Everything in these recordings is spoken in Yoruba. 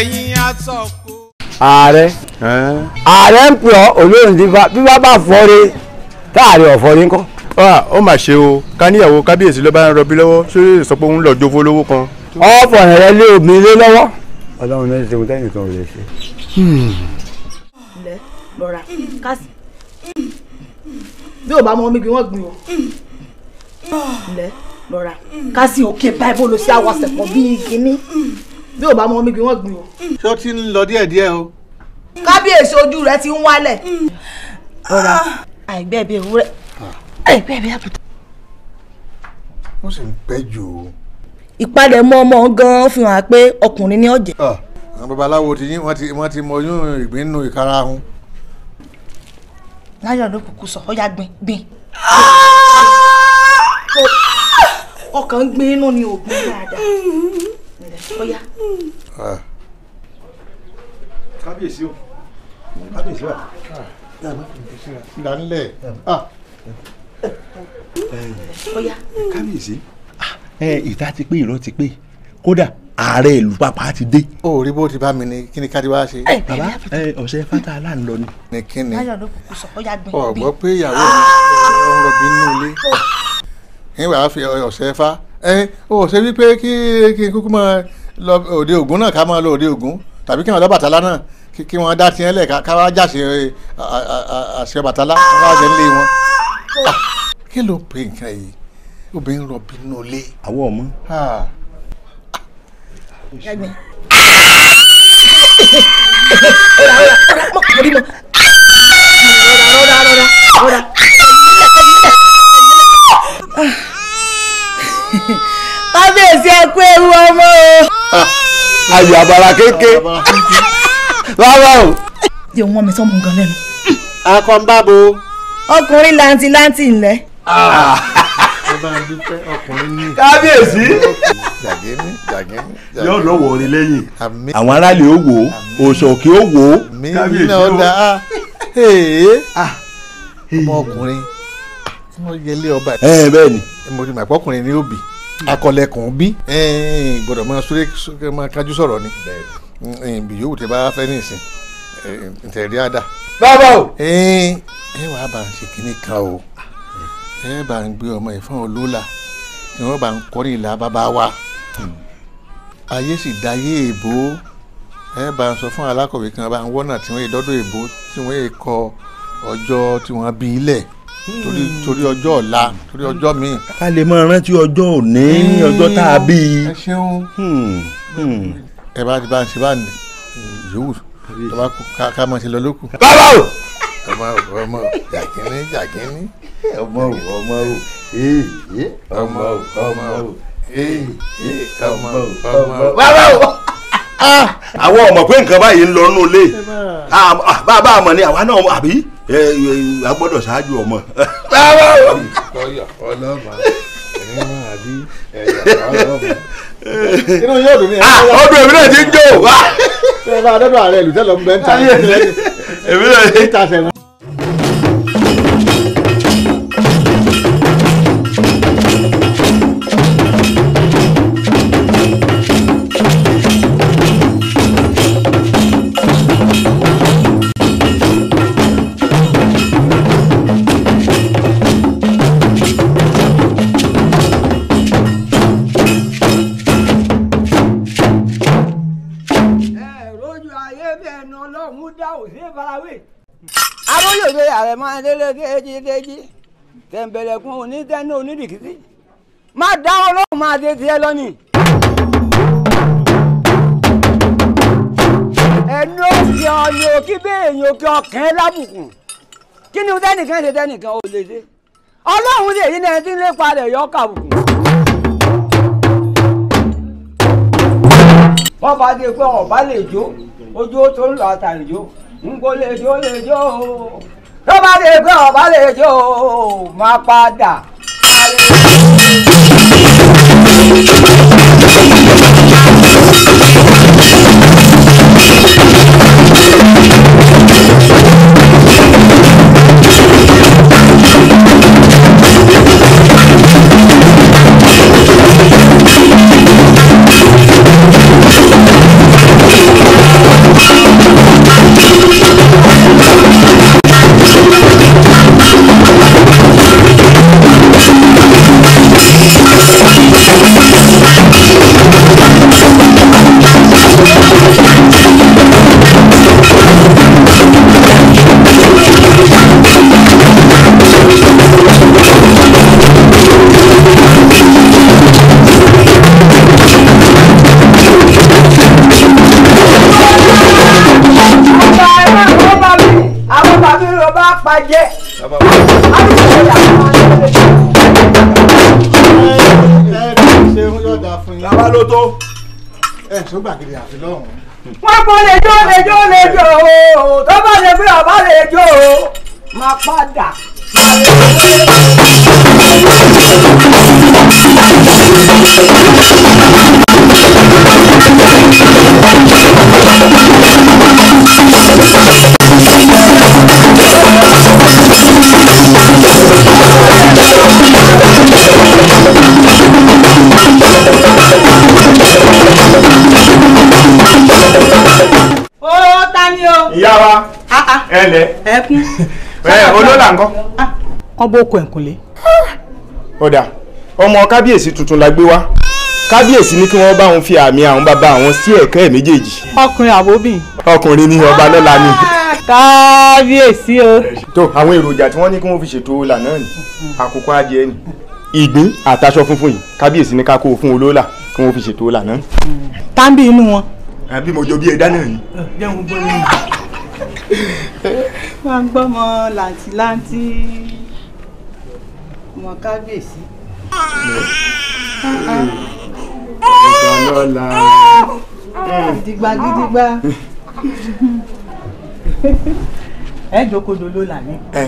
ẹ̀yin asọ̀kò. ààrẹ ààrẹ ń pè ọ́ olóyún bí bá bá fọ́re káàrí ọ̀fọ́re ńkọ́. ó mà ṣe o ká níyàwó kábíyèsí ló bá ń rọbí lọ́wọ́ sórí ìsọpọ̀ òun lọ́ọ́ jófó lówó kan. ọ̀fọ̀ rẹ̀ lé obìnrin lé lọ́wọ́ ọlọ́run náà ṣe ohun tẹ́yìn kan ò lè ṣe. lọ́ra kásì bí ò bá mọ omi bí wọ́n gbìn o lọ́ra kásì òkè báyìí bó lọ sí àwọn àṣẹpọ̀ bíi kínní bí ò bá mọ omi gbé wọn gbìn o. ṣó ti ń lọ díẹ̀díẹ̀ o. kábíyèsí ojú rẹ ti ń wálẹ̀. ọ̀rá àìgbẹ́ bíi ewúrẹ́ ah. àìgbẹ́ bíi àbùtà. wọ́n sì ń pẹ́ o. ìpalẹ̀ mọ́ ọmọ gan-an fi hàn pé ọkùnrin ní ọ̀jẹ̀. Ah, àwọn babaláwo ti yín wọ́n ti mọ oyún ìgbín nù ìkarahun. láyọ̀ ló kúkú sọ ọ́ yá gbin gbin ah! ọkàn gbin inú ni ògbìn dáadáa ó ah. kábíyèsí o ah. Ah. Eh, pé ìró ti pé kódà ààrẹ ìlú pàpà ti dé. o rí bó ti bá mi ni kí ni káàdì wá ṣe. Eh, bàbá eh, ọ̀sẹ̀ fata aláǹlọ ni. ni kí ni ọ̀gbọ́n pé ìyàwó mi ọ̀rọ̀ bínú ilé ìwà ọ̀sẹ̀ fa ẹ o ṣe wípé kí kí n kúkú máa lọ òde ògún náà ká máa lọ òde ògún tàbí kí wọn lọ bàtálá náà kí wọn dá tiẹ̀ lẹ ká wá jáṣe àṣẹ bàtálá wọn wá jẹ nílé wọn. kí ló pe nǹkan yìí obìnrin rọbì nù lé. àwọ̀ ọmọ. ẹgbẹ́ kábíyèsí ẹ kú ewu ọmọ o. Ah, ayò àbàrà kéèké rárá o. ṣé wọn mi sọmọ nǹkan lẹ́nu. akọ́ńbábo. ọkùnrin làǹtìlanti ńlẹ. kábíyèsí. jàgínní jàgínní. yóò lọ wọ̀ orin lẹ́yìn. àwọn aráàlú ó wò ó òṣòkè ó wò ó. kábíyèsí ó ah, ọmọkùnrin tí wọ́n yẹ lé ọba. ẹ eh, bẹ́ẹ̀ ni. mo ti mọ̀ ẹ̀pọ̀kùnrin ni ó bì akọlẹ̀kùn bí gbọ́dọ̀ máa súré máa kájú sọ̀rọ̀ ni bí yòówù tẹ bá fẹ́ nísìn tẹ̀rí àdá. bàbá o. ẹ wàá bá ń ṣe kínní kan o ẹ bá ń gbé ọmọ ìfọ̀n olóòlà ni wọ́n bá ń kọrin ìlà bàbá wa hmm. ayé sì dayé èbó ẹ bá ń sọ fún alákọ̀wé kan bá ń wọ́nà tí wọ́n yé dọ́dọ̀ èbó tí wọ́n yé kọ ọjọ́ tí wọ́n bí ilẹ̀ torí torí ọjọ́ ọ̀la torí ọjọ́ mi. a lè máa rántí ọjọ́ òní hmm. ọjọ́ tá a bí i. ẹ ṣeun hmm. Hmm. ẹ bá ti bá ń ṣe bá ní yòówù tó bá kú ká máa ṣe lọ lókù. bàbá o. ọmọ o ọmọ o jàkínní jàkínní. ọmọ o ọmọ o ee ọmọ o ọmọ o ee ọmọ o ọmọ o. bàbá o. Ah, àwọn ọmọ pé nǹkan báyìí ń lọ nínú ilé bàbá ah, àmọ́ ni àwa náà àbí a gbọ́dọ̀ ṣáájú ọmọ. inú yóò dùn mí. Ah, ọdún èmi náà ti ń jó. ṣé ẹ bá dọ́dọ̀ ààrẹ ìlú tẹ́lọ̀ ń bẹ́ ń ta. èmi náà ti ń ta sẹ́wọ̀n. abóyòwe ààrẹ máa délé kéjìkéjì tẹ̀m̀bẹ̀lẹ̀kùn onítẹ́nu onídìkítì má dáwọ́ lóhùn máa dé tiẹ̀ lọ́nìí. ẹnu òkè ọ̀nì òkè béèyàn òkè ọ̀kẹ́ lábùkù kí ni tẹ́nìkan ṣe tẹ́nìkan ò lè ṣe ọlọ́run lè yí náà tí ń lépa rẹ̀ yọ kàbùkù. wọ́n bá dé pé ọ̀bá lè jó ojú tó ń lọ àtàrí jó n kò lè jó lè jó o tó bá lè gbé ọba lè jó o máa padà. pàjẹ́ làwa ló tó. ẹ ṣó gbàgede àfi lọ́hùn. wọ́n kò lè jó lè jó lè jó o tó bá lè fi ọ̀bá lè jó o máa padà. Thank you. ẹ lẹ. ẹkún. ẹ olóòlà ńkọ́. wọn ah, bó kọ ẹkùnlé. ọ̀dà ọmọ kábíyèsí tuntun la gbé wá kábíyèsí ní kí wọ́n bá òun fi àmì àwọn bàbá àwọn sí ẹ̀ka ẹ̀ méjèèjì. ọkùnrin àbóbì. ọkùnrin ni ọba lọ́la ni. Ah, kábíyèsí o. tó àwọn èròjà tí wọ́n ní kí wọ́n fi ṣètò ọlà náà ni àkókò adìẹ ni ìgbín àtàṣọ funfun yìí kábíyèsí ní ká kó fún olóòlà kí wọ́n fi ṣètò ọlà náà. tábì inú wọn. àbí mo jọ bí ẹ̀dá náà ni máa ń gbọ́mọ làǹtìláǹtì ọmọ kábíyèsí. ọ̀gá lọ́la. gidigba gidigba. ẹ jókòó dolo là ní. ẹ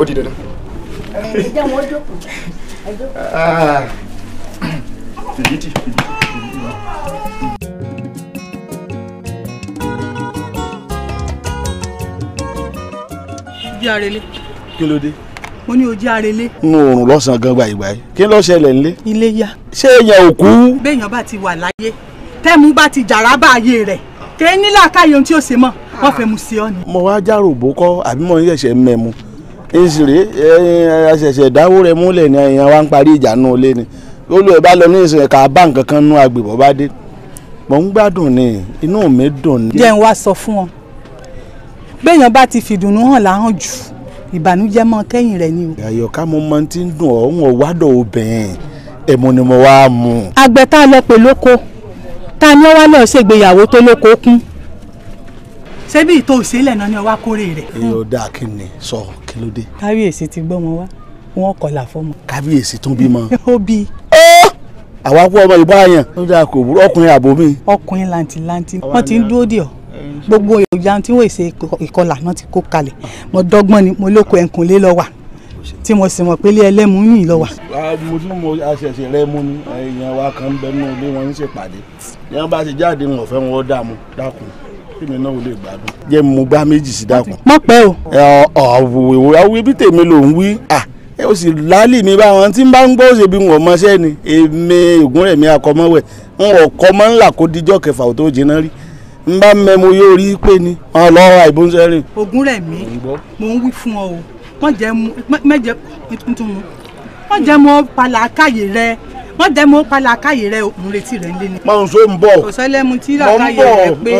ó di dandan. ẹ jẹ́ wọn jókòó. Ah. fìdí tì fìdí tì fìdí tì wá. ojú arelé. kí ló dé. mo ní ojú arelé. nù oòrùn lọ́sàn-án gan gbàyìgbà yìí kí ló ṣẹlẹ̀ nílé. ilé yá. ṣé èèyàn ò kú. béèyàn bá ti wà láyé tẹ́mu bá ti jàrá bá ayé rẹ̀ ké ní làákàyè ohun tí ó ṣe mọ̀ wọ́n fẹ́ mu sí ọ ni. mo wá já ròbó kọ́ àbí mo ń ṣẹ̀ṣẹ̀ mẹ́mu é, àṣẹ̀ṣẹ̀ dáwó rẹ̀ múlẹ̀ ni èèyàn wa ń parí ìjà náà lé ni olùwẹ̀ bá lọ ní ìsìnkà ká bá nǹkan kan nú agbèbọ̀ bá dé mò ń gbádùn ni inú mi dùn ni. jẹ́ n wá sọ fún ọ béèyàn bá ti fìdùnnú hàn láhàn jù ìbànújẹ́ mọ́ kẹ́yìn rẹ̀ ni o. àyọ̀ká mo máa ti ń dùn ọ́ ń wádọ̀ obìnrin èmo ni mo wá mú. àgbẹ̀ tá a lọ pè lóko tá a ní ọwá náà ṣègbéyàwó tó lóko kún ṣebí ìtò òṣèlẹ̀ náà ni ọwá kórè rẹ̀. èyí ò dáa kí ni sọ kí ló dé. kábíyèsí ti gbọ́ wọn wá wọn kọlà fọmọ. kábíyèsí tún bímọ. ó bí. àwa kú ọmọ ìbáyàn. ó dáa kò burú ọkùnrin àbòmí. ọkùnrin làǹtìlàǹtì wọn ti ń dúró dè ọ́ gbogbo èròjà tí wọ́n ṣe ìkọlà náà ti kó kalẹ̀ mo dọ́gbọ́n ni mo lóko ẹ̀kúnlé lọ wà tí mo sì mọ̀ pé ilé ẹlẹ́mu yìí lọ wà. mo tún mo àṣẹ̀ṣẹ̀ rẹ mú ni èèyàn wa kan ń bẹ nínú ilé wọn ń ṣèpàdé ní wọn bá ti jáde wọn fẹ́ wọn dààmú dákun tèmi náà ò lè gbádùn. jẹ́ mo gbá méjì sí dákun. mọ̀ pẹ́ o. ọ̀wọ̀ ìwé bí tèmi ló ń wí ẹ o sì lálì mi báwọn tí n bá ń gbọ́ ṣe bí wọn mọṣẹ́ ni èmi Ògúnrẹ̀mí akọmọwẹ̀ n ò kọ́ mọ́ ńlá kó dijọ́ kẹfà ò tó jiná rí n bá mẹ́mu yóò rí pé ni wọn lọ ra ìbọn sẹ́rìn. ogun rẹ̀ mi mò ń wí fún ọ o wọ́n jẹ́ mu mẹ́jẹ tuntun mu wọ́n jẹ́ mu pàlàkàyè rẹ wọ́n jẹ́ mu pàlàkàyè rẹ òun retí rẹ̀ nílé ni. máa ń so ń bọ̀ kò sẹ́lẹ̀ mu tí làkàyè rẹ pé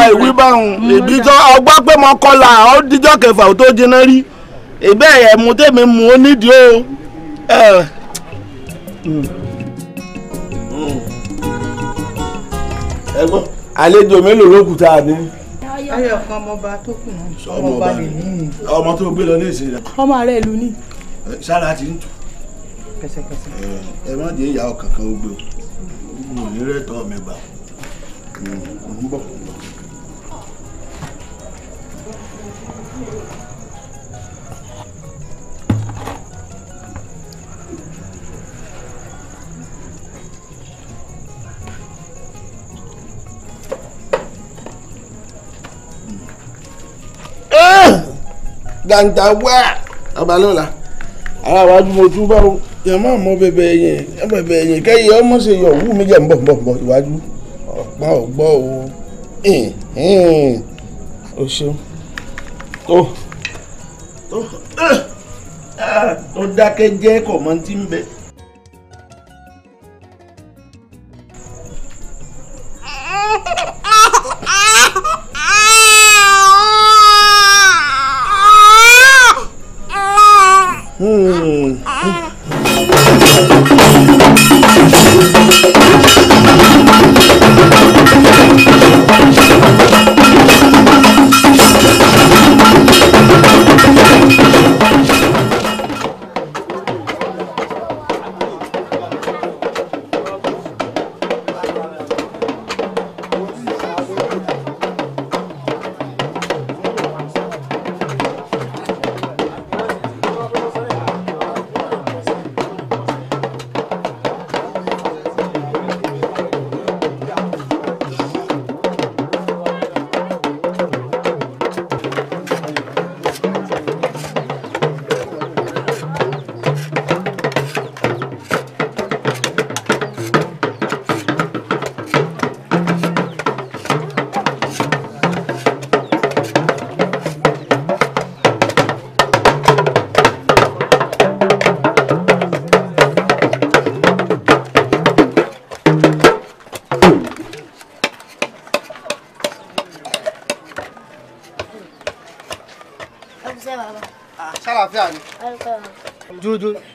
àìwí báwọn ìdí tó ọgbà pé mo kọlà ó díjọ́ kẹfà tó jiná rí ìbẹ́ ẹ̀ mu tèmi mu ó nídìí o. Hmm. ẹ gbọ́ àlejò mélòó ló kù tá a ní. ayọ̀ kan ọmọọba tó kù náà ọmọọba lè ní. ọmọ tó gbé lọ ní ìsìn rẹ. ọmọ rẹ lù ní. sára ti ń tù. kẹsẹkẹsẹ. ẹ má jẹ ìyá ọkàn kan gbé o mo ní rẹ tọ mi gbà ń bọ. gbàǹdà wá abalola. ara àwájú mo tún bá o yẹn máa mọ bẹbẹ yẹn bẹbẹ yẹn kẹyìn ọmọ ṣe yọ òwú mi jẹ nbọ nbọ nbọ ìwájú ọgbọn ọgbọ o o ṣeun tó tó dákẹ́ jẹ́ kọ̀mọ́ntì ń bẹ́ẹ̀.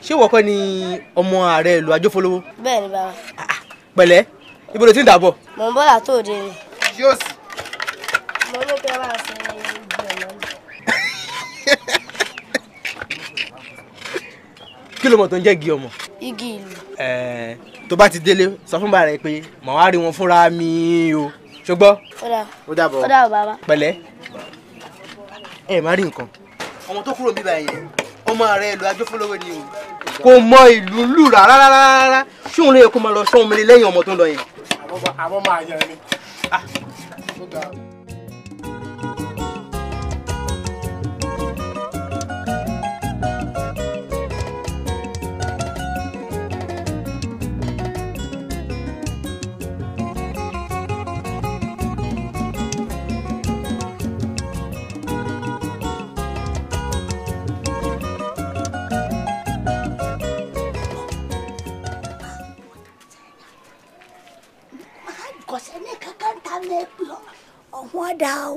ṣé ìwọ kọ́ ni ọmọ ààrẹ ìlú ajófolówó. bẹ́ẹ̀ ni bàbá. Ah, ah, pẹ̀lẹ́ ibo ló ti ń dàbọ̀. mò ń bọ́ làtó òde ni. yóò sì. mo ní kí ẹ bá ṣe ìgbìmọ̀ náà. kí ló mọ̀ tó ń jẹ́ igi ọmọ. igi ìlú. ẹ̀ẹ́ eh, tó bá ti délé sọ fún bàrẹ̀ pé màá wá rí wọn fúnra mi o ṣùgbọ́n. ó dà ó dà bọ̀ bàbá. pẹ̀lẹ́ ẹ má rí nǹkan ọmọ tó kúrò níbàyẹn ọmọ ààrẹ ìlú ajófolówó ni o kò mọ ìlú lù rárá rárá ṣé òun lè kó máa lọ sọ́hún mi lẹ́yìn ọmọ tó ń lọ yẹn. àwọn ọmọ àyàn ni. Ah. lè lọ ọ̀hún ọ̀dà o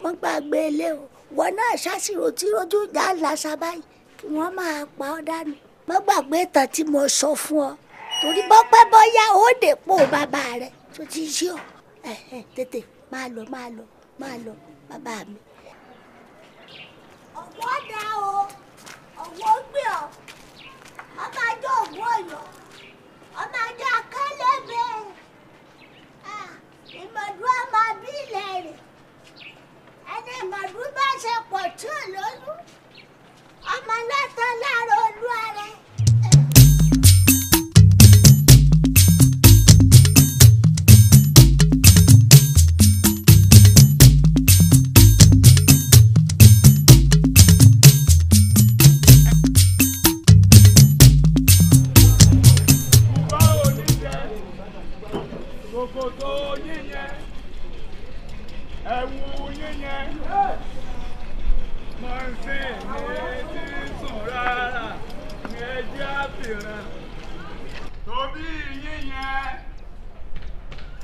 wọ́n gbàgbé ilé o wọn náà ṣàṣìrò tí rojú ìjà ńlá sábàyí kí wọ́n máa pa ọ́ dànù wọ́n gbàgbé ìtàn tí mo sọ fún ọ torí bọ́pẹ́ bọ́yá ó dèpò bàbá rẹ tó ti ṣí ọ tètè máa lọ máa lọ máa lọ bàbá mi. ọ̀wọ́ dá o ọ̀wọ́ gbé ọ ọmọ ajọ́ ògùn ọ̀yọ́ ọmọ ajọ́ akálẹ̀ bẹ́ẹ̀ ìmọ̀dún a máa bí ilẹ̀ rẹ̀ ẹni ìmọ̀dún bá ọmọ náà tán olú ara. ìfẹ́ mi ti sùn rárá ní ẹjẹ́ àfihàn. Tòbí yíyan,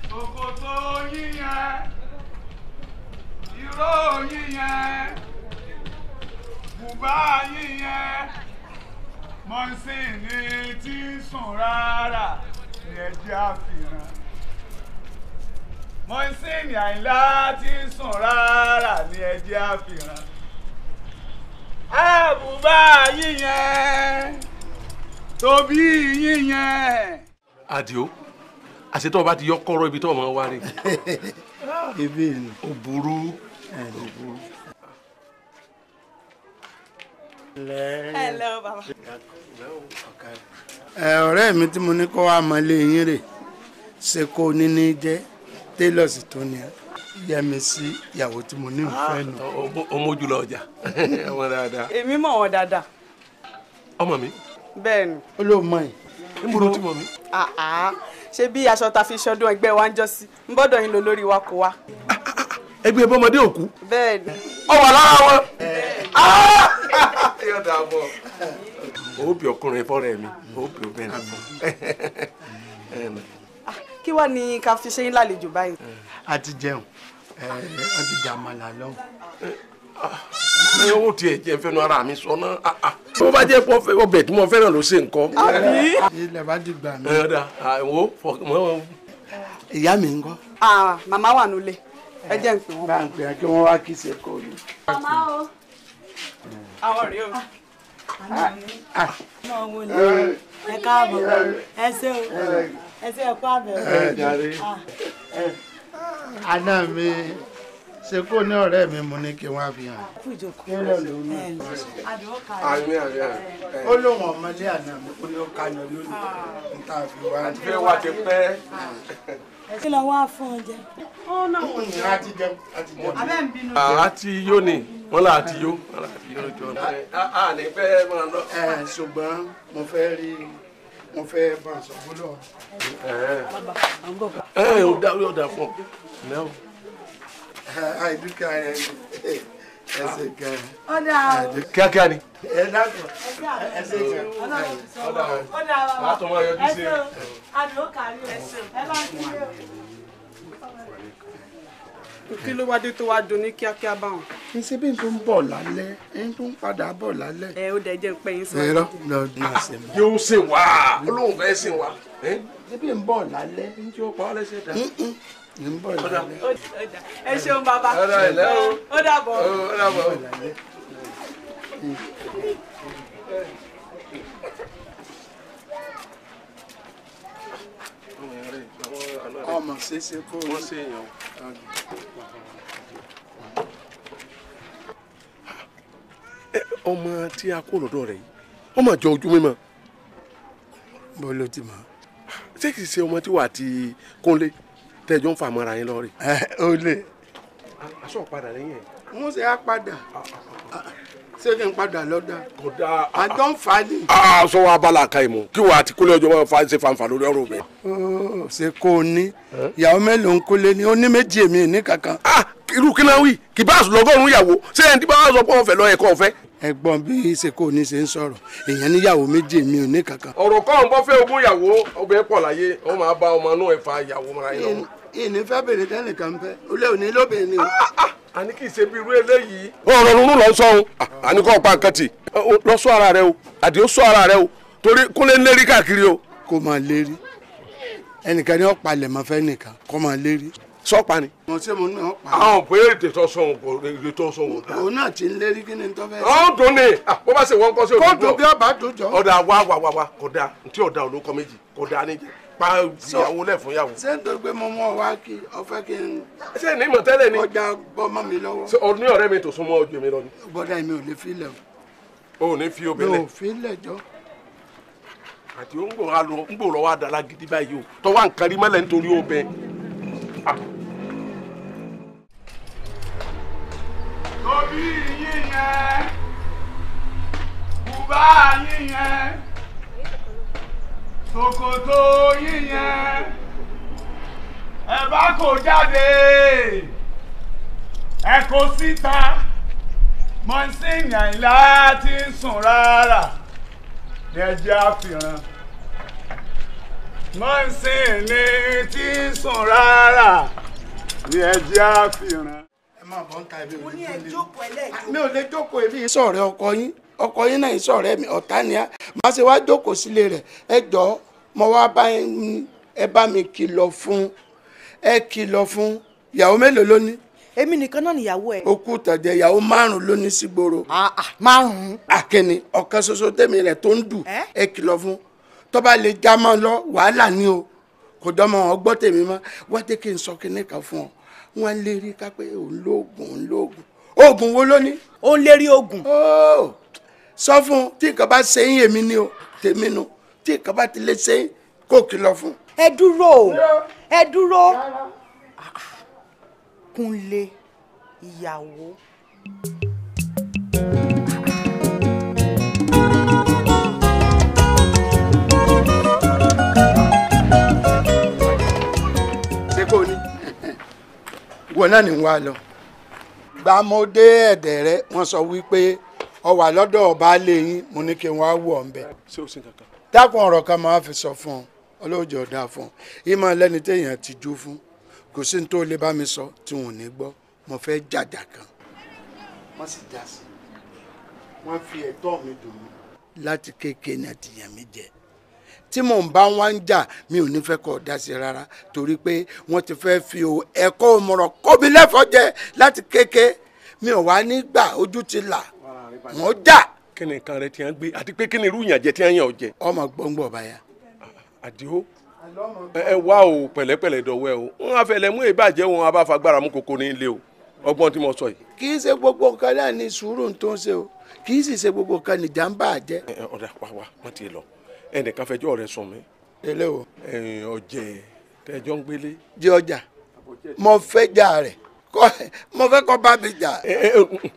ṣòkòtò yíyan, ìró yíyan, bùbá yíyan, mọ́sìn ni ti sùn rárá ní ẹjẹ́ àfihàn mọ́ńsìnì àyìnlá tí ń sùn rárá ní ẹjẹ́ àfihàn àbùbá yíyan tóbi yíyan. àdìo àṣetọ́ ọba ti yọ kọ́rọ́ ibi tó ọmọ wa rè. ebi ni. ó burú. ó burú. hello baba. ọ̀rẹ́ mi tí mo ní kó wá mọ ilé yín rè ṣe kó níní jẹ́ télọ̀sì tó ní a. jẹ́ mi sí ìyàwó tí mo ní ìfẹ́ ah, nù. o mójú lọ ọjà ọmọ dáadáa. èmi mọ̀ wọn dáadáa. ọmọ mi. bẹ́ẹ̀ni. ó ló mọ yìí. níbo ló ti mọ mi. Ah, ah. ṣé bí aṣọ ta fi ṣọdún ẹgbẹ́ wa ń jọ sí ń bọ́dọ̀ yín lọ lórí wa kó wa. ẹgbẹ́ bọ́mọdé òkú. bẹ́ẹ̀ni. ọ wà lára wọn. Eh. yóò dà Ha ha ọkùnrin fọ́rẹ̀ mi òbí obìnrin kí wàá ní ká fi ṣe yín lálejò báyìí. a ti jẹun wọ́n ti dà màlà lọ. ní owó tiẹ̀ jẹ́ fẹ́nu ara mi sọ náà tó ah, ah. bá jẹ́ pọ́ ọbẹ̀ tí mo fẹ́ràn ló ṣe nǹkan. ilẹ̀ bá ti gbà mí. àwo fọkàn. ìyá mi ń kọ́. màmá wà nulẹ̀ ẹ jẹ́ ń pè wọ́n. bá ń pè é kí wọ́n wá kí ṣe kó o. màmá o àwọn rèé o ah. ẹ káàbọ̀ ẹ ṣé o ẹ ṣé ẹ kú àbẹ̀wò àná mi ṣe kó ní ọ̀rẹ́ mi mo ní kí wọ́n fi hàn. àmì àmì àmì. ó lóun ọmọdé àná mi ó ní ó kanu lónìí ah. níta fi wá. àti fẹ́ wá ti pẹ́. Ah. kí ló wá fún oúnjẹ. ó náà wọ̀ ní. a ti jẹun a ti jẹun. abẹ́ ń bínú. àá ti yó ni wọ́n là á ti yó ah. a ní fẹ́ máa lọ. ṣùgbọ́n mo fẹ́ rí mo fẹ́ bá a sọ gbọ́dọ̀ ẹ ẹ o da o da fún ọ lẹ o. àìdúkà ẹ ẹsẹ gan. ọ̀dà o. kíákíá ni. ẹ dàgbọ́ ẹsẹ gan. ọ̀dà o. ọ̀dà o. látọ̀ mọ́ ayọ́jú sí i. ẹsẹ̀ o àdó kárí o. ẹsẹ̀ o ẹ bá ń kí o kí ló wá dé tó wá dun ní kíákíá báwọn. kì í ṣe bí n tó ń bọ̀ lálẹ́ n tó ń padà bọ̀ lálẹ́. ẹ ó dẹ jẹ pé yín sọ. ẹ lọ lọ máa ṣe mọ. yóò ṣe wá olóhùn fẹ́ ṣe wá. ṣé bí n bọ̀ lálẹ́ n tí ó pa ọ́ lẹ́sẹ̀ dá. n bọ̀ lálẹ́. ẹ ṣeun bàbá ó dàbọ̀. ó dàbọ̀. ọmọ ṣeéṣe kó o. wọ́n ṣe èèyàn ọmọ tí a kó lọ́dọ̀ rẹ̀ yìí ọmọ àjọ ojú mímọ́. bọ́ọ̀ ló ti mọ̀. ṣé kìí ṣe ọmọ tí wà á ti kúnlé tẹ́jọ́ ń fa àmọ́ra yín lọ́ọ̀rì. ó lè. aṣọ padà lẹ́yìn ẹ̀. mo ṣe á padà ṣé kí n padà lọ́dà. kódà àjọ ń fa ni. aṣọ wa bala ka ìmọ̀ kí wàá ti kúlẹ̀ ọjọ́ wọn fa ṣe fanfa lórí ọ̀rọ̀ mi. Oh, ṣe kó o ní ìyàwó mélòó ń kólé ni ó ní méjì èmi ní kankan. irú kí náà wí kì bá lọ́gọ́rùn-ún ìyàwó ṣé ẹni tí bá wà sọ pé wọ́n fẹ́ lọ ẹ̀kọ́ ọ̀fẹ́. ẹ̀gbọ́n bí ṣe kó o ní ṣe ń sọ̀rọ̀ èèyàn níyàwó méjì èmi ò ní kankan. ọ̀rọ̀ kan bọ́ fẹ́ ogún ìyàwó ọbẹ̀ pọ̀ láyé ó máa bá ọmọ inú ẹ̀ fa ìyàwó mọ́ra yín lọ. ìní àní kì í ṣe bí irú eléyìí. ó rọrùn lọ sọ àní kò pa lọ sọ ara o sọ o torí o. kó máa lérí ẹnìkan ọ̀pá fẹ́ nìkan kó máa lérí. ni. mo ṣe mo ní ọ̀pá. àwọn ti ń lérí kí ni fẹ́. ọ̀hún dùn ni ah, bó bá ṣe wọ́n kọ́ sí òdòdó. kó dùn bí ọba dùn jọ. ọ̀dà wa ntí ọ̀dà olókọ méjì níjẹ pa ìyàwó lẹ̀ ṣé nítorí pé mo mọ wá kí ọfẹ kí n. ṣé ní ìmọ̀ ni. ọjà bọ́ mọ́ mi lọ́wọ́. ṣé o ọ̀rẹ́ mi tó súnmọ́ ojú mi lọ ni. gbọ́dọ̀ mi ò lè fi ilẹ̀ o. o ní fi obìnrin. mi ò fi ilẹ̀ jọ. àti ó ń gbò wá ń gbò lọ́wọ́ àdàlà gidi báyìí o tọ́wọ́ nǹkan rí mọ́lẹ̀ nítorí ó bẹ. Ah. torí yíyan bùbá yíyan ṣòkòtò yíyan ẹ bá kò jáde ẹ kò síta mọ́sìn Àyìnlá ti ń sùn rárá lẹ́jẹ́ àfihàn mọ́sìn ni ti ń sùn rárá lẹ́jẹ́ àfihàn. ẹ máa bọ́ ń ta ibi òní tó lé mi ò lè jókòó èmi sọ̀rọ̀ ọkọ yín ọkọ yín náà sọ̀rọ̀ ẹ̀mí ọ̀tá ni á má ṣe wá jókòó sílé rẹ̀ ẹ jọ mo wá bá ẹ bá mi kìlọ̀ fún ẹ kìlọ̀ fún ìyàwó mélòó ló ní. èmi nìkan náà nìyàwó ẹ. ó kú tọ̀jẹ̀ ìyàwó márùn-ún ló ní sígboro. Ah, ah, márùn-ún. àkẹ́ni ọ̀kan ṣoṣo tẹ̀mí rẹ̀ tó ń dùn ẹ kìlọ̀ fún tó bá lè já mọ́ lọ wàhálà ni o kò dánmọ ọ gbọ́ tèmi mọ́ wá dé kí n sọ kinní kan fún ọ wọn lè rí kápẹ́ òun lóògùn òun lóògùn oògùn wo ló ní. ó lérí oògùn. ooo sọ fún tí nǹkan bá ṣe yín èmi ni o tèmi nu tí nǹkan bá ti lè ṣe yín kó kìlọ̀ fún. ẹ dúró ẹ dúró Kúnlé ìyàwó. ṣé kò ní wọn náà lọ gbàmọdé ẹdẹ wọn sọ wípé ọ wà lọ́dọ̀ ọba lẹ́yìn mo ní kí n wá wọ̀ ọ́n bẹ̀. dákun ọ̀rọ̀ kan máa fi sọ fún ọ ọlọ́jọ́ ọ̀dà fún ọ ìmọ̀ lẹ́ni téèyàn ti jú fún kò sí ní tó lè bá mi sọ tí wọn ò ní gbọ́ mo fẹ́ jàjà kan. wọ́n sì já sí wọ́n fi ẹ̀tọ́ mi dùn mí. láti kéèké ni àtìyàn mi jẹ tí mò ń bá wá ń jà mi ò ní fẹ́ kọ́ ọ̀dà sí rárá torí pé wọ́n ti fẹ́ fi ẹ̀kọ́ òmùrọ̀ kọ́ mi lẹ́fọ̀ọ́ jẹ láti kéèké mi ò wá ní ojú ti là mọ̀ ọ́ jà. kí ni nǹkan rẹ ti ń gbé àti pé kí ni irú ìyànjẹ tí ń yàn ọ jẹ. ọmọ gbọ́ngbọ̀ báyà. àdìo ẹ wá o pẹ̀lẹ́pẹ̀lẹ́ dọ̀wẹ́ o ń afẹ́lẹ́ mú ìbàjẹ́ wọn abáfagbára mú koko ní ilé o ọgbọ́n tí mo sọ yìí. kì í ṣe gbogbo nǹkan náà ní sùúrù tó ń ṣe o kì í sì ṣe gbogbo nǹkan nìjà ń bà á jẹ. ọ̀dà wa wa wọ́n ti lọ ẹnìkan fẹjọ́ rẹ sùn mí. èlé o. ọ̀jẹ̀ tẹjọ́ ń gbélé. jẹ́ ọjà mo fẹ́ jà rẹ̀ mo fẹ́ kọ́ bá mi jà.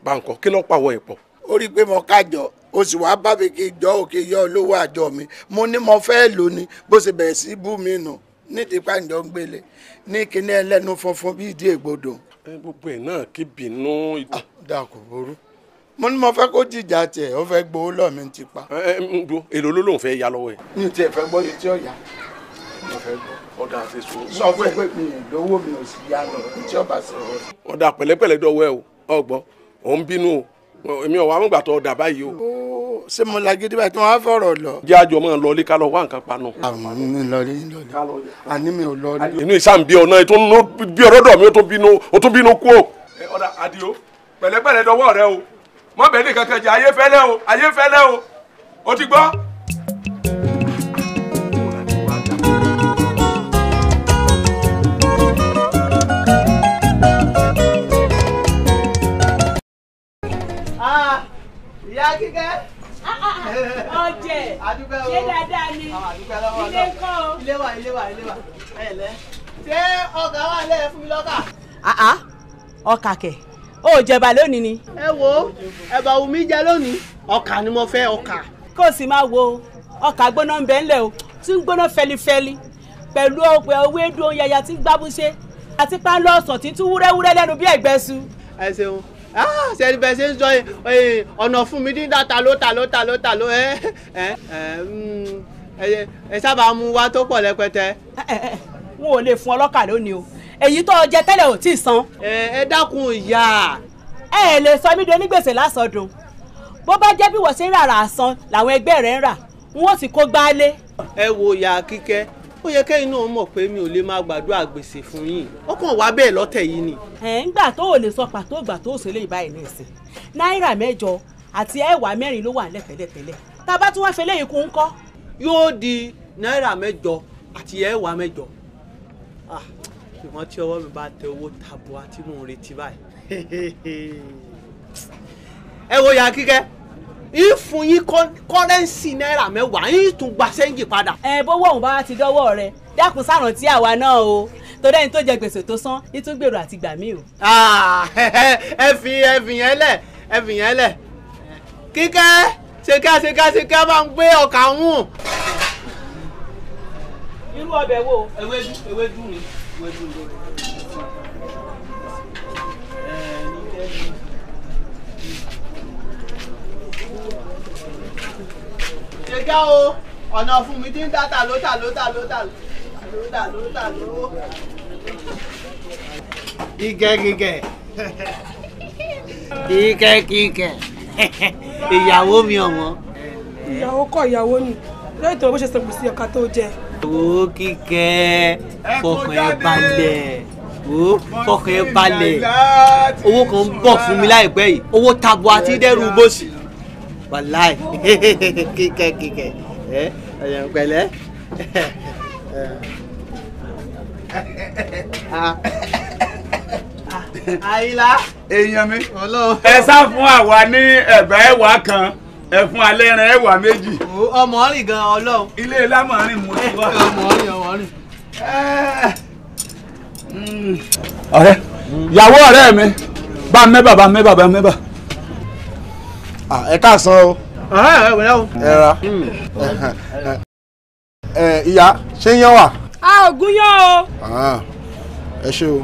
báńkọ kí ló pàwọ̀ ẹ̀ pọ̀ ó rí i pé mo kájọ o sì wá bá mi kí jọ òkè yọ olówó àjọ mi mo ní mo fẹ́ lò ní bó ṣe bẹ̀rẹ̀ sí bú mi nù ní ti pàǹjọ ń gbélé ní kíní ẹlẹ́nu funfun bíi ìdí ègbodò. gbogbo ẹ̀ náà kí bínú. dàkú burú mo ní mo fẹ́ kó jìjà tiẹ̀ ó fẹ́ gbowó lọ́ọ̀ mi ti pa. ẹ ẹ ń gbọ́ èlò ló lóun fẹ́ ya lọ́wọ́ ẹ̀. mi ò tiẹ̀ fẹ́ gbọ́ iye tí ó yà mo fẹ́ gbọ́ ọ̀dà àti èso. sọ fún ẹ pé mi ì mi ò sì yá lọ tí ó bá sọ̀rọ̀. ọ̀dà pẹ̀lẹ́pẹ̀lẹ́ dọ̀wọ́ ẹ o ọgbọ́n òun bínú o èmi ò wá mọ̀gbà tó dà báyìí o. ṣé mo lagídí báyìí tí wọ́n á fọ̀rọ̀ lọ. jẹ́ àjọ máa lọ ilé ká lọ wá nǹkan panu. àwọn mi lọ rí lọ rí àní mi ò lọ rí. inú ìsàn bí ọ̀nà ètò bí ọ̀dọ́dọ̀ mi ó tún bínú kú o. ọ̀dà àdìo pẹ̀lẹ́pẹ̀lẹ́ dọwọ́ rẹ o mọ̀bẹ́ni kankan jẹ́ ayé fẹ́lẹ́ o ayé fẹ́lẹ́ o o ti gbọ́. ìyá kíkẹ́. Ah, ah, ah. ọjẹ ṣé dáadáa ni ilé kọ́ o. ilé wa ilé wa ilé wa ẹ lẹ ṣé ọkà wà lẹ́yìn fún mi lọ́kà. ọkà kẹ ó jẹba lónìí ni. ẹ wo ẹ̀bà omi jẹ lónìí ọkà ni mo fẹ́ ọkà. kó o sì máa wo ọkà gbóná ń bẹ ńlẹ̀ o tí ń gbóná fẹlifẹli pẹ̀lú ọ̀pẹ owó èdò yàyà tí ń gbábúṣe àti pánlọ́ọ̀sán tí ń tún wúrẹ́wúrẹ́ lẹ́nu bí ẹ̀gbẹ́sù. ẹ ṣeun Ah, bẹ́ẹ̀ ṣe ń sọ eh, ọ̀nà fún mi dídá ta ló ta ló ta ló ta ló ẹ eh, eh, mm, ẹ sábà mú wa tó pọ̀ lẹ́pẹtẹ. n ò lè fún ọlọ́kà lónìí o èyí tó jẹ tẹ́lẹ̀ ò tí ì san. ẹ dákun ìyá. ẹ ẹ lè sọ mí di onígbèsè lásọdùn bó bá jẹ́ bí wọ́n ṣe ń rà rà san làwọn ẹgbẹ́ rẹ̀ ń rà n ó sì kó gbálé. ẹ wo ìyá kíkẹ́ ó yẹ kẹ́yìn náà mọ̀ pé mi ò lè máa gbàdúrà gbèsè fún yìí ó kàn wá bẹ́ẹ̀ lọ́tẹ̀ yìí ni. ẹ̀ ń gbà tó ò lè sọ pàtó ìgbà tó òṣèlè ìbáyìí ní náírà mẹ́jọ àti ẹ̀wà mẹ́rin ló wà nílẹ̀ tẹ́lẹ̀tẹ́lẹ̀ bá tún wá fẹ́ lẹ́yìn di náírà mẹ́jọ àti ẹ̀wà mẹ́jọ ṣùgbọ́n tí ọwọ́ mi bá tẹ owó tí mò ń retí báyìí ẹ wo kíkẹ́ ìfún yín kọ́rẹ́ǹsì náírà mẹ́wàá yín tún gba sẹ́ńjì padà. ẹ bówó ọ̀hún bá ti dọ́wọ́ rẹ dákun sáràntí àwa náà o torí ẹni tó jẹ gbèsè tó san ìtún gbèrò àti gbà mí o. Ah, ẹ fi ẹ fi yẹn lẹ ẹ fi yẹn lẹ kíkẹ́ ṣèkẹ́ ṣèkẹ́ ṣèkẹ́ máa ń gbé ọkà hùn. irú ọbẹ̀ wo. ewédú ewédú ni ewédú ni. ẹ ní kẹ́ni. ṣe gá o ọ̀nà fún mi ti ń dá tàló tàló tàló tàló tàló tàló. kíkẹ́kíkẹ́ kíkẹ́kíkẹ́ ìyàwó mi ọ̀wọ́n. ìyàwó kọ ìyàwó ni lórí ìtọ́wọ́ bó ṣe sọ̀rọ̀ sí ọ̀ka tó jẹ. owó kíkẹ́ fọkàn ẹ balẹ̀ owó fọkàn ẹ balẹ̀ owó kan bọ̀ fún mi láìpẹ́ yìí owó tabo àti dẹ́rù bóṣì wàláì kíkẹ́ kíkẹ́ ẹ ọ̀yàn pẹ̀lẹ́ àyílá ah. ah, èèyàn mi ẹ sá fún àwa ní ẹ̀bà ẹ̀wà kan ẹ fún alẹ́ rẹ ẹ̀wà méjì. ọmọ rìn gan ọlọ́run. ilé lámọ̀rin mo ti wá. ọmọ rìn ọmọ rìn. ọ̀rẹ́ ìyàwó ọ̀rẹ́ mi bá mẹ́bà bá mẹ́bà bá mẹ́bà. Ah, ẹ káàsán o. Ah, ẹ ìyá ṣé yán wà. a ò gún yán o. Ah, ẹ ṣe o.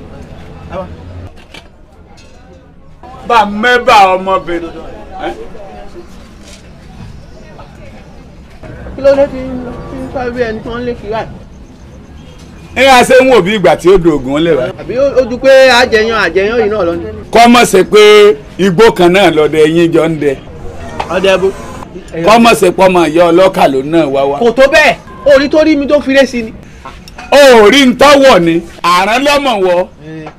bá a mẹ́bà ọmọbìnrin kí ló dé tí ń sọ bí ẹni tí wọ́n lé kiri àti. ẹ ṣe ń wò bí ìgbà tí ó do oògùn lè wá. àbí ojú pé àjẹyàn ọ̀dẹ́bù. kọ́mọ̀ ṣe pọ́mọ ìyá ọlọ́kà ló náà wá wá. kò tó bẹ́ẹ̀ orí tó rí mi tó fi rẹ́sì ni. orí ń tọ́wọ̀ ni àrán lọ́mọ̀ wọ eh,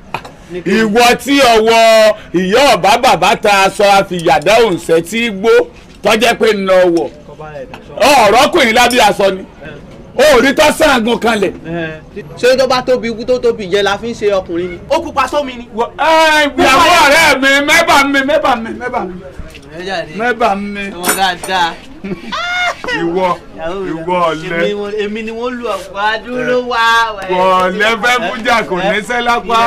ìwọ tí ọwọ́ ìyá ọ̀bá bàbá ta aṣọ àfìyàdá òǹṣẹ́ tí gbó tọ́jẹ́ pé ń lọ wọ̀ ọ̀rọ̀ kùnrin lábẹ́ aṣọ ni orí tó sáàgùn kanlẹ̀. Eh, ṣé tó bá tóbi ikú tó tóbi jẹ la fi ń ṣe ọkùnrin ni. ó pupa sómi ni. ìyàwó ọ̀rẹ́ mi mẹ́bà mi mẹ́bà mi mẹ́bà mi mẹ́bà mi ìwọ ìwọ ọ̀lẹ́ èmi ni wọ́n lu ọ̀pá dúró wá. ọ̀lẹ́ fẹ́ fújà kò ní sẹ́ lápá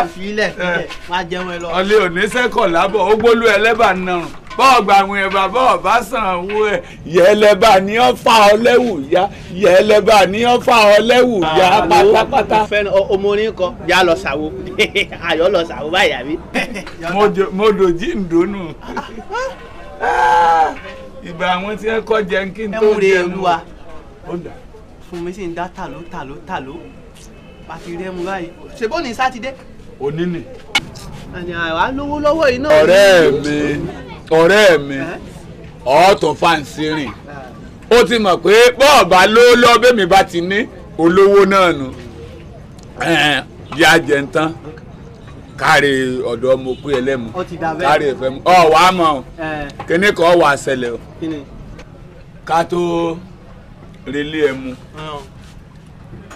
ọ̀lẹ́ ò ní sẹ́ kọ̀ lábọ̀ ó gbólú ẹlẹ́bà nàrùn bọ́ọ̀ gba àwọn ẹ̀ bàbá ọ̀bá sàn owó ẹ̀ yẹ́lẹ́bà ni ó fa ọ lẹ́wù yá yẹ́lẹ́bà ni ó fa ọ lẹ́wù yá ah, pátápátá. ọmọ orin kan yà lọ sàwo ayọ̀ lọ sàwo báyà mi. mo dòjì ń dónú. ìgbà àwọn tí ẹ kọ jẹun kí n tó jẹun. ẹ ń re olúwa fún mi sì ń dá tàló tàló tàló bá ti rí ẹ mú báyìí sátidé. òní ni. àní àwa lówó lọ́wọ́ iná. ọ̀rẹ́ mi ọ̀rẹ́ mi ọ̀ọ́tọ̀ fáǹsì rìn ó ti mọ̀ pé bọ́ọ̀bà ló lọ bẹ́mi bá ti ní olówó náà nù yá jẹ ń tán. Okay Karị ọ̀dọ́ mo pé ẹlẹ́mu káre ìfẹ́ mu ọ wàá mọ̀ ọ kíní kan wà o ká tó relé mu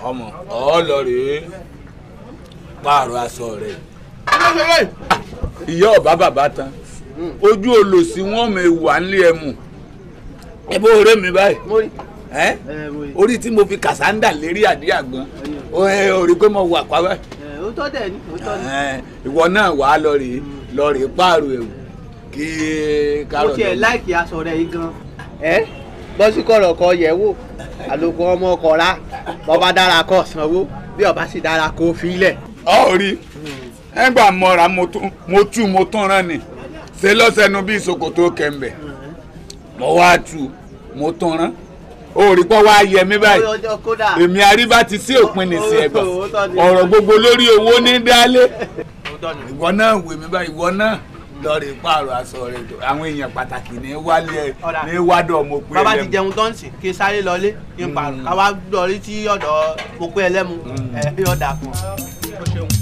ọmọ ọ lọ rèé pààrọ̀ aṣọ rẹ̀ ìyá ọ̀bá bàbá tán ojú wọn mi wà nílé ẹ mu ẹ bó mi báyìí orí tí mo fi kàsáńdà lérí àdí àgbọn ó rí pé mo wà òótọ́ dẹ̀ ni òótọ́ ni. ìwọ náà wàá lọ rè lọ rè pààrọ̀ ẹ̀wù kí kárọ̀ lọ. mo tiẹ̀ láìkì aṣọ rẹ̀ yìí gan. ẹ bọ́sí kọ̀rọ̀ kọ yẹ̀ wò àlòkù ọmọ ọkọ̀ rà bọ́ba dára kọ̀ sanwó bí ọba sì dára kó filẹ̀. ọ rí ẹgbà mọ́ra mo tú mo tán rán ni ṣe lọ́sẹ̀nu bí ìsòkòtò kẹ̀m̀bẹ̀ mo wá tú mo tán rán òòrì pọ̀ wá yẹ mí báyìí èmi àríbá ti sí òpin nìsín ẹ̀gbọ́n ọ̀rọ̀ gbogbo lórí owó ní dálé ìwọ náà wè mí báyìí ìwọ náà lọ́ọ̀rì pààrọ̀ aṣọ rẹ̀ àwọn èèyàn pàtàkì ní wálé ní wádọ̀ ọmọ òpin ẹlẹ́mu. bàbá ti jẹun tó ń sìn kí sáré lọlé kí n pààrọ̀ hmm. káwá dọ̀rí tí ọ̀dọ̀ òpin ẹlẹ́mu ẹ̀ bí ọ̀dà kan.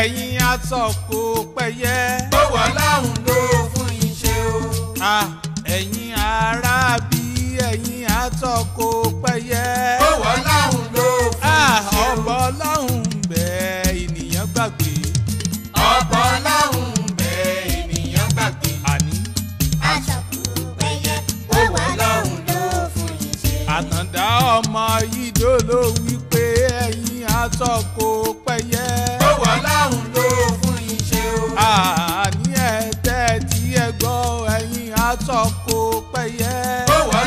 ẹ̀yin asọ̀kò pẹ̀yẹ. ó wà láhùn ló fún iṣẹ́ o. ẹ̀yin arábí ẹ̀yin asọ̀kò pẹ̀yẹ. ó wà láhùn ló fún iṣẹ́ o. ọ̀pọ̀ láhùn bẹ́ẹ̀ ènìyàn gbàgbé. ọ̀pọ̀ láhùn bẹ́ẹ̀ ènìyàn gbàgbé. àní. asọ̀kò pẹ̀yẹ ó wà láhùn ló fún iṣẹ́ o. àtàndá ọmọ yìí dó ló wí sọ kò pẹ́yẹ. ó wà láhùn ló fún iṣẹ́ o. àní ẹ̀tẹ́ tí ẹ gbọ́ ẹ̀yìn aṣọ kò pẹ́yẹ. ó wà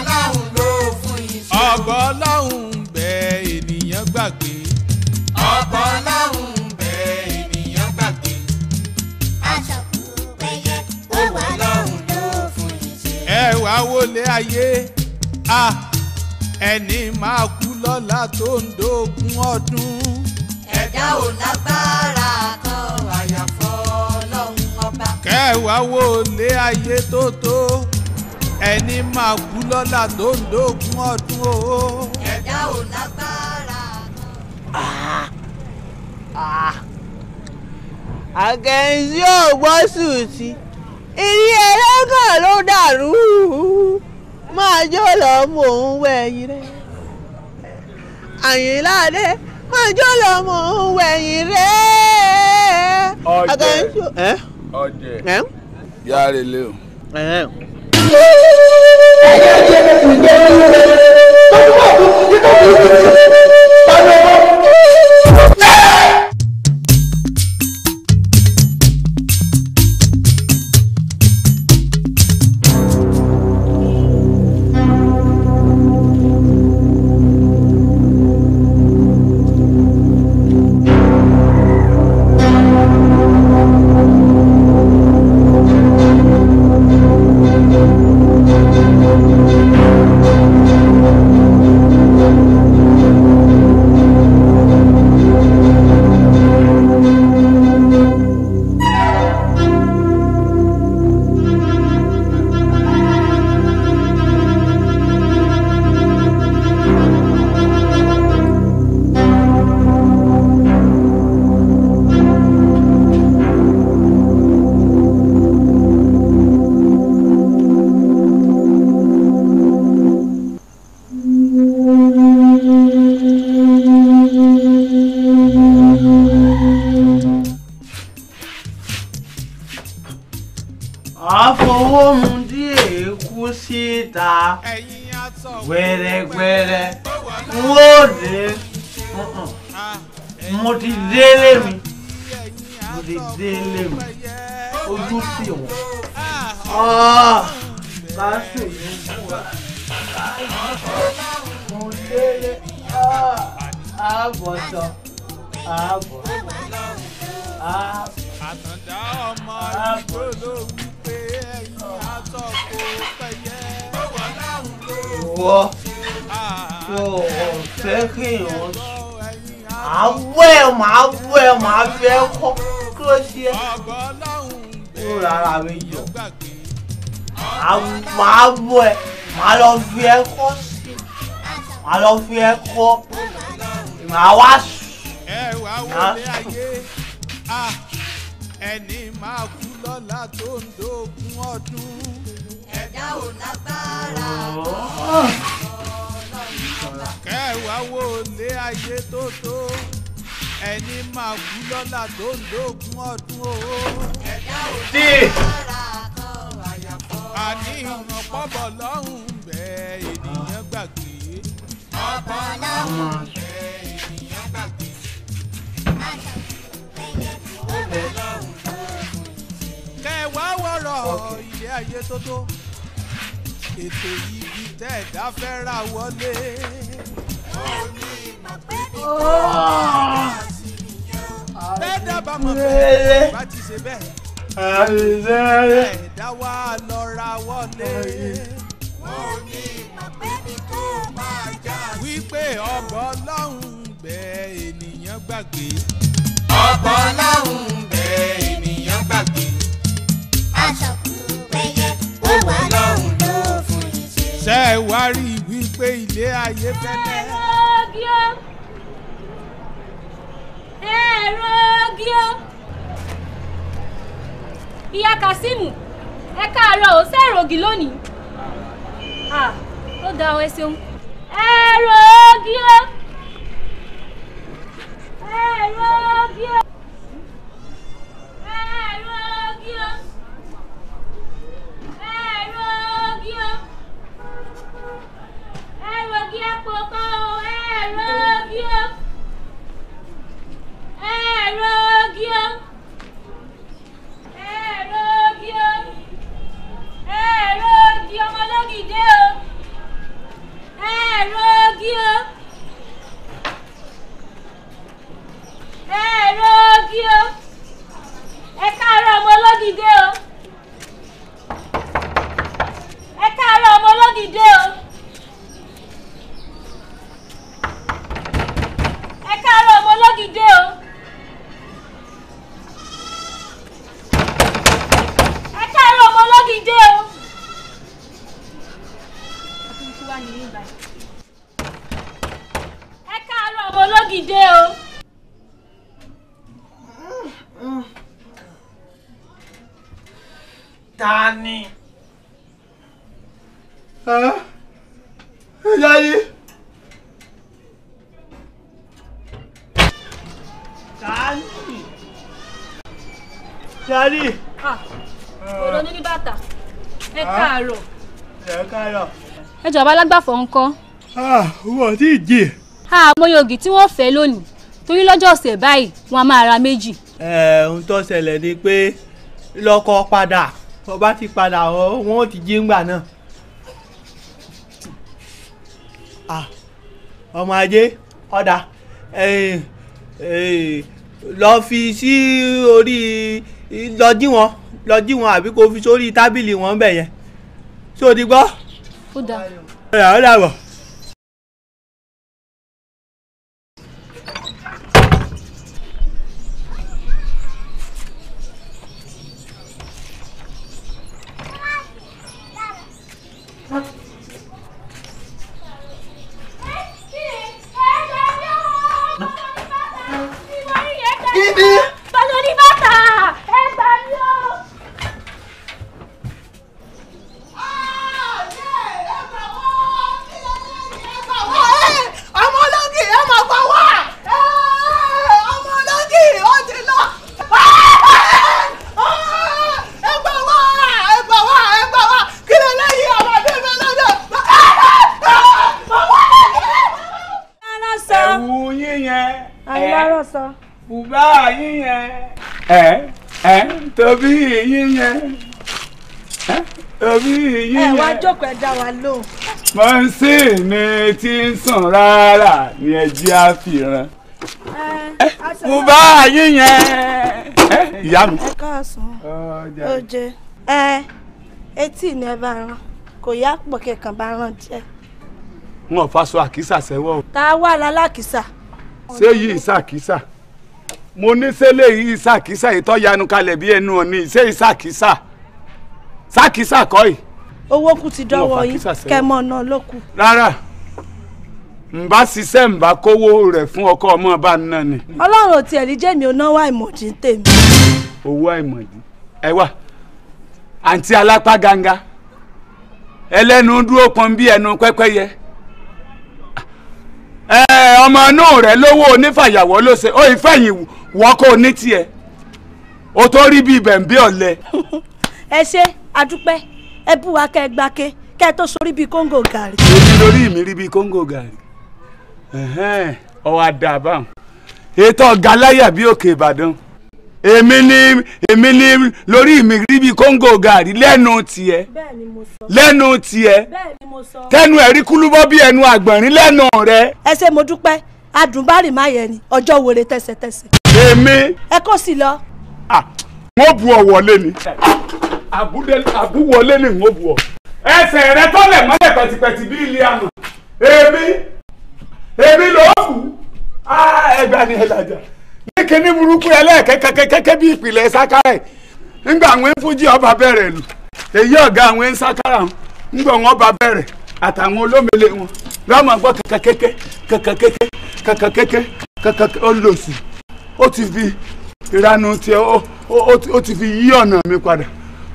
ló fún iṣẹ́ o. ọ̀bọ̀ láhùn bẹ ènìyàn gbàgbé. ọ̀bọ̀ láhùn bẹ ènìyàn gbàgbé. ayé ẹni máa kú lọ́la tó ń dogun ọdún. ẹ̀dá ò lágbára kan àyàfọ́ ọlọ́run ọba. kẹwàá wo lé ayé tó tó ẹni máa kú lọ́la tó ń dogun ọdún o. ẹ̀dá ò lágbára kan. Ah, ah. àkẹ́yìnsí ò gbọ́ sùtì ìrí ẹlẹ́gàn ló dàrú máa jó lọ́ọ́ mò ń wẹ̀yìn rẹ̀ àyìnláde mọ̀jọ́ lọ́mọ wẹ̀yìn rẹ̀. ọjẹ ọjẹ yára ilé o. ẹyẹ jẹ́ mi kì í jẹ́ mi lé tó bá tó ti tó ti ti ọdún ọdún. yẹn kọ́ màá wá sùn. ẹ wá wọlé ayé ẹni máa kú lọ́la tó ń dogun ọdún. ẹ̀dá ò lágbára kan o. ẹ̀dá ò lágbára kan àyàfọ́. àní ìrànpọ̀ bọ̀ lọ́. ṣe tó tó ètò yìí tẹ́ ẹ̀dá fẹ́ ra wọlé. bẹ́ẹ̀ dábàá mọ̀ fẹ́ bá ti ṣe bẹ́ẹ̀. bẹ́ẹ̀ ẹ̀dá wa lọ ra wọlé. wípé ọgbọ́ lọ́hùn-ún bẹ́ẹ̀ ènìyàn gbàgbé. ọgbọ́ lọ́hùn-ún bẹ́ẹ̀ ènìyàn gbàgbé. ẹ wá rí wípé ilé ayé fẹ́lẹ́. ẹ̀rọ̀gíọ́ ẹ̀rọ̀gíọ́ ìyá Kasimu ẹ káàárọ̀ ó sẹ́rọ̀gì lónìí ó da ọ ẹ ṣeun ẹ̀rọ̀gíọ́ ẹ̀rọ̀gíọ́ ẹ̀rọ̀gíọ́ ẹ̀rọ̀gíọ́ ògì àpòpọ̀ ẹ̀rọ ògì ó ẹ̀rọ ògì ó ẹ̀rọ ògì ó ẹ̀rọ ògì ọmọ lógìdé o ẹ̀rọ ògì ó ẹ̀rọ ògì ó ẹ káàárọ̀ ọmọ lógìdé o. ẹ káàárọ̀ ọmọ ológìdé o. ẹ káàárọ̀ ọmọ ológìdé o. ẹ káàárọ̀ ọmọ ológìdé o. ta ni. ẹ ẹ jáde. Sani. Sani. Òdò ní ní bàtà. Ẹ ah. káàárọ̀. Ẹ káàárọ̀. Ẹ jọ̀ọ́ alágbàfọ̀ ń kọ́. Wọ́n ti jì. Àmọye ògì tí wọ́n fẹ́ lónìí torí lọ́jọ́ ọ̀sẹ̀ báyìí wọn a máa ra méjì. Ẹ ohun tó ṣẹlẹ̀ ni pé lọ́kọ padà tó bá ti padà wọn ò ti jí ńgbà náà. Ah, ọmọ ajé ọ̀dà ẹ̀yìn lọ fi sí orí lọ jí wọn lọ jí wọn àbí kó fi sórí tábìlì wọn bẹ̀ yẹn ṣó gbọ́. ó dáa. ó dáa bọ̀. fẹ́ dá wa lóhùn. mọ̀nsìn ni tí ń sùn rárá ni ẹjí á fi ran. Eh, eh, mo bá ayé yẹn. Eh, ìyá mi. ẹ káàsán oje ẹ etí ni ẹ bá rán kò yá pọ̀ kẹ̀kàn bá rán díẹ̀. wọn ò faṣọ àkísà sẹ́wọ́ o. ta wà lálákìsà. ṣé yìí ṣàkísà mo ní sẹ́lẹ̀ yìí ṣàkísà ìtọ́yanu kalẹ̀ bí ẹnu ọ̀ ní ṣé ìṣàkísà ṣàkísà kọ́ yìí. owó kù ti dọ́wọ́ yín kẹmọ náà ló kù. rárá nbá ṣiṣẹ́ nbá kówó rẹ̀ fún ọkọ ọmọ bá ń ná ni. ọlọ́run ò tiẹ̀ ní jẹ́mi ò náwó àìmọ̀dí tèmi. owó àìmọ̀dí ẹ wà àǹtí alápá ganga ẹlẹ́nu dúró pọn bí ẹnu pẹ́pẹ́yẹ ẹ ọmọ inú rẹ lówó onífàyàwọ́ ló ṣe ó ìfẹ̀yìn wọ́kọ̀ ní tiẹ̀ ó tó rí bíi bẹ̀ǹbí ọ̀lẹ́. ẹ ṣe adúpẹ́. ẹ bú wa kẹ ẹ gbáke kẹ ẹ tó sorí bíi kóńgò gàrí. èmi lórí mi rí bíi kóńgò gàrí ọwọ́ àdàbà ètò gàláyà bíi òkè ìbàdàn èmi ni èmi ni lórí mi rí bíi kóńgò gàrí lẹ́nu tiẹ̀ lẹ́nu tiẹ̀ tẹnu ẹ̀rí kúlúbọ́ bíi ẹnu àgbọ̀nrín lẹ́nu rẹ. ẹ ṣe mo dúpẹ́ adùnbárì má yẹ ni ọjọ́ wèrè tẹ̀sẹ̀tẹ̀sẹ̀. èmi. ẹ kó sì lọ. ah wọ́n bu ọ̀wọ́ lé ni. àbúwọlé ni n ò bu ẹsẹ̀ rẹ tọ́lẹ̀ mọ́lẹ̀ pẹ̀tipẹ̀ti bí ilé àná èmi èmi ló kù ah, ẹgbà ni ẹlàjà. ní kíní burúkú ẹlẹ́ẹ̀kẹ́kẹ́kẹ́ bí ìpìlẹ̀ sákárẹ̀ ńgbà àwọn ọba bẹ̀rẹ̀ lù èyí ọ̀gá àwọn sákárà ńgbà wọn ọba bẹ̀rẹ̀ àtàwọn olómele wọn lọ́mọ gbọ́ kẹ̀kẹ́kẹ́kẹ́ kẹ̀kẹ́kẹ́kẹ́ ó ti fi ìranu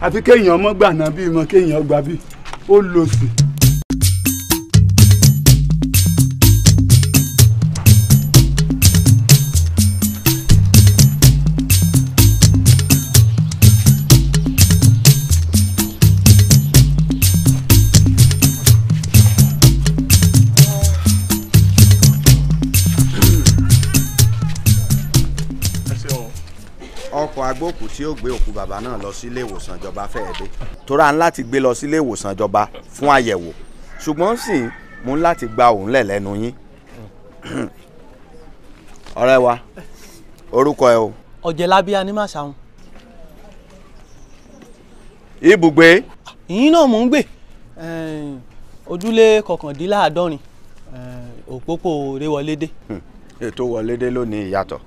àfi kéèyàn mọ́ gbà náà bí mọ́ kéèyàn gbà bí ó lòsì. gbóòkú tí ó gbé òkú bàbá náà lọ sí ilé ìwòsàn ìjọba fẹ́ẹ́ dé tóra ń láti gbé lọ sí ilé ìwòsàn ìjọba fún àyẹ̀wò ṣùgbọ́n sì mú láti gba òun lẹ̀ lẹ́nu yín ọ̀rẹ́ wa orúkọ ẹ o. ọ̀jẹ̀lábí anímàṣàhùn. ibùgbé. ìyín náà mò ń gbé ojúlé kọkàndínláàádọ́rin òpópó rewọlédé. Hmm, ètò wọlédé lónìí ìyàtọ̀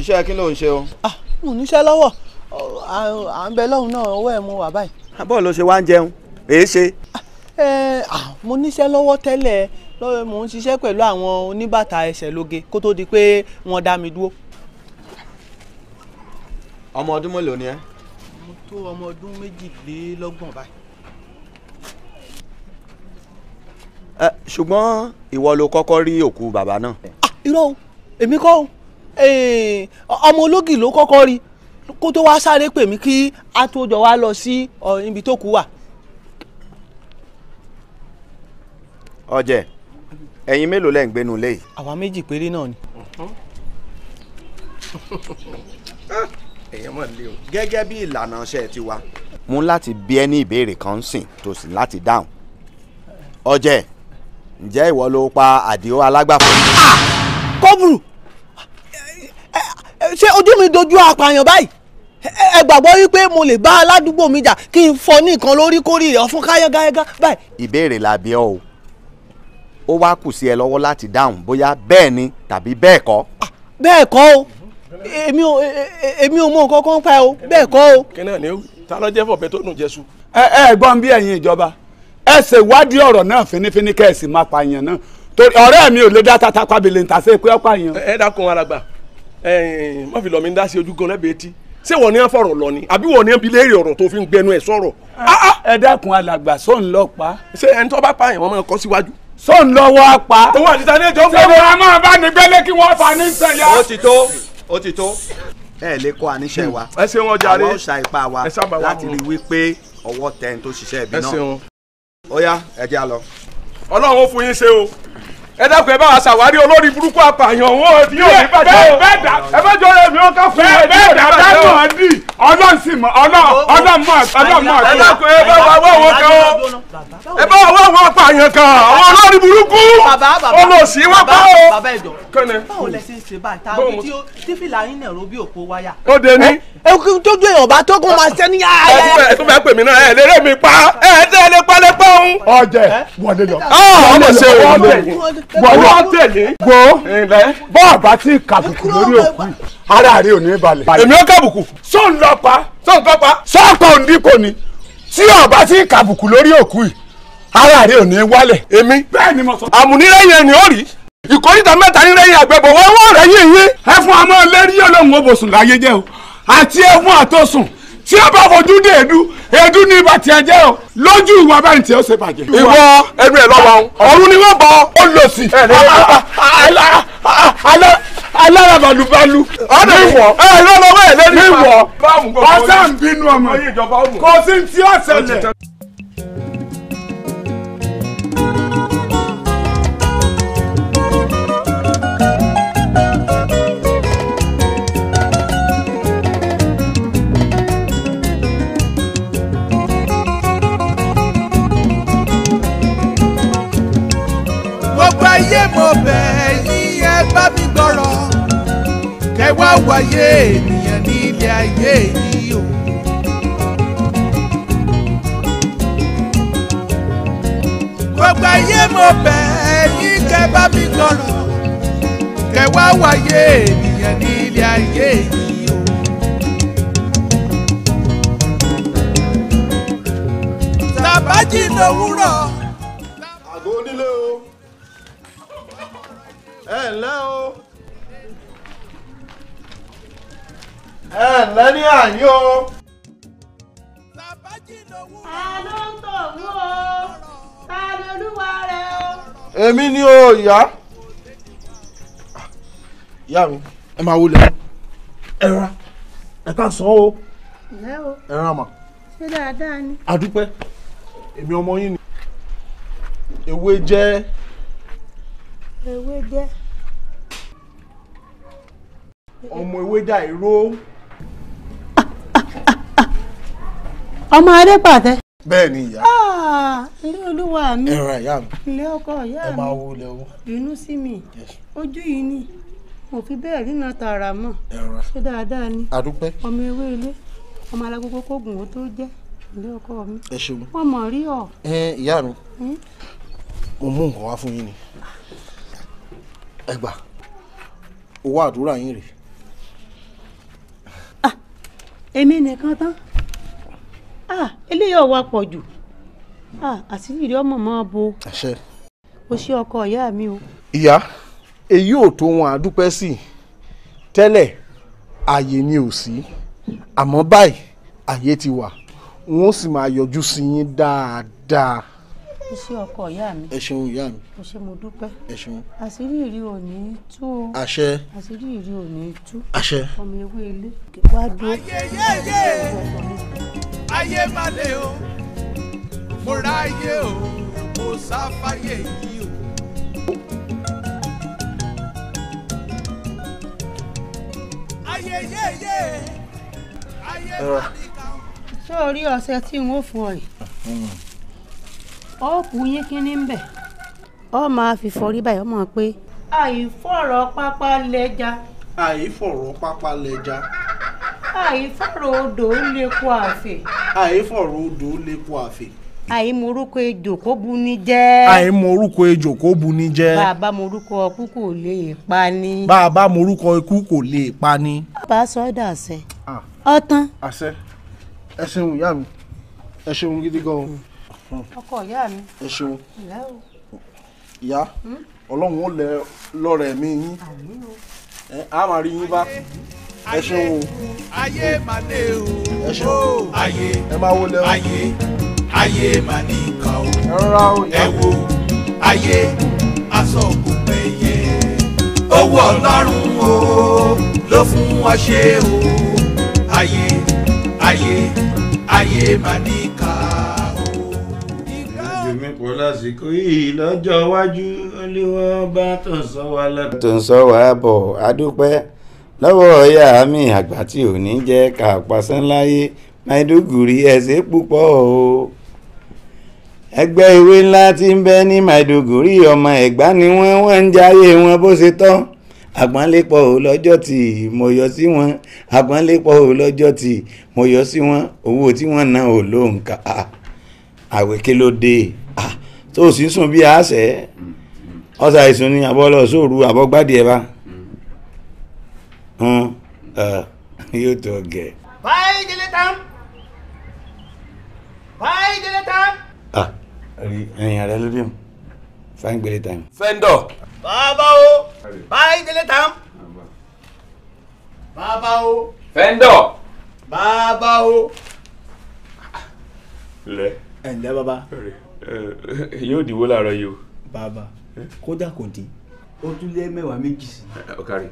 iṣẹ́ kí ló ń ṣe o. ah mo níṣẹ́ lọ́wọ́ à ń bẹ lọ́hùn náà ọwọ́ ẹ̀ mo wà báyìí. bọ́ọ̀ ló ṣe wá ń jẹun èé ṣe. mo níṣẹ́ lọ́wọ́ tẹ́lẹ̀ lọ́wọ́ mo ń ṣiṣẹ́ pẹ̀lú àwọn oníbàtà ẹsẹ̀ lóge kó tó di pé wọ́n dá mi dúró. ọmọ ọdún mélòó ni ẹ. mo tó ọmọ ọdún méjìlélọ́gbọ̀n báyìí. ṣùgbọ́n ìwọ ló kọ́kọ́ rí òkú bàbá náà. irọ́ o èmi kọ́ o ọmọ ológì ló kọ́kọ́ rí kó tó wá sáré pè mí kí a tó jọ wá lọ sí ibi tó kú wà. ọjẹ ẹ̀yin mélòó lẹ ń gbénu lé àwa méjì péré náà ni. o gẹ́gẹ́ bí ìlànà iṣẹ́ ti wa. mú láti bí ẹ ní ìbéèrè kan sìn tó sì láti dáhùn. ọjẹ ǹjẹ́ ìwọ ló pa àdìo alágbàfọ̀. Ah! kọ́bùrù ṣé ojú mi dojú apààyàn báyìí ẹ gbàgbọ́ wípé mo lè bá aládùúgbò mi jà kí n fọ ní nǹkan lórí kórìí rẹ̀ ọ̀fun káyágáyágá báyìí. ìbéèrè làbí ọ o ó wá kù sí ẹ lọ́wọ́ láti dáhùn bóyá bẹ́ẹ̀ ni tàbí bẹ́ẹ̀ kọ́. Ah, bẹ́ẹ̀ kọ́ o èmi ò e, e, èmi ò mọ nǹkan kan pa o bẹ́ẹ̀ kọ́ o. kínní ni ta ló jẹ́ fọ̀bẹ tó nù jẹ́sù. ẹ ẹ gbọ́n bí ẹ̀yin ìjọba ẹ ṣèwádìí ọ̀rọ̀ náà fínífíní kẹ́ẹ̀sì máa pààyàn náà torí ọ̀rẹ́ mi ò lè dá tata pabìlì ń ta sí pé ó pààyàn. ẹ dákun alàgbà má fi lọ mi ń dá sí ojú gan lẹ́bẹ̀ẹ́ tí ṣé wọ́n ní á fọ̀rọ̀ lọ ni àbí wọ́n ní á bi léèrè ọ̀rọ̀ tó fi ń gbẹnu ẹ̀ sọ̀rọ̀. Ah, ah, ah! ẹ dákun alàgbà sóun pa. ṣé ẹni tó bá pa yẹn wọ́n máa kọ́ síwájú. sóun lọ pa. owó àtijọ́ ní ìjọ ń bọ̀. ṣé wàá máa bá ní gbélé kí wọ́n fa ní sẹ́yà. ó ti tó ó ti tó. ẹ lè kó àníṣe wa àwọn ọ̀sà ipá wa láti rí wípé ọwọ́ tẹ̀ ń tó ṣiṣẹ́ ibi náà. ó yá ẹ jẹ́ a ọlọ́run fún yín ṣe o ẹ dákun ẹ bá wa ṣàwárí olórí burúkú apààyàn wọn ni yóò ní bàjẹ́ o bẹ́ẹ̀ dá ẹ bá jọ ẹ mi ó ká fún ẹ bẹ́ẹ̀ dá dákun ẹ dì ọlọ́run sì mọ ọlọ́run mọ ọlọ́run mọ ẹ dákun ẹ bá wa wọ wọn kan o ẹ bá wa wọ wọn apààyàn kan àwọn olórí burúkú olóòsì wọn pa o. bàbá ẹjọ báwo lẹ ṣe ń ṣe báyìí táwọn tí ó tífìlà yín nẹ̀rọ bí òpó wáyà. ó de ní. ẹ kí n tójú èèyàn bá tókun máa ṣẹ́ ní yàrá. ẹ tún bẹ pè mí náà ẹ lérè mi pa ẹ tẹ́ ẹ lè palẹ̀ pọ́n. ọjẹ wọlé lọ. Ah, ọmọ ṣe wọlé gbọ́dọ̀ gbọ́ bọ́ọ̀bá tí kàbùkù lórí òkú ara rẹ ò ní balẹ̀. èmi ó kàbùkù sóun lọ pa sóun tó pa. sọ́ọ̀pọ̀ òǹdípò ni tí ọ̀bá tí kàbùkù lórí òkú yìí ara rẹ ò ní wálẹ̀. èmi bẹ́ẹ̀ ni mo sọ. àmúnilẹ́yìn ẹni ó rí ìkórìtà mẹ́ta ní lẹ́yìn àgbẹ̀bọ̀ wọ́n wọ́n rẹ̀ yìí yín. ẹ fún amọ́ lẹ́rí ọlọ́run ó bòsùn láyé jẹ́ o àti ẹ fún àtọ́sùn tí ó bá fojú dé èédú èédú ní ibà tí a jẹ́ o lójú ìwà báyìí tí ó ṣe bàjẹ́. ìwọ ẹnu ẹ lọ́wọ́ ọ̀run ni wọ́n bọ̀ ó lọ sí. alárabàlúbalú. ọ̀dọ̀ ìwọ ẹ lọ́wọ́ ẹ lẹ́nu ìwọ. ọ̀sán bínú ọmọ kò sí ti ọ̀sẹ̀ lẹ̀. mo bẹ̀ yín ẹ bá mi gbọ́rọ̀ kẹ́ wá wáyé ènìyàn ní ilé ayé yìí o. gbogbo ayé mo bẹ̀ yín kẹ́ bá mi gbọ́rọ̀ kẹ́ wá wáyé ènìyàn ní ayé yìí. bájì lówùrọ̀ Hello. Hello, o ẹ Emi ní àyín o. ta ló ń tọ̀wú o ta lolúwa rẹ o. èmi ni o ìyá ìyá mi ẹ máa o ẹ ra ṣé dáadáa ni. a èmi ọmọ yín ni ewé jẹ́. ewédé. ọmọ ewédé àìró. ọmọ adépàtẹ. bẹ́ẹ̀ ni ìyá. Ah, ilé olúwa mi. ilé ọkọ ìyá mi. inú ojú yìí ni mo fi bẹ́ẹ̀ ríran tààrà mọ̀. ṣé dáadáa ọmọ ewé ilé ọmọ ó tó jẹ́ ilé mi. wọ́n mọ̀ rí ọ. ìyá mi hm? ẹ gbà owó àdúrà yín rèé. Ah, èmi nìkan tán ah, eléyà wà pọ̀ jù ah, àṣírí ọmọ máa bo o ṣe ọkọ ìyá mi o. ìyá èyí ò tó wọn àdúpẹ́ sí tẹ́lẹ̀ ààyè ni ò sí àmọ́ báyìí ààyè ti wà wọ́n sì máa yọjú sí yín dáadáa o ṣé ọkọ ìyá mi. ẹ ṣeun ìyá mi. o ṣé mo dúpẹ́. ẹ ṣeun. àṣírí ìrí ò tú àṣẹ. àṣírí ìrí ò tú. àṣẹ. ọmọ ewé ilé wá dúró. ayẹyẹyẹ ayé má le o mo ráyè o mo sáfáyé yìí o. ayẹyẹyẹ ayé má le ká sọ orí ọṣẹ tí n ó fún ọ yìí. Mm. Ọ ọ̀pù yín kínní ń bẹ̀. ọ máa fi fọrí báyìí ọmọ pé. àìfọ̀rọ̀ pápá lẹ́ja. àìfọ̀rọ̀ pápá lẹ́ja. àìfọ̀rọ̀ odò lépo àfè. àìfọ̀rọ̀ odò lépo àfè. àìmọ̀rúkọ ejò kò bu ní jẹ́. àìmọ̀rúkọ ejò kò bu ní jẹ́. bàbá morúkọ ọkú kò lè pa ni. bàbá morúkọ ikú kò lè pa ni. bàbá sọdọ àṣẹ. ọtán. àṣẹ ẹ ṣeun ìyá mi ẹ ṣeun gidi gan-an. Hmm. ọkọ ìyá mi. ẹ ṣeun ìyá hmm? ọlọ́run ó lẹ lọ́rẹ̀ mi yín a máa rí yín bá ẹ ṣeun o ẹ ṣeun ẹ máa wọlé o ayé ayé máa ní nǹkan o ẹ rọra o ẹ wo ayé aṣọ kò péye owó ọlọ́run o ló fún wa ṣe o ayé ayé ayé máa ní nǹkan pọ̀ lásìkò yìí lọ́jọ́ iwájú olúwa ọba tó ń sọ wá lọ. tó ń sọ wá bọ̀ adúpẹ́ lọ́wọ́ ọ̀yá àmì àgbà tí ò ní jẹ́ ká pàṣẹ láyé Maiduguri ẹ̀sẹ̀ púpọ̀ o ẹgbẹ́ ìwé ńlá tí ń bẹ ní Maiduguri ọmọ Ẹ̀gbá ni wọ́n wọ́n ń jayé wọn bó ṣe tán àpọ́nlépọ̀ ò lọ́jọ́ tí mo yọ sí wọn àpọ́nlépọ̀ ò lọ́jọ́ tí mo yọ sí wọn owó tí wọ́n ná ò lóǹkà àwẹ̀kẹ́ ló dé tó o sì ń sùn bí àásẹ̀ ọ̀sà ìsùn ni àbọ̀lọ̀ sóòru àbọ̀gbádì ẹ̀ bá eh, yóò tó gẹ̀. báyìí délé tán báyìí délé tán. ẹ̀yìn rẹ ló dé mu fine gbélé tán. fẹ́ńdọ̀. bàbá o báyìí délé tán. bàbá o. fẹ́ńdọ̀. bàbá o. lẹ. ẹ̀ ǹlẹ́ bàbá. Eh, yóò dìwó làárọ̀ yìí o. bàbá eh? kódà kò dín ó tún lé mẹ́wàá méjì sí. Eh, ọ̀kàrì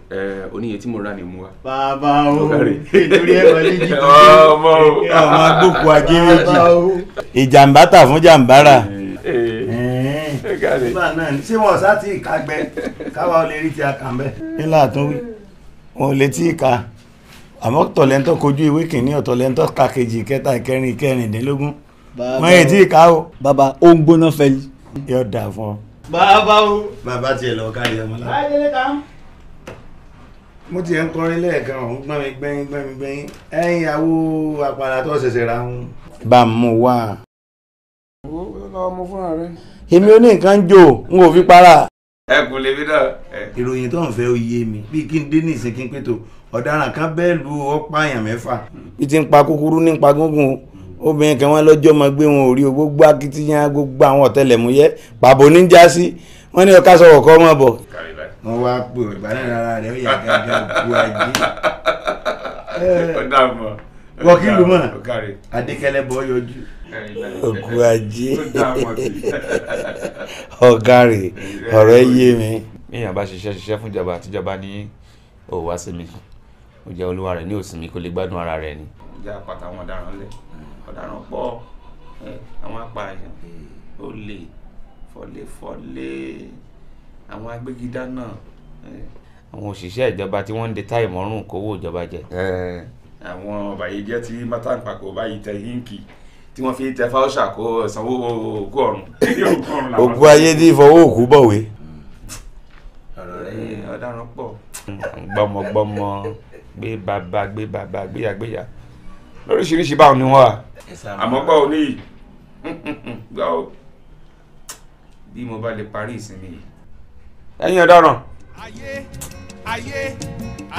oníye tí mo rà ní mu wa. bàbá o nítorí ẹ̀wọ̀n méjì tó ọmọ o ọmọ agbókù ajé méjì. ìjàmbá tà fún jàmbá rà. ṣé wọn sá ti ìka gbẹ káwa ò lè rí ti àkànbẹ. nílà àtúnwí wọn ò lè tí ì ka àmọ́ tọ̀lẹ́ńtọ́ kojú ìwé kìíní ọ̀tọ̀lẹ́ńtọ́ ka kejì kẹta ìkẹrin ìkẹrìndínlógún wọ́n yẹ tí ì o. Baba ó ń gbóná fẹ́lí. yóò dà fún ọ. bàbá o. bàbá tiẹ̀ lọ kárí ọmọ náà. láyé lè kàn. mo tiẹ̀ ń kọrin lẹ́ẹ̀kan ọ̀hún gbọ́n mi gbẹ́yìn gbọ́n mi gbẹ́yìn ẹ̀yìn àwo àpàlà tó ṣẹ̀ṣẹ̀ ra ń. bá a mú wá. owó lọ́wọ́ mo fúnra rẹ. èmi ò ní nǹkan jò n ò fi para ẹ kò lè fi náà. ìròyìn tó ń fẹ́ ó yé mi bí kí n dé ní ìsìnkí pẹ̀tọ̀ ọ̀daràn kan bẹ́ẹ̀ lu ọ̀pá àyàn mẹ́fà. bí ń pa kúkúrú ní pa gúngún obìnrin kan wọn lọ́jọ́ máa gbé wọn ò rí o gbogbo akitiyan gbogbo àwọn ọ̀tẹlẹ̀múyẹ́ pàbó ní jásí wọ́n ní ọ̀ká sọ̀rọ̀ kọ́ mọ́ bọ̀. wọ́n wá pè ọ́ ìbálẹ̀ rárá rẹ̀ ó yà gàgà òkú ajé. wọ́kìlù mọ̀ adékẹ́lẹ́ bọ́ yọjú. òkú ajé ọ̀gá rè ọ̀rọ̀ ẹ yé mi. míyàn bá ṣiṣẹ́ ṣiṣẹ́ fún ìjọba àtijọba ní òwá sí mi ó jẹ́ olúwa rẹ̀ ní òsínmi kó lè gbádùn ara rẹ̀ ni. ìjà pàtàkùn ọ̀daràn lẹ̀ ọ̀daràn pọ̀ àwọn apààyàn olè fọléfọlé àwọn agbégidáná àwọn òṣìṣẹ́ ìjọba tí wọ́n ń de táì mọ́rùn kówó ìjọba jẹ. àwọn ọ̀bàyéjẹ́ tí mátàǹpàkò báyìí tẹ yínkì tí wọ́n fi tẹ fáwọ́sà kó sanwó òkú ọ̀run. òkú ayé ní ìfọwọ́ òkú bọ̀wé. ọ̀daràn pọ̀. gbọ́mọgbọ́mọ gbé bàbá gbé bàbá gbéyàgbéyà. Gbé lóríṣiríṣi báwọn ni wọ́n wà. àmọ́ gbọ́ ò léyìí gbà ó bí mo bá lè parí ìsinmi yìí. ẹ̀yin ọ̀daràn. ayé ayé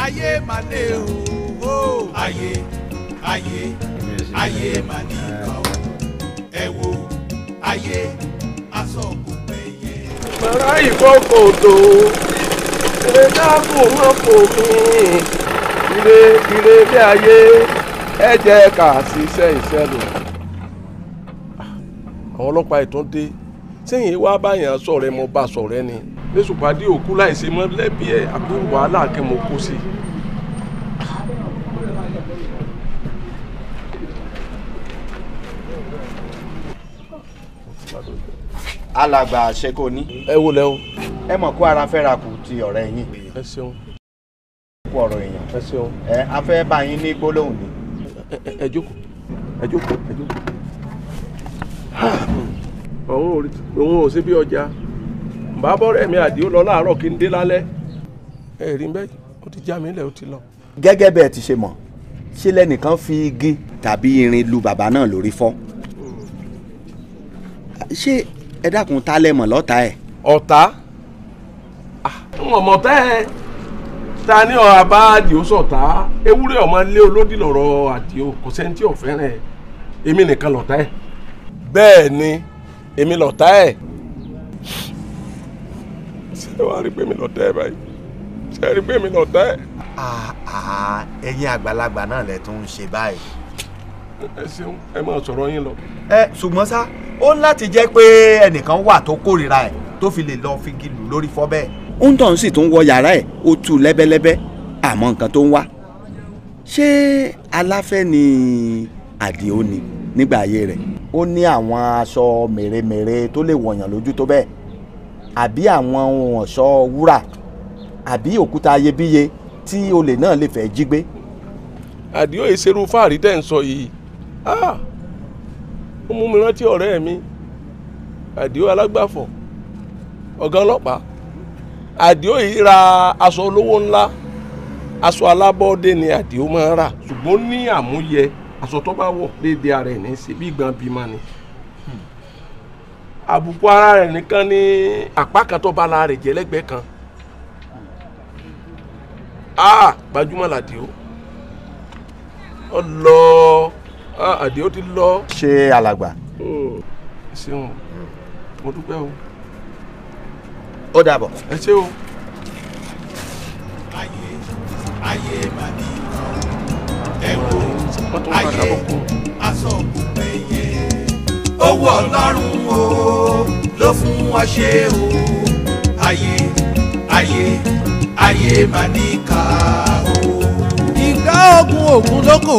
ayé mà lè o ayé ayé ayé mà ní ìkà o ẹ wo ayé aṣọ kò péye. màrá ìbọn kò tó ìrẹ́dá kò kò mí ire ire bí ayé ẹ jẹ́ ká ṣiṣẹ́ iṣẹ́ lò. àwọn ọlọ́pàá ìtún dé sẹ́yìn wá báyàn sọ̀rọ̀ ẹ mo bá sọ̀rọ̀ ẹ ni lẹ́sùpàdé òkú láìsí mọ́ lẹ́bí ẹ̀ àbúrò wàhálà kí mo kó sí. alàgbà àṣekò ní. ẹ wo lẹ o. ẹ mọ̀ kó ara fẹ́ ra kù ti ọ̀rẹ́ yín. ẹ ṣeun. kú ọ̀rọ̀ èèyàn. ẹ ṣeun. ẹ afẹ́ bá ní gbólóhùn ni ẹ jókòó ẹ jókòó ẹ jókòó ah, òun ò sí bí ọjà bàbá ọ̀rẹ́ mi àdìó lọ láàárọ̀ kí n dé lálẹ́ ẹ rí bẹ́ẹ̀ ó ti já mi lẹ̀ ó ti lọ. gẹ́gẹ́ bẹ́ẹ̀ ti ṣe mọ̀ ṣé lẹ́nìkan fi igi tàbí irin lu bàbá náà lórí fọ́ ṣé ẹ dákun ta lẹ lọ́ta ẹ̀. ọ̀tá ah, n mọ̀ tẹ́ ẹ ta ní ọ abá àdìó sọ̀tá ewúrẹ́ ọmọ lé olódì lọ́rọ̀ àdìó kò sẹ́ni tí ò fẹ́ràn ẹ̀ èmi nìkan lọ̀tá ẹ̀ bẹ́ẹ̀ ni èmi lọ̀tá ẹ̀ ṣé wàá rí pé mi lọ̀tá ẹ̀ báyìí ṣé rí pé mi lọ̀tá ẹ̀. ẹ̀yin àgbàlagbà náà lẹ tún ń ṣe báyìí. ẹ ṣeun ẹ máa sọ̀rọ̀ yín lọ. ẹ ṣùgbọ́n ṣá ó láti jẹ́ pé ẹnìkan wà tó kórìíra ẹ̀ tó fi lè lọ figi lù lórí fọ́ bẹ́ẹ̀ òǹtọ̀hún sì tún wọ yàrá ẹ̀ ó tu lẹ́bẹ́lẹ́bẹ́ àmọ́ nǹkan tó ń wá ṣé aláfẹ́ ni àdìó ni nígbà ayé rẹ̀ ó ní àwọn aṣọ mèremère tó lè wọ̀nyàn lójú tó bẹ́ẹ̀ àbí àwọn ohun ọ̀ṣọ́ wúrà àbí òkúta ayebíye tí olè náà lè fẹ́ jí gbé. àdìó ìṣerú fáàrí tẹ́ ń sọ yìí ah! ó mú mi rántí ọ̀rẹ́ mi àdìó alágbàfọ̀ ọ̀gá ọlọ́pàá àdìó yìí ra aṣọ olówó ńlá aṣọ alábọ́ọ́dé ni àdìó máa ń rà ṣùgbọ́n ní àmúyẹ aṣọ tó bá wọ̀ déédéé ara ẹ̀ ní í ṣe bí gan bímọ ni àbùkù ara rẹ̀ nìkan ní apá kan tó bá la rẹ̀ jẹ́ lẹ́gbẹ̀ẹ́ kan ah gbajúmọ̀ làdìó ọ lọ àdìó ti lọ. ṣe alàgbà. Hmm, ṣeun mo dúpẹ́ o ó dàbọ̀. ẹ ṣé o. ayé ayé má bí ẹ wo ayé aṣọ òkùnkùn ẹyẹ owó ọlọ́run o ló fún wa ṣe o ayé ayé ayé má ní ká o. ìgbà ogun ogun lóko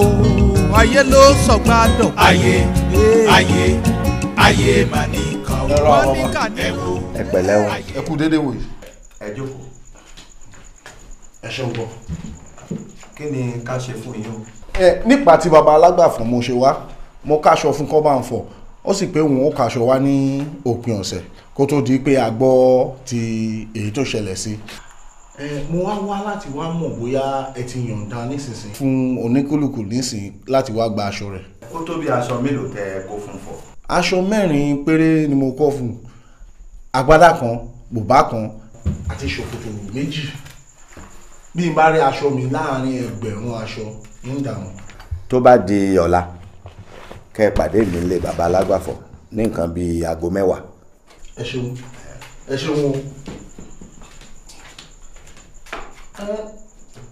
ayé ló sọgbà dọ̀. ayé ayé ayé má ní ká o ẹ pẹ̀lẹ́ o. ẹ kú dédé wò yìí. ẹ jókòó ẹ ṣeun bọ kí ni ká ṣe fún yín o. ẹ nípa tí baba alágbàfọ̀ mo ṣe wá mo káṣọ fún kọ́ bá ń fọ̀ ó sì pé òun ó kaṣọ wá ní òpin ọ̀sẹ̀ kó tó di pé a gbọ́ ti èyí tó ṣẹlẹ̀ sí. ẹ mo wá wá láti wá mọ̀ bóyá ẹ ti yọ̀ǹda nísinsìnyí. fún oníkúlùkù nísìnyí láti wá gba aṣọ rẹ̀. ó tó aṣọ mélòó tẹ kó fún fọ aṣọ mẹ́rin péré ni mo kọ́ fún un agbádá kan bùbá kan àti ṣòkòtò méjì bí n bá rí aṣọ mi láàrin ẹgbẹ̀rún aṣọ ń dààmú. tó bá di ọ̀la kẹ́ ẹ pàdé mi nílé bàbá alágbàfọ̀ ní nǹkan bíi aago mẹ́wàá. ẹ ṣeun ẹ ṣeun o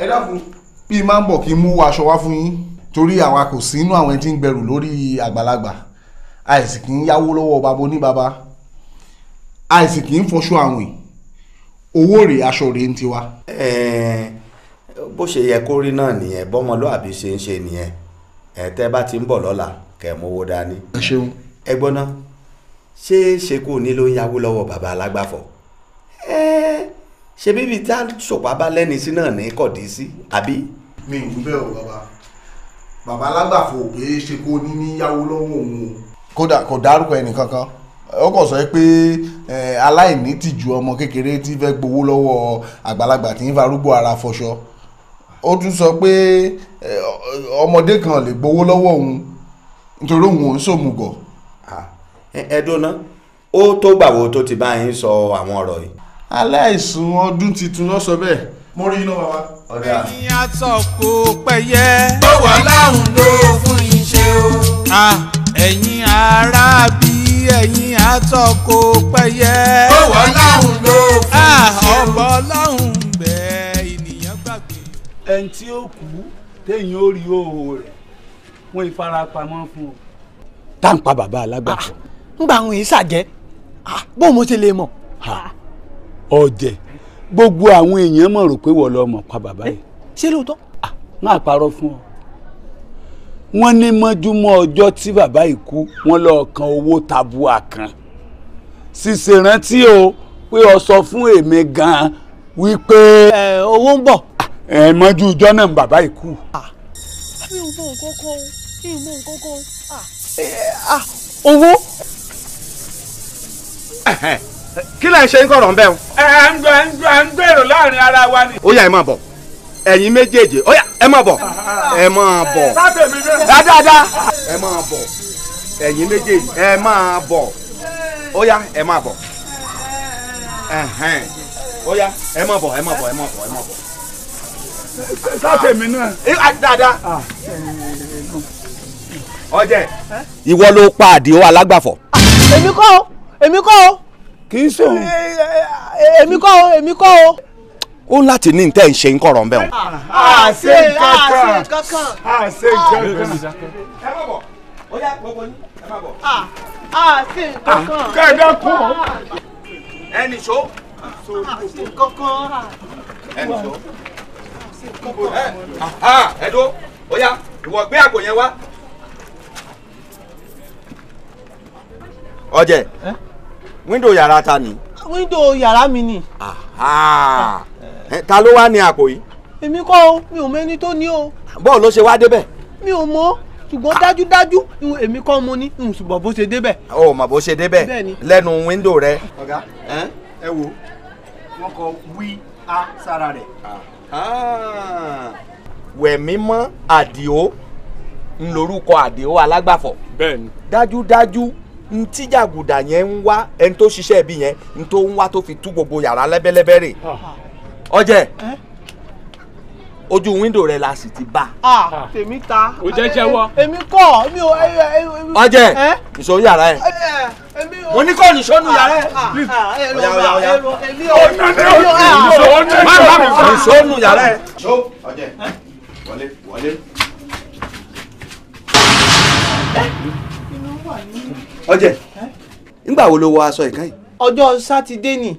ẹ dákun bí máa ń bọ̀ kí n mú aṣọ wá fún yín torí àwa kò sínú àwọn ẹni tí ń gbẹrù lórí àgbàlagbà àìsì kì í yáwó lọ́wọ́ bàbá oníbàbá àìsì kì í fọṣọ àwìn owó rèé aṣọ rèé ń tiwa. bó ṣe yẹ kó rí náà nìyẹn bọ́mọlúàbí ṣe ń ṣe nìyẹn ẹ̀ẹ́tẹ́ bá ti ń bọ̀ lọ́la kẹ̀ mówó dání. ẹ ṣeun. ẹ gbọ́ná ṣé ṣekú ni ló ń yáwó lọ́wọ́ bàbá alágbàfọ̀ ṣe bíbi tá a ṣòpá bá lẹ́ni sí náà ní kọ̀dí sí àbí. mi ò wí bẹ́ẹ̀ o bàbá bàbá alágbàfọ̀ ò pé ṣekú ni ní yáwó lọ́wọ́ òun o kódà kò dárúkọ ẹnìkankan ó kàn sọ pé aláìní tìjú ọmọ kékeré tí fẹ́ gbowó lọ́wọ́ àgbàlagbà tí ń farúgbó ara fọṣọ ó tún sọ pé ọmọdé kan lè gbowó lọ́wọ́ òun nítorí òun ò ń sòmùgọ̀. ẹ̀ẹ́dọ́nà ó tó gbàwó tó ti bá yín sọ àwọn ọ̀rọ̀ yìí. aláìsùn ọdún tuntun lọ sọ bẹ́ẹ̀ mo rí iná bàbá. ẹ̀yin aṣọ kò pẹ́yẹ. bọ́wọ́ láhùn ló fún iṣẹ́ o ẹ̀yin ará bí ẹ̀yin àtọkọ pẹ́yẹ. ọwọ́ ọlọ́run ló fún ah, ṣe o. ọ̀bọ̀ ọlọ́run bẹ́ẹ̀ ènìyàn gbàgbé. ẹni tí ó kú téèyàn ó rí òhò rẹ̀ wọ́n ìfarapamọ́ fún o. táǹpà bàbá alágbàfọ. ngbà ah, àwọn èyí ṣàjẹ́ ah, bó mo ṣe lè mọ̀. ọ̀jẹ̀ gbogbo àwọn èèyàn mọ̀ rò pé wọ́n lọ́ọ́ mọ̀ pa bàbá eh, yìí. ṣé lóòótọ́. n parọ́ fún ọ wọ́n ní mọ́júmọ́ ọjọ́ tí bàbá yìí kú wọ́n lọ́ọ́ kan owó tabua kan ṣìṣe rántí o pé o sọ fún èmi gan-an wípé. ẹ owó ń bọ̀. Ah, ẹ mọ́jú ọjọ́ náà bàbá yìí kú. Ah, mi ò mọ nǹkan kan mi ò mọ nǹkan kan ah, owó. kí lẹ́yìn ṣe ń kọ̀rọ̀ ń bẹ́ o. ẹ ń gbẹ ń gbẹ ń gbèrò láàrin ara wa ni. ó yá ẹ máa bọ̀ ẹ̀yin méjèèjì ó yá ẹ máa bọ̀ ẹ máa bọ̀ dáadáa ẹ máa bọ̀ ẹ̀yin méjèèjì ẹ máa bọ̀ ó yá ẹ máa bọ̀ ó yá ẹ máa bọ̀ ẹ máa bọ̀ ẹ máa bọ̀ ẹ máa bọ̀. sáfẹ̀ mi náà. dáadáa ah. ọjẹ. ìwọ ló pa àdìo alágbàfọ̀. èmi kọ́ o èmi kọ́ o. kì í sòun. èmi kọ́ o èmi kọ́ o ó ń láti ní ntẹ́ ń ah, ah, ah, ṣe ń kọ̀rọ̀ ń bẹ̀ wọ́n. àṣe kankan àṣe kankan. ẹ má bọ̀ ó yá gbogbo ní ẹ má bọ̀. àṣe kankan. kẹ́ẹ̀dá kọ́. ẹnì ṣó. àṣe kankan. ẹnì ṣó. ẹ̀dọ́ ó yá ìwọ gbé àgbò yẹn wá. ọjẹ windo yàrá ta ni wíńdò yàrá mi ni. ta ló wá ní àpò yìí. èmi kọ́ o mi ò mẹ́ni tó ní o. bọ́ọ̀ ló ṣe wá débẹ̀. mi ò mọ̀ ṣùgbọ́n ah. dájúdájú èmi kọ́ mo ní n ṣùgbọ́n bó ṣe débẹ̀. o mà bó ṣe débẹ̀ lẹ́nu wíńdò rẹ. ọ̀gá ẹ wo wọn kọ wí á sára rẹ̀. wẹ̀mímọ́ àdìo ńlorúkọ àdìo alágbàfọ̀. bẹ́ẹ̀ni. dájúdájú ntí jàgùdà yẹn ń wá ẹni tó ṣiṣẹ́ ibi yẹn ní tó ń wá tó fi tú gbogbo yàrá lẹ́bẹ́lẹ́bẹ́ rè ah. ọjẹ́ ojú windo rẹ la sì ti bá. Ah, ah. tèmi ta. o jẹ jẹ́wọ́. èmi kọ́ mi ò. ọjẹ ìṣó yàrá ẹ. mo ní kọ́ nìṣó nu yàrá ẹ. ọ̀yà ọ̀yà ọ̀yà. nìṣó nu yàrá ẹ. ọjẹ wọlé wọlé. inú wà nínú ọjẹ nígbà wo ló wọ aṣọ ìkan yìí. ọjọ́ sátidé ni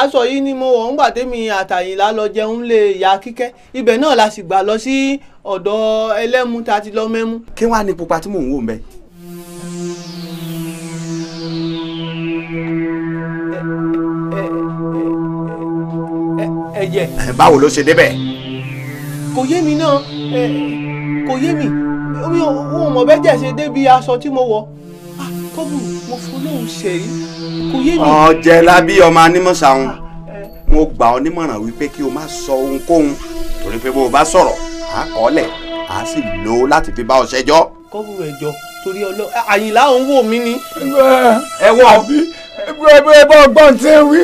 aṣọ yìí ni mo wọ̀ ńgbà tẹ́mi àtàyìnlá lọ jẹun lé ìyá kíkẹ́ ibẹ̀ náà la sì gbà lọ sí ọ̀dọ̀ ẹlẹ́mu tá a ti lọ mẹ́mu. kí wàá ní pupa tí mò ń wò mẹ́. ẹ̀jẹ̀. báwo ló ṣe débẹ̀. kò yé mi náà kò yé mi mi ò mọ̀ bẹ́jẹ̀ ṣe débi aṣọ tí mo wọ̀ kọ́bù mo fọlọ́hún ṣẹ̀rí kò yé mi. ọ̀jẹ̀ la bí ọmọ anímọ̀sá wọn mo gbà ọ nímọ̀ràn wípé kí o má sọ ohunkóhun torí pé bó o bá sọ̀rọ̀ à á kọ́ lẹ̀ à á sì lò ó láti fi bá ọ ṣẹjọ́. kọ́bù rẹ̀ jọ torí ọlọ́ àyìnlá òun wò mí ni. ẹ wọ àbí ẹ bọ́ ọgbọ́n tí ń wí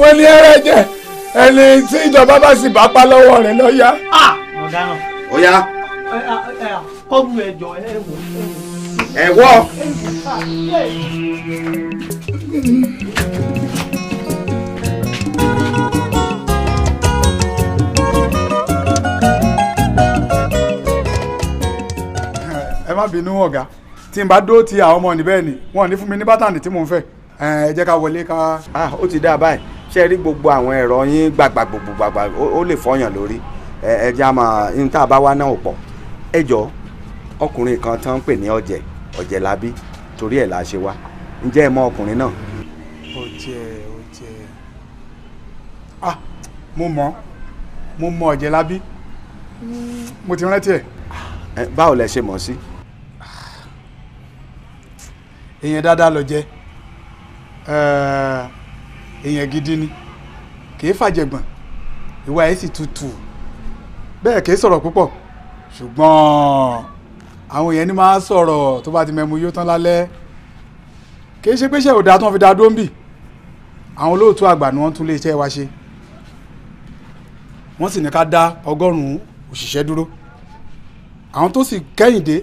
wọ́n ní ẹrẹ́ jẹ ẹni tí ìjọba bá sì bá pa lọ́wọ́ rẹ̀ lọ́ọ́ yá. ọ̀daràn. ó yá. kọ́bù rẹ̀ jọ ẹ wò ó. ewo. ẹ má bínú ọ̀gá tí n bá dúró ti àwọn ọmọ níbẹ̀ ni wọn ò ní fún mi ní bátànì tí mò ń fẹ́ ẹ jẹ́ ká wọlé ká. ó ti dá a báyìí ṣe rí gbogbo àwọn ẹ̀rọ yín gbàgbà gbogbo gbàgbà ó lè fọyàn lórí ẹ jẹ́ àmọ́ ní tá a bá wá náà pọ̀ ẹ jọ ọkùnrin kan tán ń pè ní ọ̀jẹ̀ ọ̀jẹ̀lábí torí ẹ̀ là á ṣe wá ǹjẹ́ ẹ mọ ọkùnrin náà. ọjẹ ọjẹ ah mo mọ mo mọ ọ̀jẹ̀lábí mo ti rántí ẹ. báwo lẹ ṣe mọ̀ sí. èèyàn dáadáa ló jẹ́ èèyàn gidi ni kì í fàjẹ̀gbọ̀n ìwà ẹ̀ sì tutù bẹ́ẹ̀ kì í sọ̀rọ̀ púpọ̀ ṣùgbọ́n àwọn èèyàn ni máa ń sọ̀rọ̀ tó bá ti mẹ́mu yóò tán lálẹ́ kì í ṣe pé iṣẹ́ òdà tó wọn fi da dúró ń bì àwọn olóòtú àgbà ni wọ́n tún lé iṣẹ́ wa ṣe wọ́n sì ní ká dá ọgọ́rùn-ún òṣìṣẹ́ dúró àwọn tó sì kẹ́yìn dé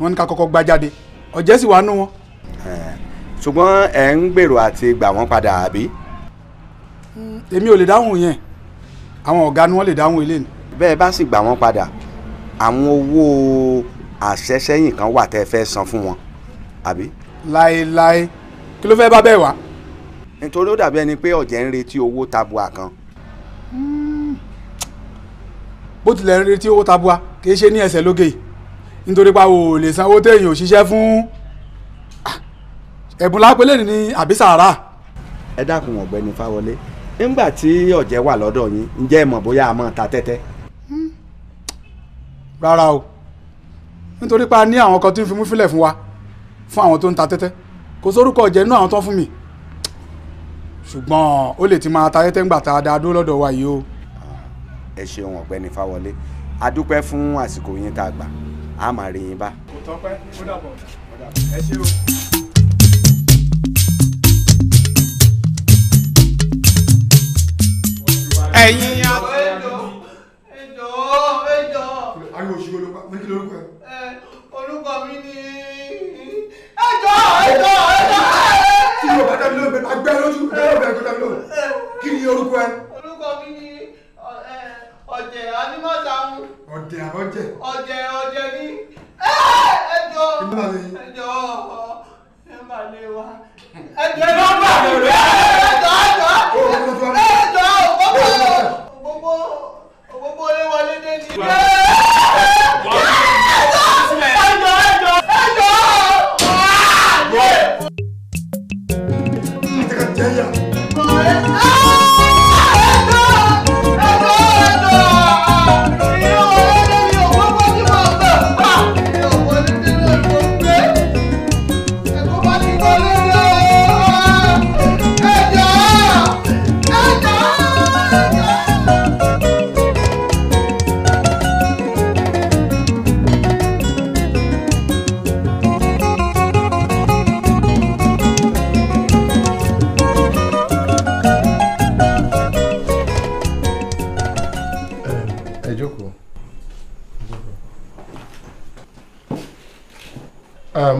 wọ́n ní ká kọ́kọ́ gbá jáde ọ̀jẹ́ sì wá nú wọn. ṣùgbọ́n ẹ̀ ń gbèrò àti gbà wọ́n padà àbí. èmi ò lè dáhùn yẹn àwọn ọ̀gá ni wọ́n lè dáhùn ilé bẹ́ẹ̀ bá sì gbà wọ́n padà àwọn owó àṣẹṣẹ́yìn kan wà tẹ́ fẹ́ san fún wọn àbí. láéláé kí ló fẹ́ bá bẹ́ẹ̀ wá. nítorí ó dàbí ẹni pé ọ̀jẹ̀ ń retí owó tabua kan. Hmm. bó tilẹ̀ ń retí owó tabua kì í ṣe ní ẹsẹ̀ lókè nítorí pa ò lè sanwó téèyàn ò ṣiṣẹ́ fún ah, ẹ̀bùn lápẹ́lẹ́ ní àbí sàárà. ẹ dákun ọ̀gbẹ́ni fáwọlé nígbà tí ọ̀jẹ̀ wà lọ́dọ̀ yín ǹjẹ́ ẹ mọ̀ bóyá a máa ta tẹ́tẹ́. Hmm. rárá o nítorí pa ní àwọn kan tó ń fi mú fílẹ̀ fún wa fún àwọn tó ń ta tẹ́tẹ́ kò sórúkọ ọ̀jẹ̀ inú àwọn tó ń fún mi ṣùgbọ́n ó lè ti máa ta tẹ́tẹ́ ńgbà tá a dáa dúró lọ́dọ̀ wa yìí o. ẹ ṣeun ọ̀gbẹ́ni fáwọlé a dúpẹ́ fún àsìkò yín tá a gbà á máa rí yín bá. kò tọ́pẹ́ ó dàbọ̀ ẹ ṣé o. ẹ̀yin ya. ẹ jọ̀ọ́ ẹ jọ̀ọ́. ariwo ṣubú ló pa mí kí lórúkọ ẹ. ni orúkọ ẹ. orúkọ mi ni ọ̀jẹ̀ anímọ̀sámú. ọ̀jẹ̀ àbọ̀jẹ̀. ọ̀jẹ̀ ọ̀jẹ̀ ni ẹjọ́ ẹjọ́ ẹ má lè wa ẹjọ́ ẹ má bà mí rẹ́.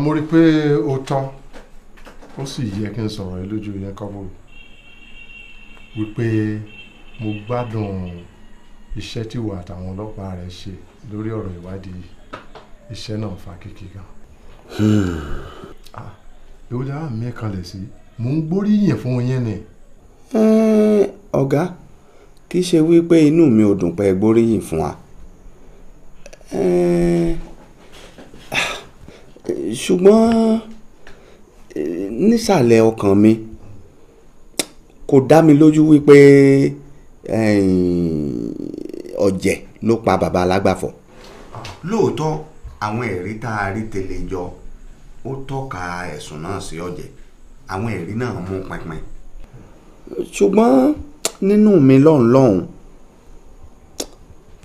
mo rí i pé o tán ó sì yẹ kí n sọ̀rọ̀ yìí lójú yẹn kọ́ bòrò wípé mo gbádùn iṣẹ́ tí ìwà àtàwọn ọlọ́pàá rẹ̀ ṣe lórí ọ̀rọ̀ ìwádìí iṣẹ́ náà fa kékeré gan. èwo hmm. ah, ni àwọn mi kanlẹ̀ sí mò ń gbóríyìn fún yín ni. Eh, ọ̀gá kì í ṣe wípé inú mi ò dùn pé gbóríyìn fún wa. Eh, ṣùgbọ́n e, nísàlẹ̀ ọkàn mi kò dá mi lójú wípé ọ̀jẹ̀ ló pa bàbá alágbàfọ̀. lóòótọ́ àwọn ẹ̀rí tá a rí tẹ́lẹ̀ jọ ó tọ́ka ẹ̀sùn náà sí ọ̀jẹ̀ àwọn ẹ̀rí náà mú pinpin. ṣùgbọ́n nínú mi lọ́hùn lọ́hùn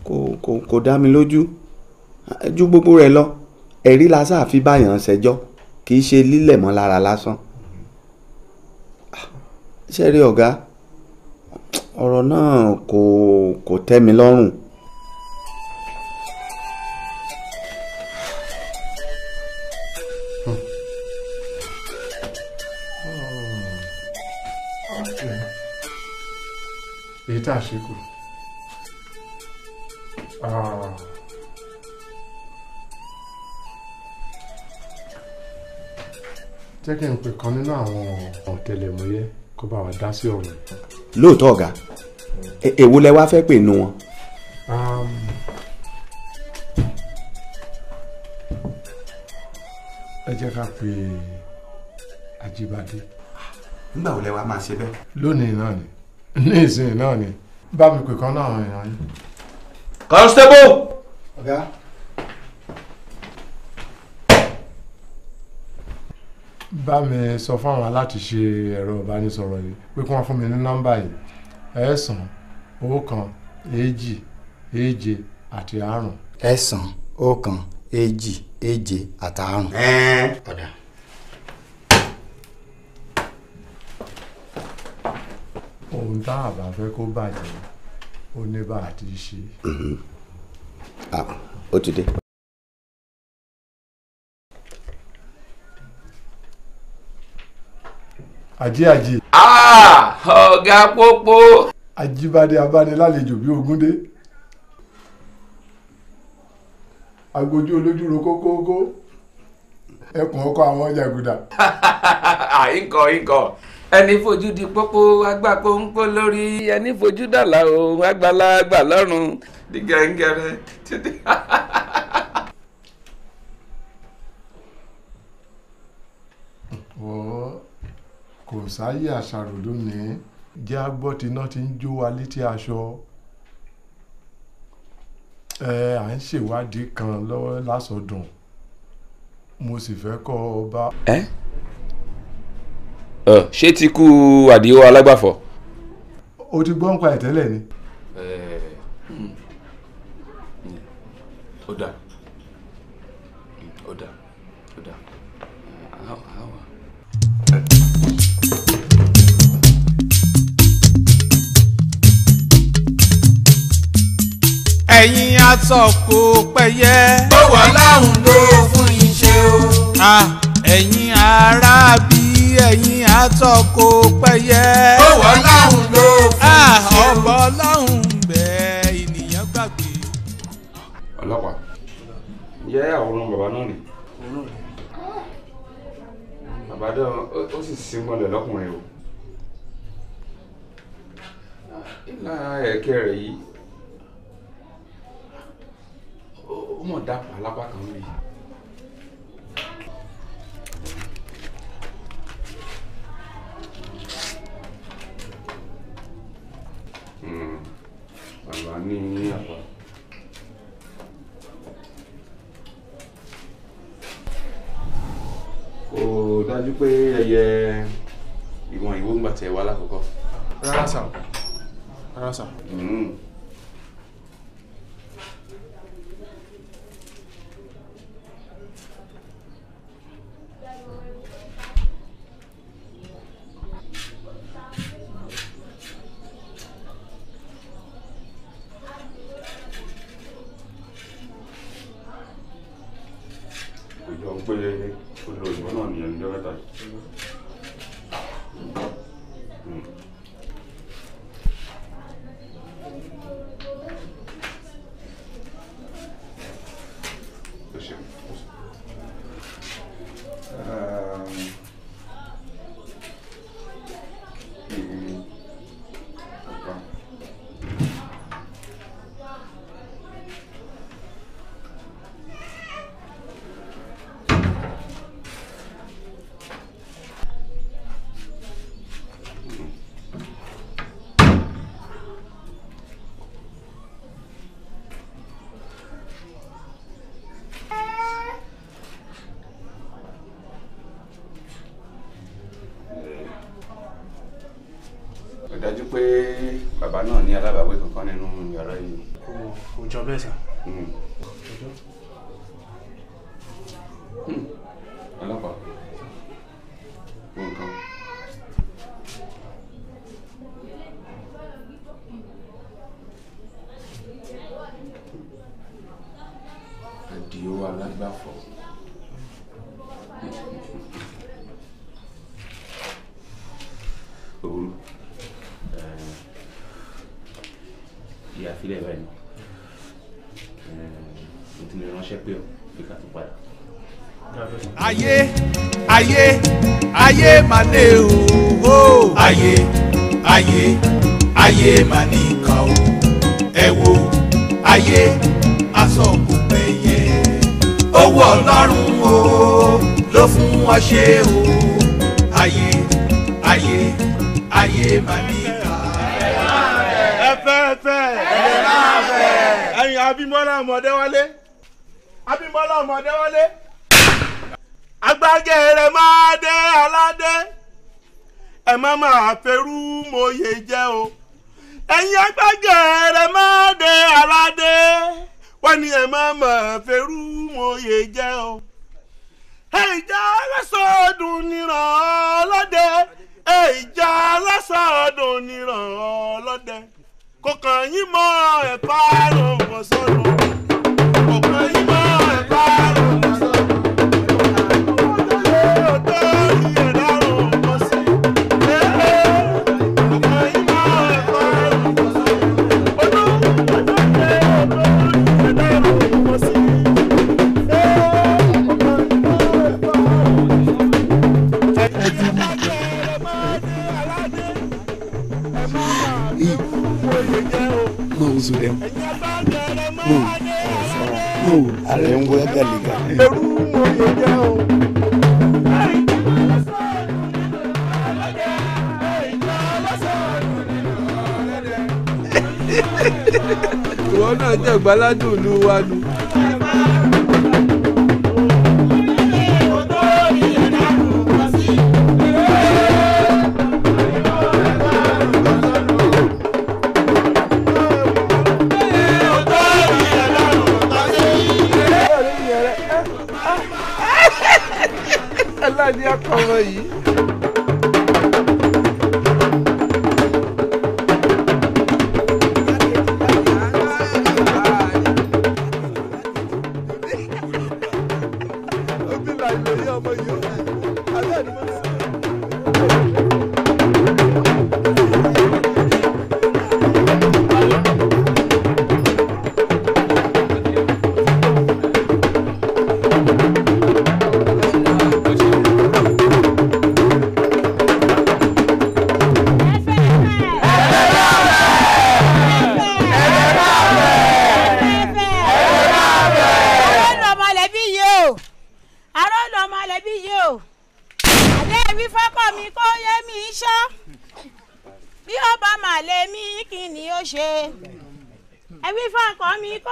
kò kò kò dá mi lójú ju gbogbo rẹ̀ lọ ẹ̀rí lásán àfi báyàn ṣẹjọ́ kì í ṣe lílẹ̀ mọ́ lára lásán ah, ṣe rí ọ̀gá ọ̀rọ̀ náà kò kò tẹ́ mi lọ́rùn. èyí tá a ṣe kù. Ah. jẹ́ kí n pè kan nínú àwọn ọ̀tẹlẹ̀múyẹ́ kó bá wa dá sí ọ̀rọ̀. lóòótọ́ ọ̀gá e, èwo lẹ wá fẹ́ pè nu wọn. Um, ẹ jẹ́ ká pè Ajíbádé. nígbà wo lẹ wá máa ṣe bẹ́ẹ̀. lónìí náà ni ní ìsinyìí náà ni bá mi pè kan náà àwọn yín. constable. ọ̀gá. Okay. bá mi sọ fáwọn aláṣìṣe ẹ̀rọ ìbánisọ̀rọ̀ yìí pé kí wọ́n fún mi ní nọ́mbà yìí ẹ̀sán ọ̀kan èjì èje àti àrùn. ẹ̀sán ọ̀kan èjì èje àti àrùn. ọ̀dà. ohun tá a bá fẹ́ kó bàjẹ́ ó ní bá a ti ṣe. Mm-hmm. Ah, ó ti dé. àjẹ́ àjẹ́. Ah, ọ̀gá pópó. ajíbádé abánilálejò bíi ogúndé. agojú olójúro kókókó ẹkùn ọkọ àwọn jàgùdà. ìkọ ah, ìkọ ẹni fojú di pópó agbá pọ́npọ́ lórí ẹni fojú dàlà òun àgbàlagbà lọ́rùn di gẹ́ngẹ́rẹ́ títí. Oh. Kò sáyé àṣàrò lónìí, jí a gbọ́ tiná tí ń jó wa létí aṣọ. À ń ṣèwádìí kan lọ́wọ́ lásọdùn, mo sì fẹ́ kọ́ ọ bá. Ṣé ti kú Àdìó alágbàfọ̀? O ti gbọ́ ń pa ẹ̀ tẹ́lẹ̀ ni. Hmm. Ó dáa. ẹ̀yin asọ̀kò pẹ̀yẹ. ó wà láhùn ló fún yín o. ẹ̀yin arábí ẹ̀yin asọ̀kò pẹ̀yẹ. ó wà láhùn ló fún yín o. ọ̀bọ láhùn bẹ́ẹ̀ ènìyàn gbàgbé. ọlọ́pàá ǹjẹ́ àwòrán bàbá náà ni. bàbá dán ó sì símọ́lẹ̀ lọ́kùnrin o. ìlà ẹ̀kẹ́ rẹ̀ yìí. ó mọ̀ dápọ̀ alápá kan rí. Hmm. àlá ní àpá. kò dájú pé ẹyẹ ìwọ̀n ìwó ń gbà tẹ̀ wá lákòókò. rárá sà rárá sà. Hmm. lóde o. ayé ayé ayé mà nìkan o ẹ wo ayé aṣọ kò pẹ̀yẹ owó ọlọ́run o ló fún wa ṣe o ayé ayé ayé mà nìkan. ẹ fẹ́ fẹ́ ẹ máa fẹ́ ẹ̀yin Abímbọ́lá Ọmọdéwálé Abímbọ́lá Ọmọdéwálé agbájẹ rẹ máa ẹ má máa ferú mòye jẹ́ o ẹ̀yin agbágẹ̀ rẹ̀ má dé aládé wọ́n ní ẹ má máa ferú mòye jẹ́ o ìjà alásọ̀dùn nìran ọlọ́dẹ ìjà alásọ̀dùn nìran ọlọ́dẹ kò kàn yín mọ́ ẹ̀fà rògbòsọ̀rọ̀ kò kàn yín mọ́. gúúsù rẹ mú mú ààrẹ ń wá gàlígà. ẹrú mo yẹ jẹ́ o. ìwọ náà jẹ́ ìgbàládùn ìlú wa nù. falou aí.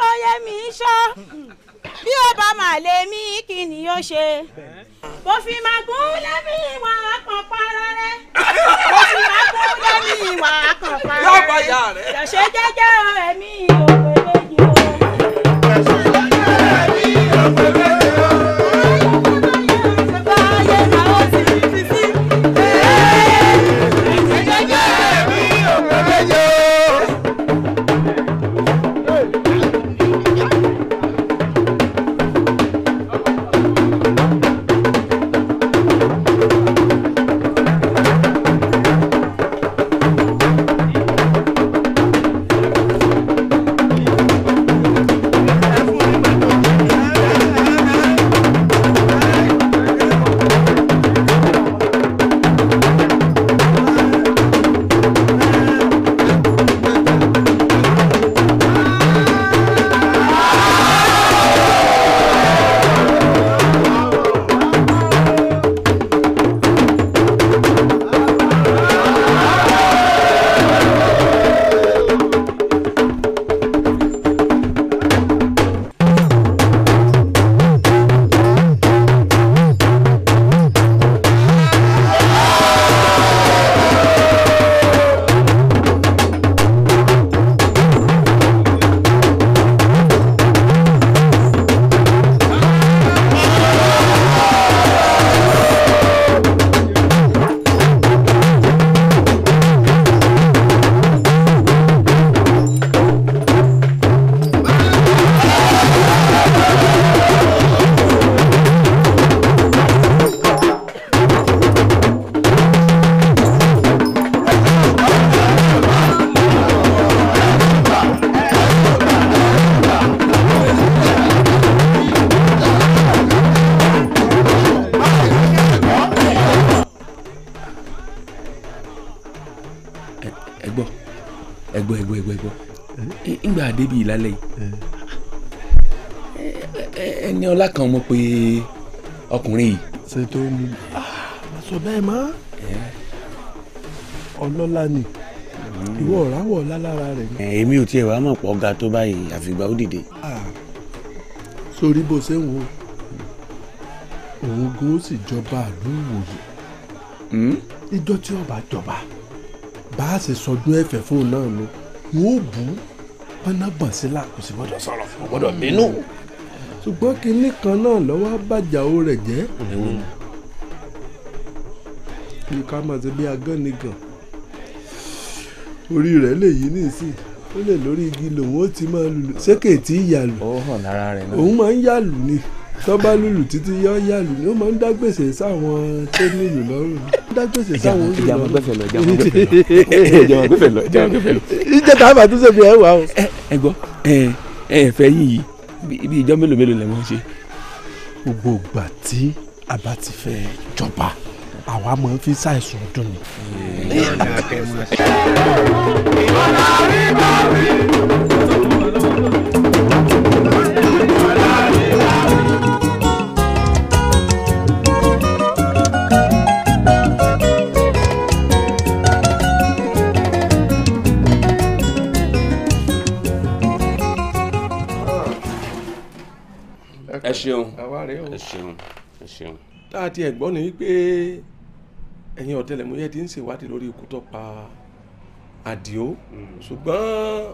ó yẹ mi sọ bí ó bá mà lè mí kí ni yóò ṣe mo fi máa gún lẹ́mí ìwà kan rẹ mo fi máa gún lẹ́mí ìwà kan para rẹ lọ́sẹ̀ jẹ́jẹ́ ẹ̀mí òwe méjì o. lálá ni ìwọ ọ̀ráwọ̀ lálára rẹ̀ ni. èmi ò tiẹ̀ wá mọ̀ pọ̀ ga tó báyìí àfìgbà ó dìde. sórí bó ṣe ń wo òun gan ó sì jọba àlú ìwòye ìjọ hmm? tí ọba jọba bá a ṣe sọdún ẹ̀fẹ̀ fún un náà ni wọn ò bú pánábọ̀nsí là kò sì gbọ́dọ̀ sọ̀rọ̀ kò gbọ́dọ̀ bínú. ṣùgbọ́n kinní kan náà lọ́wọ́ bàjá o rẹ̀ jẹ́. Hmm. kí ká máa ṣe bí agán nìkan orí rẹ̀ lè yí nísìn ó lè lórí igi lòun ó ti máa lùlù sékè tí ì yàlù òun máa ń yàlù ni tó bá lùlù títí yọ yàlù ni ó máa ń dá gbèsè sáwọn tó nílù lọ́rùn dá gbèsè sáwọn olùlọ́rùn. ìjàmọ̀ gbẹ́fẹ̀ lọ ìjàmọ̀ gbẹ́fẹ̀ lọ ìjàmọ̀ gbẹ́fẹ̀ lọ. ìjẹta àbàtúnṣe fi ẹ wà o. ẹ gbọ́ ẹ ẹ fẹ́ yìí ibi ìjọ mélòó mélòó lẹ mọ̀ ṣe. gbogbo ìgbà tí a bá ti fẹ́ jọba àwa máa ń fi ṣàìsùn ọdún ni kẹ́ ẹ múra sí. ìmọ̀lá rí bá rí. ẹ ṣeun ẹ ṣeun ẹ ṣeun. tá a ti ẹ̀ gbọ́ ni wípé ẹ̀yin ọ̀tẹlẹ̀múyẹ́ ti ń ṣèwádìí lórí ikú pa àdìó mm. ṣùgbọ́n.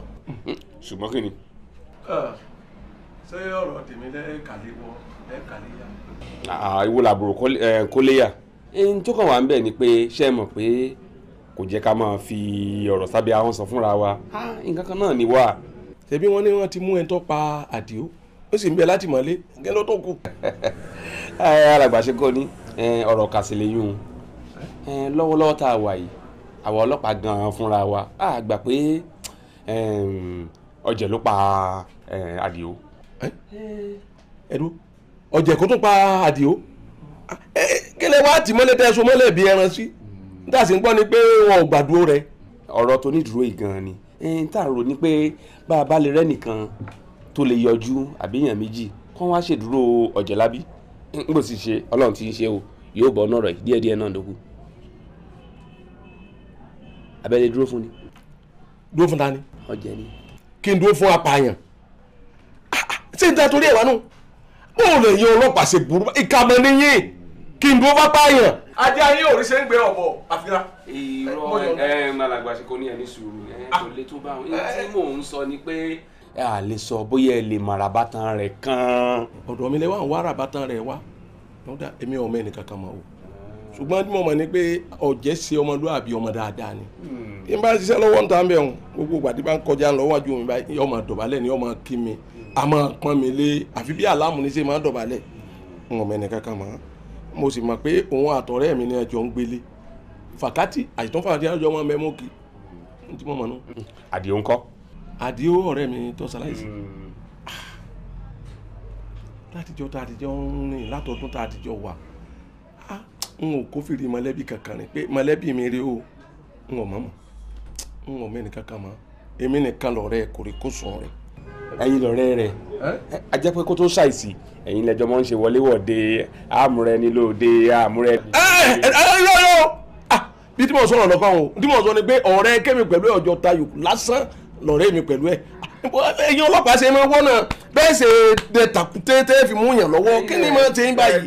ṣùgbọ́n kí ni. Ah, ṣé ọ̀rọ̀ tèmi lẹ́ẹ̀kàlẹ́ wọ lẹ́ẹ̀kàlẹ́ yá. Ah, ah, ìwo làbúrò kóléyà eh, ẹni tó kàn wá ń bẹ̀ ni pé ṣé mọ̀ pé kò jẹ́ ká máa fi ọ̀rọ̀ sábẹ́ ahọ́n sọ fúnra wa nǹkan kan náà ni wà. ṣebí wọ́n ní wọ́n ti mú ẹni tó pa àdìó ó sì ń bẹ láti mọ̀lé gẹ́lọ́ eh, kọ́ ni eh, ọ̀rọ̀ kàṣìlẹ̀ yún un lọ́wọ́lọ́wọ́ tá a wà yìí àwa ọlọ́pàá gan-an fúnra wa á gbà pé ọ̀jẹ̀ ló pa àdìo. ẹ̀dùn ọ̀jẹ̀ kó tún pa àdìo kí lè wá tì mọ́lẹ̀ tẹ́ so mọ́lẹ̀ bí ẹran sí níta sì ń gbọ́ ni pé wọn ò gbàdúró rẹ. ọ̀rọ̀ tó nídùúró yìí gan-an ni tá rò ní pé bá a bá lè rẹ́ nìkan tó lè yọjú àbí èèyàn méjì kán wá ṣèdúró ọ̀jẹ̀ lábí n kò sì ṣe ọlọ́run ti ń ṣe o yóò bọ̀ ọ̀nà rẹ̀ díẹ̀díẹ̀ náà lókù abẹ́lé dúró fún ni. dúró fún ta ni. ọjẹ ni. kí n dúró fún apààyàn ṣé n ta torí ẹ̀ wá nù bóun lè yan ọlọ́pàá ṣe burú ìkàmọ́ níyìn kí n dúró bá pààyàn. ajé ayé òrí ṣe ń gbé ọ̀bọ̀ àfihàn. irọ́ ẹ màlàgbà ṣe kò ní ẹni sùúrù ẹ kò lè tó bá wọn tí mò ń sọ ni pé. ẹ à lè sọ bóyá ẹ lè màrà bàtàn rẹ kan. ọ̀dọ̀ mi lè wá àwọn wàrà bàtàn rẹ wá ṣùgbọ́n tí mo mọ̀ ni pé ọ̀jẹ̀ ṣe ọmọlúwàbí ọmọ dáadáa ni hmm. tí n bá ṣiṣẹ́ lọ́wọ́ ń ta ń bẹ̀ ń gbogbo ìgbà tí bá ń kọjá lọ wájú mi bá ọmọ dọ̀bálẹ̀ ni ọmọ kí mi àmọ́ pọ́n mi lé àfi bí àlámù ní ṣe máa ń dọ̀bálẹ̀ ń wọ̀n mẹ́ni kankan mọ́ mo sì mọ̀ pé òun àtọ̀rẹ́ mi ni ẹjọ́ ń gbélé fàkátì àìtán fàkátì àjọ wọn mẹ́mọ́ kì í tí mo mọ̀ nù. àdìo ńkọ́. àdìo ọ̀rẹ́ mi tó ṣaláìsí àtijọ́ hmm. n ò kófìrí mọ̀lẹ́bí kankan rìn pé mi rí o n ò n ò kankan èmi nìkan a pé kó tó ṣàìsí ẹ̀yin lẹ́jọ́ mọ́ ń ṣe wọléwọ̀de àmúrẹ́ nílò de àmúrẹ́. ẹ ẹ yọ yọ ah, bí tí mo sọ̀rọ̀ lọ́kàn o tí mo sọ ni pé ọ̀rẹ́ kémi pẹ̀lú ọjọ́ ẹ̀yin ọlọ́pàá ṣe máa wọ́nà bẹ́ẹ̀ ṣe dẹ tàkùté tẹ́ fi mú yàn lọ́wọ́ kí ni máa ti ń báyìí.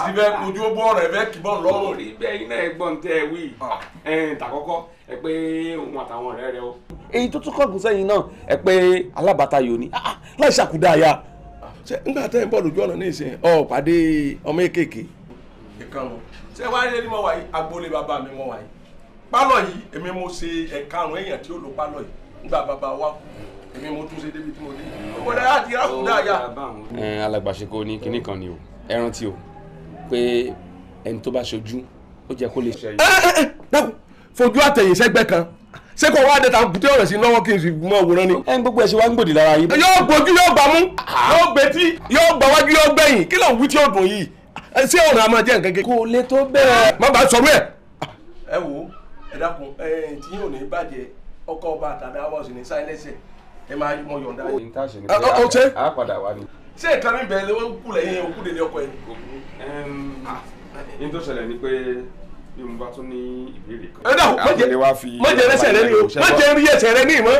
síbẹ̀ ojú ó bọ́ ọ̀rẹ́ bẹ́ẹ̀ kìbọn lọ́rùn. rí bẹ́ẹ̀ iná ẹ̀gbọ́n tẹ́ ẹ wí ah. tàkọ́kọ́ ẹ pé òun àtàwọn ọ̀rẹ́ rẹ o. èyí tó tún kọ́gùn sẹ́yìn náà ẹ pé alábàtà yòó ni ah, ah, láì ṣàkúdà àyà nígbà tẹ́ ń bọ̀ lójú ọ̀nà ní ìsìn ọ̀ pàdé ọmọ lo pálọ̀ yìí nígbà èmi mo tún ṣe débi tí mo dé ọmọdé láti rákùdá àyà. alàgbàṣekọ ní kinní kan ni o ẹ rántí o pé ẹni tó bá ṣojú ó jẹ kó lè ṣe. dákun fojú àtẹ̀yìn sẹ́gbẹ́ kan ṣé kò wá dẹ́ta bùtẹ́ ọ̀rẹ́ sí lọ́wọ́ kí n sì mọ òwúrọ̀ ni. ẹ ń gbogbo ẹ̀ṣẹ̀ wa ń gbòdì lára yìí. yóò gbójú yóò gbámú ah. yóò gbẹ́tí yóò gbáwájú yóò gbẹ̀yìn kí lóun wí tí ó dùn yìí ṣé ọ̀rọ̀ àmọ́ jẹ́ nǹkan kékeré. kò lè tó bẹ́ẹ̀. má bàa sọ̀rọ̀ ẹ̀. ẹ wo ẹ dákun ẹ tí yóò ní bàjẹ́ ọkọ̀ ọba àtàdá sí ní sáyẹ́lẹ́sẹ̀ ẹ máa mọ yọ̀ǹda yìí. ọ ṣe ah, a padà wá ni. ṣé ìkan níbẹ̀ ló ń kú lẹ́yìn òkú délé ọkọ yẹn. ní tó ṣẹlẹ̀ ni pé bí mo bá tún ní ìbéèrè kan. ẹ dàpọ̀ mọ̀jẹ̀ ẹsẹ̀ rẹ ni o mọ̀jẹ̀ rí ẹsẹ̀ rẹ ní ìmọ̀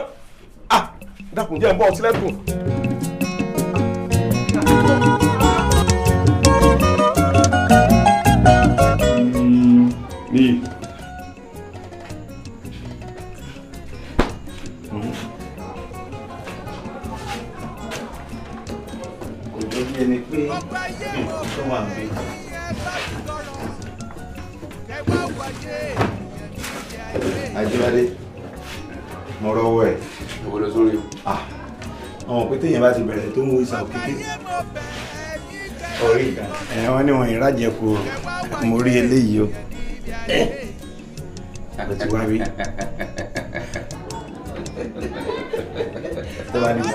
ah, dàpọ̀ jẹ́ ń bọ̀ sílẹ̀kùn. ní hmm, ṣe ni pé nǹkan tó wà níbí. Ajíbádé mo rọ́wọ́ ẹ̀. Ìwọ lọ sórí o. Àwọn òpin téèyàn bá ti bẹ̀rẹ̀ tó ń wo ìsà òkété. Orí ìgbà. Ẹ̀ wọ́n ní wọn ìrajà kú mo rí eléyìí o. Àgbẹ̀ ti wá rí. Tó bá nígbà.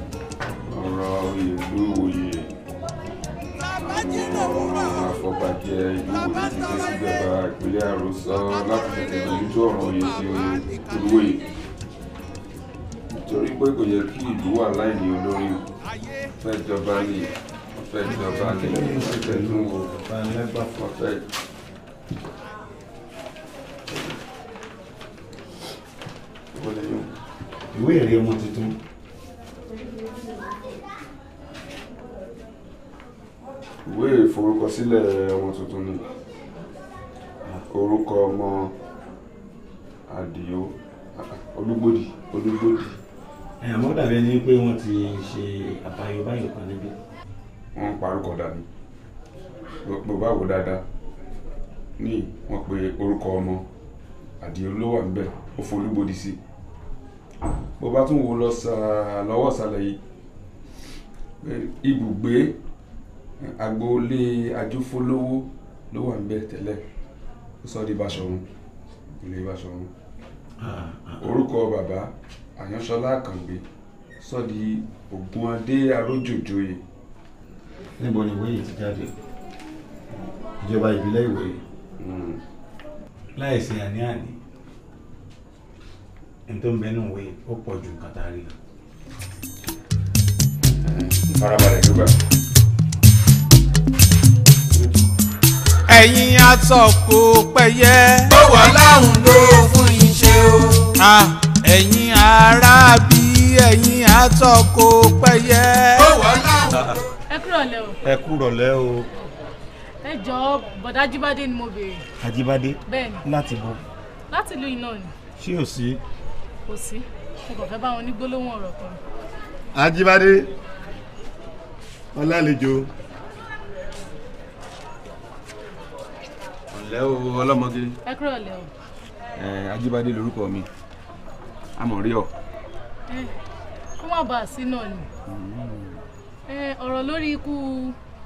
ọ̀rọ̀ ìlú òye àwọn afọbajẹ ìlú òye ti ké sí ìjọba ìpínlẹ̀ àròsọ láti tètè lójútó ọ̀ràn òye sí òye olúwòye nítorí pé kò yẹ kí ìlú wà láì ní olórí fẹ́ jọba ní fẹ́ jọba ní fẹ́ tún wo fẹ́. ìwé ìrè ọmọ tuntun. ìwé ìforúkọsílẹ̀ ọmọ tuntun ni orúkọ ọmọ àdìo olúgbòdì olúgbòdì. ẹ àmọ́ dàbí ẹni pé wọ́n ti ṣe àbáyọ báyọ̀ kan níbí. wọ́n ń parúkọ dànù mo bá wò dáadáa ní wọ́n pe orúkọ ọmọ àdìo ló wà níbẹ̀ ó folúgbòdì sí i bó bá tún wò lọ lọ́wọ́ sàlẹ̀ yìí ibùgbé agboolé ajófólówó ló wà ń bẹ tẹ́lẹ̀ ó sọ di Baṣọ̀run ilé Baṣọ̀run ah, ah, ah. orúkọ bàbá Àyánṣọlá Àkàngbé sọ di Ògúnadé Arójòjòyè. níbo ni ìwé yìí ti jáde ìjọba ìbílẹ̀ Ìwòyè. Hmm. láìsí àní-àní ẹni tó ń bẹ nínú ìwé ó pọ̀ ju kàtàrí lọ. farabalẹ̀ ló ẹ̀yin asọ̀kò pẹ̀yẹ. ó wà láhùn ló fún yín ṣe o. ẹ̀yin ará bí ẹ̀yin asọ̀kò pẹ̀yẹ. ó wà láhùn. ẹ kúrò lẹ́ o. ẹ kúrò lẹ́ o. ẹ jọ̀ọ́ bọ̀dá Ajíbádé ni mo béèrè. Ajíbádé. bẹ́ẹ̀ni. láti bo. láti ìlú iná ni. ṣé o sí. kò sí mo kàn fẹ́ bá wọn ní gbólóhùn ọ̀rọ̀ kan. Ajíbádé ọlálejò. ẹ̀lẹ́ o ọlọ́mọge. ẹ kúrò lẹ o. ẹ Ajíbádé lorúkọ mi àmọ̀ rí ọ. ẹ kó má bàa sí náà ni ọ̀rọ̀ lórí ikú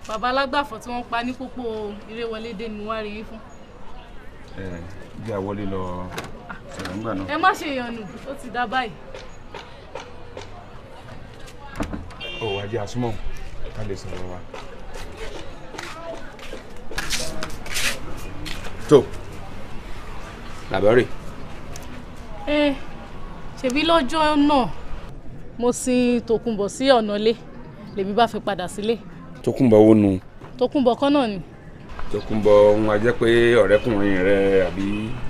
bàbá alágbàfọ̀ tí wọ́n pa ní pópó ìrẹ́wọlédé ni wọ́n rí yín fún. ẹ jẹ́ àwọlé lọ sọ̀rọ̀ ńgbà náà. ẹ má ṣe ìyọnu ó ti dá báyìí. ó wá jẹ́ àsúmọ̀ ká lè sọ̀rọ̀ wa. tó làbẹ́rẹ́. ẹ ṣèbí lọ́jọ́ náà mo sin tòkunbọ̀ sí ọ̀nà ilé lèmi bá fi padà sílé. tòkunbọ̀ wo nu. tòkunbọ̀ kan náà ni. tòkunbọ̀ ohun ajẹ́ pé ọ̀rẹ́kùnrin rẹ àbí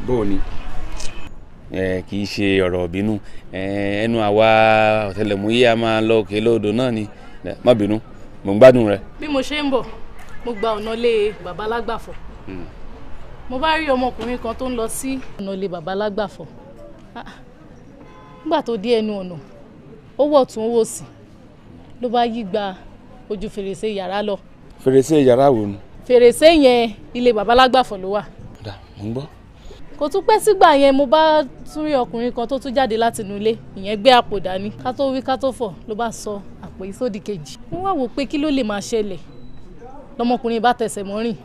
bó o ni. ẹ kì í ṣe ọ̀rọ̀ bínú ẹnu àwa ọ̀tẹlẹ̀múyẹ́ a máa lọ òkè lódò náà ni má bínú mò ń gbádùn rẹ. bí mo ṣe ń bọ̀ mo gba ọ̀nà ilé babalágbàfọ̀. Mm mo bá rí ọmọkùnrin kan tó ń lọ sí ọ̀nà ilé bàbá lágbàfọ̀ ah, nígbà tó dé ẹnu ọ̀nà ó wọ̀ tún ó wò sí ló bá yí gba ojú fèrèsé yàrá lọ. fèrèsé yàrá wo ni. fèrèsé yẹn ilé bàbá lágbàfọ̀ ló wà. dà mò ń gbọ́. kò tún pẹ́ sígbà yẹn mo bá tún rí ọkùnrin kan tó tún jáde láti inú ilé ìyẹn gbé àpò dání ká tó wí ká tó fọ̀ ló bá sọ àpò ìsódì kejì. wọ́n wá wò pé kí ló lè máa ṣẹlẹ̀ lọmọkùnrin bá tẹsẹ̀ mọ́rìn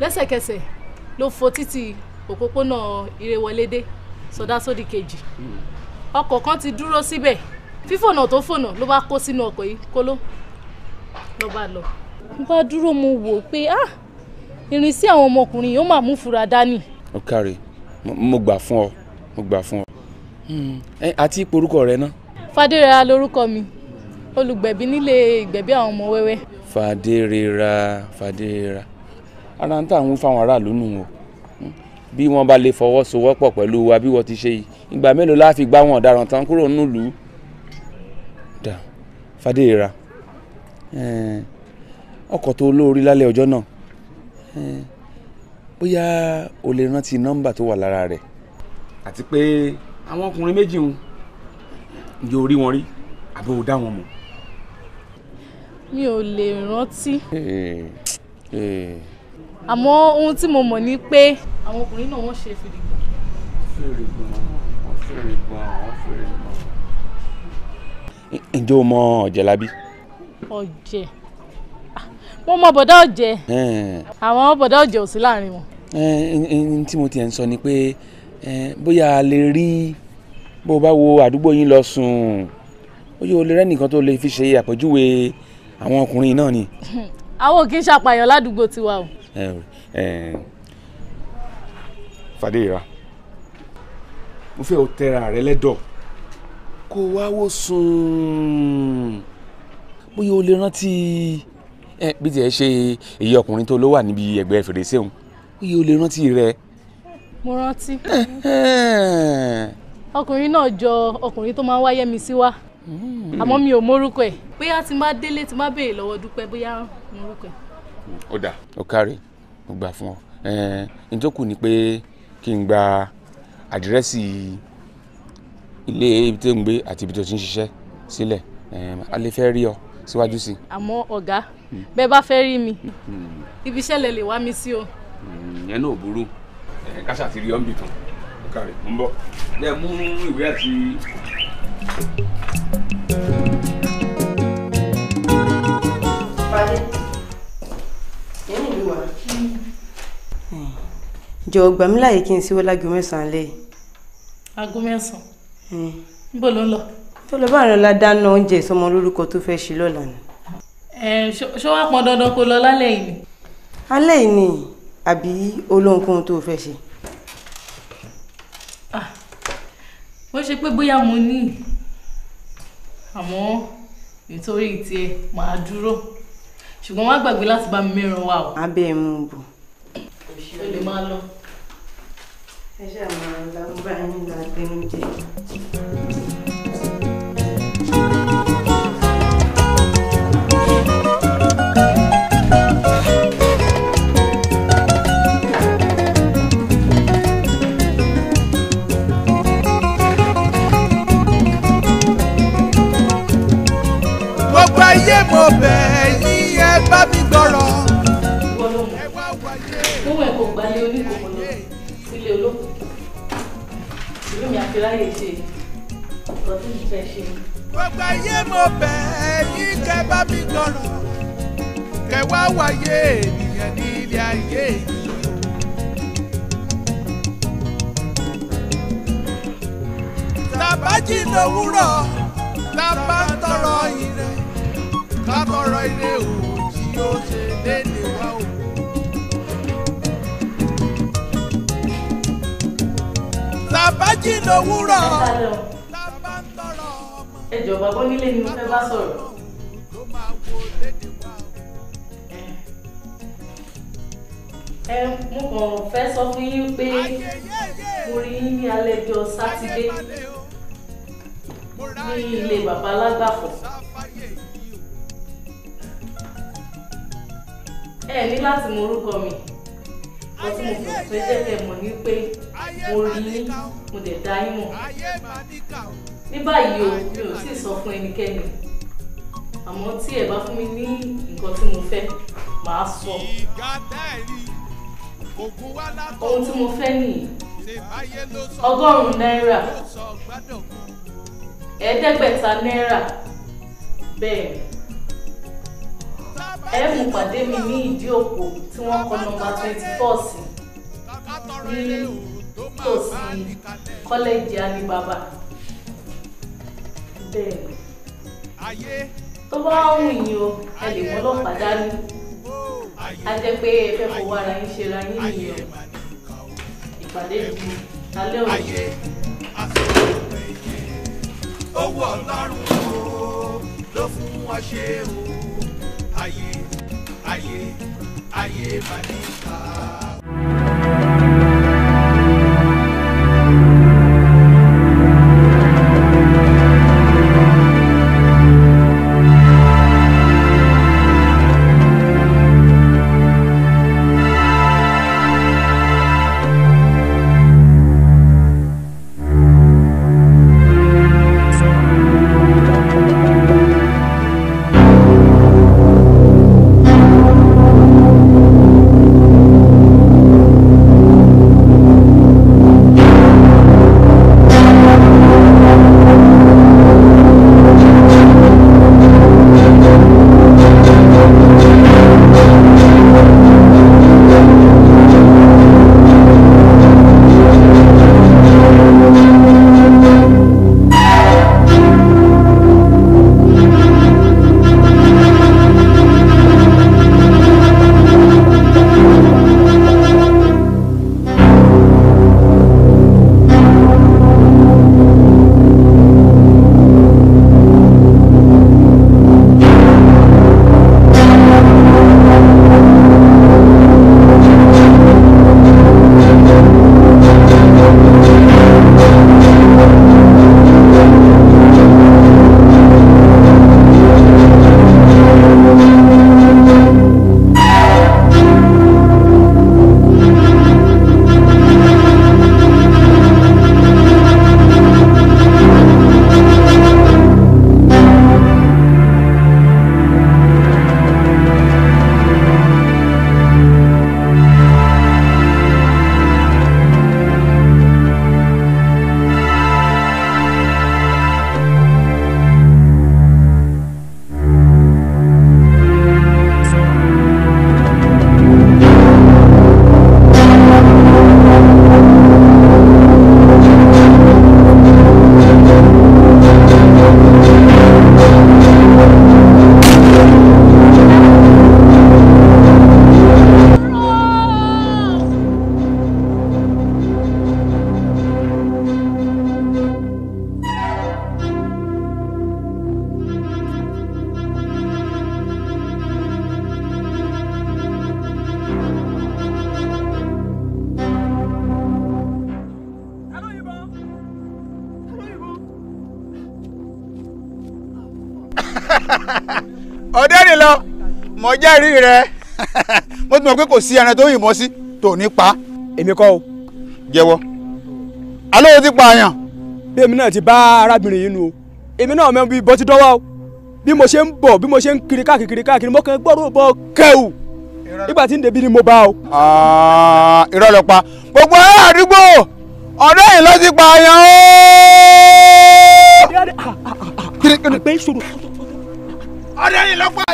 lẹ́sẹ̀kẹsẹ̀ ló fo títì òpópónà ìrèwọlédé sọdásódì kejì hmm. ọkọ̀ kan ti dúró síbẹ̀ fífònà tó fònà ló bá kó sínú ọkọ̀ yìí kóló ló bá lọ. mo bá dúró mo wò pé ah ìrìnsí àwọn ọmọkùnrin yóò máa mú fura dání. ó káre mo gbà fún ọ mo gbà fún ọ hmm. àti ipò orúkọ rẹ náà. fàdérera lorúkọ mi olùgbẹ̀bí nílé ìgbẹ̀bí àwọn ọmọ wẹ́wẹ́. fàdérera fàdérera ara ń tà ń fáwọn aráàlú nù o bí wọ́n bá lè fọwọ́sowọ́pọ̀ pẹ̀lú wa bí wọ́n ti ṣe yìí ìgbà mélòó la fi gbá wọn ọ̀daràn tán kúrò nílùú dà fàdéèrà eh, ọkọ̀ tó lóorí lálẹ́ ọjọ́ náà eh, bóyá o lè rántí nọ́mbà tó wà lára rẹ̀ àti pé àwọn ọkùnrin méjì ń yóò rí wọn rí àbí o dá wọn mọ̀. mi ò lè rántí. Eh, àmọ́ ohun tí mo mọ̀ ni pé àwọn ọkùnrin náà wọ́n ṣe fèrègbà. fèrègbà wọ́n fèrègbà wọ́n fèrègbà. ǹjẹ́ o mọ ọ̀jẹ̀lábí? ọ̀jẹ̀ ah, mo mọ bọ̀dá ọ̀jẹ̀ àwọn bọ̀dá ọ̀jẹ̀ ò sí láàrin wọn. tí mo tiẹ̀ ń sọ ni pé bóyá a lè rí bó o bá wo àdúgbò yín lọ sùn ó yóò lè rẹ́nìkan tó lè fi ṣe àpèjúwe àwọn ọkùnrin náà ni. àwọn ò kí ń ṣàpàyàn ládùúgbò tiwa o fàdéyìrà mo fẹ́ o tẹra rẹ lẹ́dọ̀ kó wá wò sùn bóyá o lè rántí ẹ bí tiẹ̀ ṣe èyí ọkùnrin tó ló wà níbi ẹgbẹ́ fèrèsé òun bóyá o lè rántí rẹ. mo rántí ọkùnrin náà jọ ọkùnrin tó máa ń wáyé mi sí wa hmm. àmọ́ mi ò mórúkọ ẹ̀ bóyá tí n bá délé tí n bá béèrè lọ́wọ́ dúpẹ́ bóyá mórúkọ ẹ̀ ó dà. ó kárí mo gbà fún ọ ẹ̀ẹ́n tó kù ni pé kí n gba àdírẹ́sì ilé ibi tó ń gbé àti ibi tó ti ń ṣiṣẹ́ sílẹ̀ a lè fẹ́ rí ọ síwájú sí. àmọ́ ọ̀gá hmm. bẹ́ẹ̀ bá fẹ́ rí mi hmm. ibi iṣẹ́ lè lè wá mi sí o. Hmm, ìyẹn náà ò burú káṣá ti rí ọ́ níbi kan ó kárí mo ń bọ̀ lẹ́ẹ̀ mú ìwé àti. Bye lè wà. jọ̀wọ́ gbà mí láàyè kí n síwọ́ lágo mẹ́sàn-án lẹ́yìn. aago mẹ́sàn-án hmm. níbo ló ń lọ. tó lọ bá àwọn ọlá dáná oúnjẹ ìsọmọ lórúkọ tó fẹ́ ṣe lọ́la ni. ṣé wàá pọn dandan kó lọ lálẹ́ yìí ni. alẹ́ yìí ni àbí olóhunkóhun tó fẹ́ ṣe. Ah, bó ṣe pé bóyá mo ní àmọ́ nítorí tiẹ̀ màá dúró ṣùgbọ́n wọ́n á gbàgbé láti bá mi mẹ́ran wá o. abẹ́ ẹ̀ mú bò. o lè máa lọ. ẹ ṣe àwọn alágbá yín la gbẹnu jẹ. gbogbo ayé mo fi láyè ṣe nǹkan tó ti fẹ́ ṣe. gbogbo ayé mo bẹ̀ ẹ́ ní kẹ́ bá mi gbọ́rọ̀ kẹ́ wá wáyé ènìyàn ní ilé ayé tàbájì lówùrọ̀ la tọrọ ire ká ire òjì ó ṣe léde. tàbájì lówùrọ̀ tàbá ń tọrọ ọmọ. ẹ jọ bàbá ni mo fẹ́ bá sọ̀rọ̀. ẹ mo kàn fẹ́ sọ fún yín pé mo rí yín ní alẹ́ jọ sátidé ní ilé bàbá alágbàfọ̀. ẹ ní láti mọ orúkọ mi ọtí mo kàn fẹ́ jẹ́ kẹ́ mọ̀ ní pé mo rí yín mo dẹ̀ dá yín mọ̀ ní báyìí o mi ò tíì sọ fún ẹnikẹ́ni àmọ́ tí ẹ bá fún mi ní nǹkan tí mo fẹ́ màá sọ ohun tí mo fẹ́ nìyí ọgọ́rùn-ún náírà ẹ̀ẹ́dẹ́gbẹ̀ta náírà bẹ́ẹ̀ ẹ mú pàdé mi ní ìdí òpó tí wọ́n kọ nọ́mbà twenty four sí tòsí kọ́lẹ́jì alibaba bẹ́ẹ̀ tó bá ń rìn yín o ẹ lè mọ́ ọlọ́pàá dání a jẹ́ pé ẹ fẹ́ fowó ara yín ṣe ra yín nìyẹn ìpàdé yìí lálẹ́ òní. owó ọlọ́run o ló fún wa ṣe o ayé ayé ayé màníkà. rẹ mo ti mọ̀ pé kò tó yìnbọn sí tó ní pa. èmi kọ́ o. jẹ́wọ́ alẹ́ o ti pa àyàn. bí èmi náà ti bá arábìnrin yìí nu o èmi náà mẹ́rin bí bọ́ ti dọ́wọ́ o bí mo ṣe ń bọ̀ bí mo ṣe ń kiri káàkiri káàkiri mo kàn gbọ́dọ̀ bọ́ nígbà tí ń débi ni ah, gbogbo ẹ̀ àdúgbò yìí ti pa àyàn o.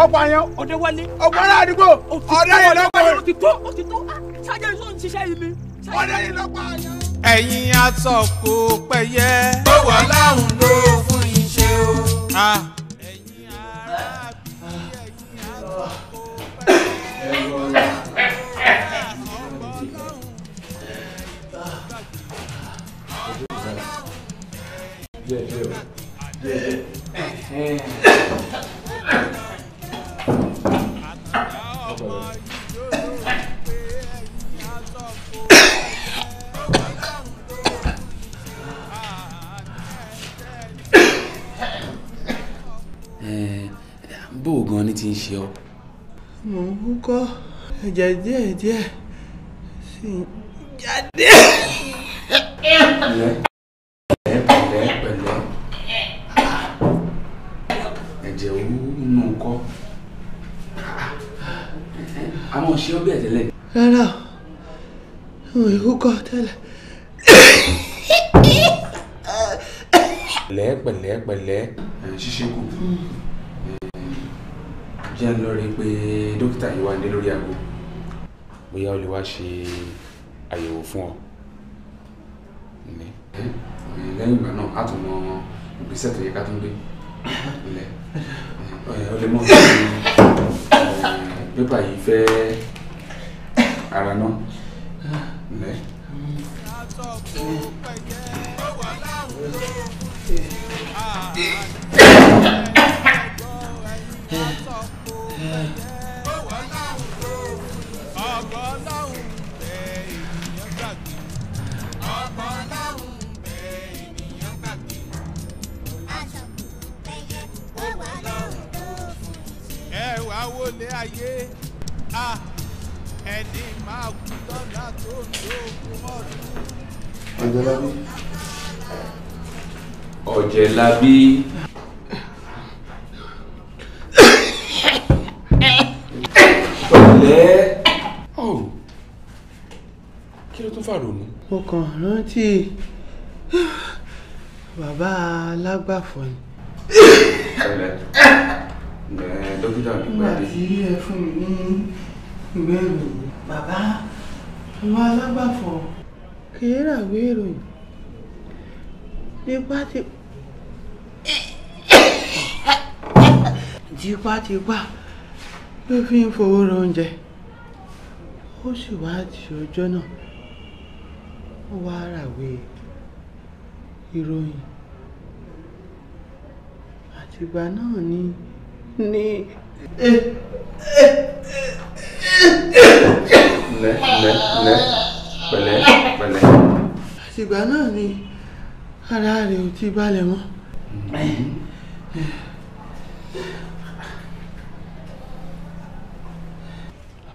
ọ̀pọ̀ àyàn ọ̀dẹ̀wálé ọ̀pọ̀ ará àdúgbò ọ̀dẹ̀ yìí lọ́pọ̀ yìí. ó ti tó ó ti tó ah, ṣáájú ẹni tó ń ṣiṣẹ́ yìí ni. ọ̀dẹ̀ yìí lọ́pọ̀ àyàn. ẹ̀yin aṣọ kò pẹ́yẹ. bọ́wọ̀ láhùn ló fún iṣẹ́ o. Ah. ẹ̀yin ará bí ẹ̀yin aṣọ kò pẹ́yẹ. Yeah, yeah, yeah. Jadi, díẹ̀ si jadi. ń jáde. pẹ̀lẹ́ pẹ̀lẹ́ ẹ̀jẹ̀ òwú inú kọ́ àwọn ṣé ọbẹ̀ tẹ́lẹ̀. rárá àwọn ìkókọ tẹ́lẹ̀. pẹ̀lẹ́ pẹ̀lẹ́ pẹ̀lẹ́ ṣíṣe kù jẹ́ ń lọ rí i pé dókítà yìí wà ní lórí aago bóyá o lè wá ṣe àyẹ̀wò fún ọ. lẹ́yìn ìgbà náà a tún mọ ìgbésẹ̀ tó yẹ ká tún gbé ilẹ̀ o lè mọ pépà yìí fẹ́ ara náà. Yeah ọlọ́run bẹ ènìyàn gbàgbé. ọba ọlọ́run bẹ ènìyàn fàrònú. mo kàn rántí bàbá alágbàfọ̀ ni. dókítà nígbà tí ẹ fún mi ní ìwé ìròyìn bàbá ìwà alágbàfọ̀ kìí ràwé ìròyìn nípa ti tipátipá ló fi ń fowó ra oúnjẹ ó sì wá di ọjọ́ náà ó wá ràwé ìròyìn àtìgbà náà ni ni. lẹ lẹ lẹ pẹ̀lẹ́ pẹ̀lẹ́. àtìgbà náà ni ara rẹ̀ ò ti balẹ̀ mọ́.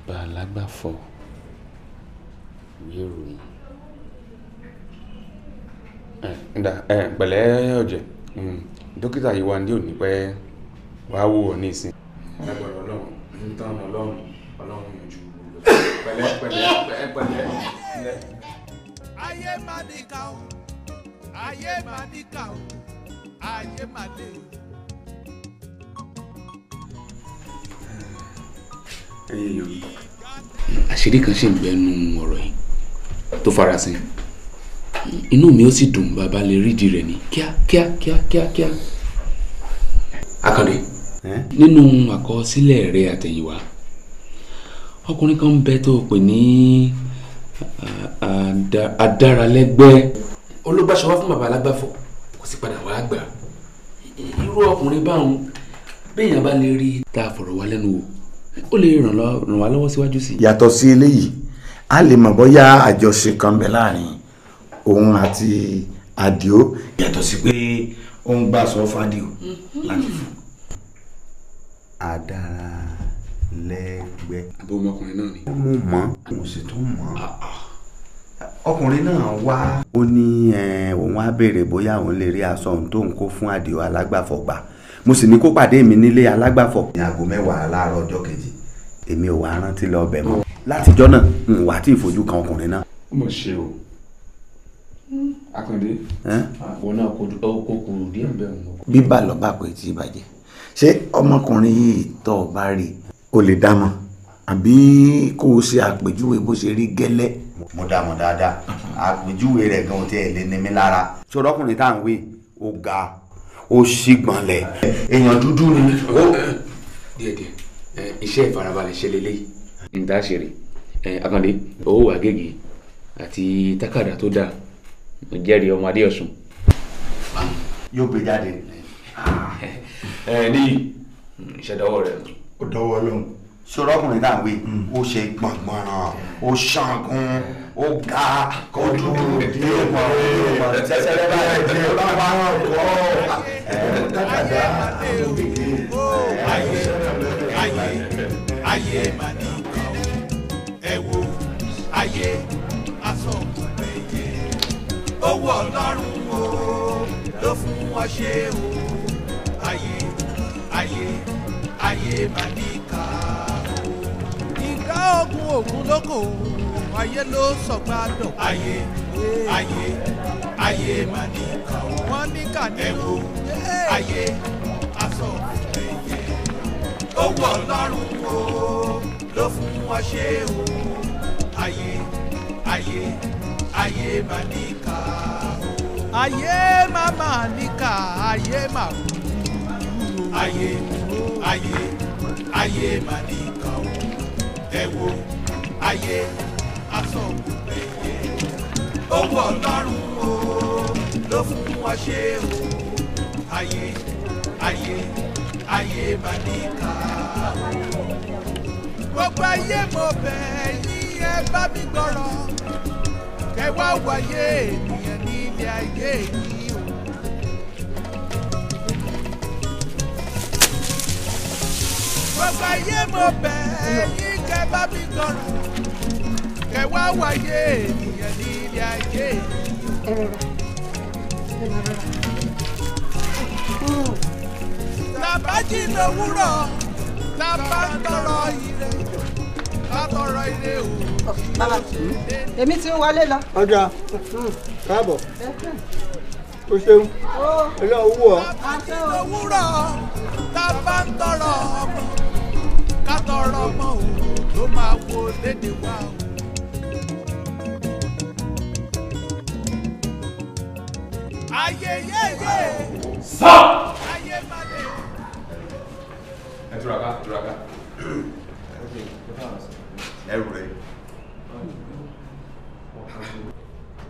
bàbá alágbàfọ̀ ìwé Eh, ǹdà eh, pẹ̀lẹ́ ọ̀jẹ̀ hmm. dókítà yìí wá ní òní pẹ́ wàá ní ìsìn. ẹgbẹ̀rún ọlọ́run ń tán ọlọ́run ọlọ́run yànjú pẹ̀lẹ́ pẹ̀lẹ́ pẹ̀lẹ́. ayé máa ní ká o ayé máa ní ká o ayé máa inú mi ó sì dùn bàbá lè rídìí rẹ̀ ní kíákíá kíákíá. akande nínú àkọsílẹ̀ rẹ àtẹ̀yìnwá ọkùnrin kan ń bẹ tó o pè ní adáralẹ́gbẹ́. olùgbàsọ wá fún bàbá alágbàfọ̀ kò sì padà wá gbà irú ọkùnrin báwọn béèyàn bá lè rí i tá a fọ̀rọ̀ wá lẹ́nu wò ó lè ràn wá lọ́wọ́ síwájú sí i. yàtọ̀ sí eléyìí a lè mọ̀ bóyá àjọṣe kan bẹ láàrin òun àti àdìó yàtọ̀ sí pé ó ń gbà sọ fàdíò mhm. láti fún. àdàrà lẹ́gbẹ́. àbí ọmọkùnrin náà ni. mo mọ̀ mo sì tún mọ̀ ah, ah. ọkùnrin náà wá. ó ní òun á béèrè bóyá òun lè rí aṣọ òun tó ń kó fún àdìó alágbàfọ̀gbà mo sì ní kó pàdé mi nílé alágbàfọ̀. ní aago mẹ́wàá láàárọ̀ ọjọ́ kejì. èmi ò wá rántí lọ bẹ̀ mọ́ látijọ́ náà n wà tí ì kan ọkùnrin náà. ó mọ̀ ṣe o. Akande wọn náà kò kúrò díẹ̀ bẹ́ẹ̀ mọ́. bíbà lọ́ba kò tí ì bàjẹ́ ṣé ọmọkùnrin yìí tọ́ ọ bá rí o lè dá mọ́ àbí kó o ṣe àpèjúwe bó ṣe rí gẹ́lẹ́. mo dá mọ̀ dáadáa àpèjúwe rẹ̀ gan-an tẹ́ ẹ̀ lé ní mi lára. sọ̀rọ̀ ọkùnrin tá à ń wé o ga o sì gbọ̀nlẹ̀. èèyàn dúdú ni. díẹ̀díẹ̀ iṣẹ́ ìfarabalẹ̀ ṣe lélẹ́yìí. n ta ṣe rè Akande owó àgègè àti tákàdá tó dáa mo jẹ́rìí ọmọ adéọ̀sùn. yóò gbé jáde ní ìṣẹ̀dọ̀wọ́ rẹ̀. ó dọwọ́ lóhùn sọ̀rọ̀ ọkùnrin náà wí ó ṣe gbọ̀ngbọ̀nràn ó ṣàǹgùn ó ga kó dúró ní ìmọ̀ rẹ̀ tẹ́tẹ́rẹ́ báyìí ní ọlọ́pàá náà kọ́ ẹ̀ẹ́dẹ́gbẹ̀dá àwọn ayé ayé ayé màdìkan ẹ wo ayé owó ọlọ́run o ló fún wọn ṣe o ayé ayé ayé máa ní ká o. nǹkan ogun ogun lóko ayé ló sọgbà dọ̀. ayé ayé ayé máa ní ká o. wọ́n ní ká ayé aṣọ ẹ̀yẹ owó ọlọ́run o ló fún wọn ṣe o ayé ayé ayé máa o ayé màmá níkà ayé màmú ayé ayé ayé màmá níkà o ẹ wo ayé aṣọ òkùnkùn ẹyẹ owó ọlọ́run o ló fún wa ṣe o ayé ayé ayé màmá níkà o. gbogbo ayé mo bẹ̀ yí ẹ bá mi gbọ́rọ̀ ẹ wá wáyé ènìyàn ní ilé ayé yìí o. gbogbo ayé mo bẹ̀ yín kẹ́ bá mi tọrọ kẹ́ wá wáyé ènìyàn ní ilé ayé yìí. làbájì lówùrọ̀ làbá ń tọrọ ire látọrọ ire o bàbá èmi ti wọlé lọ. ọjà káàbọ̀ oh. o ṣeun ẹlẹ́ owó ọ. òwúrọ̀ tá a bá ń tọrọ ọmọ ká tọrọ ọmọ òun ló máa wo léde wa o. ayeyeye. sọ. ayemade. ẹ túraká túraká ẹrù rẹ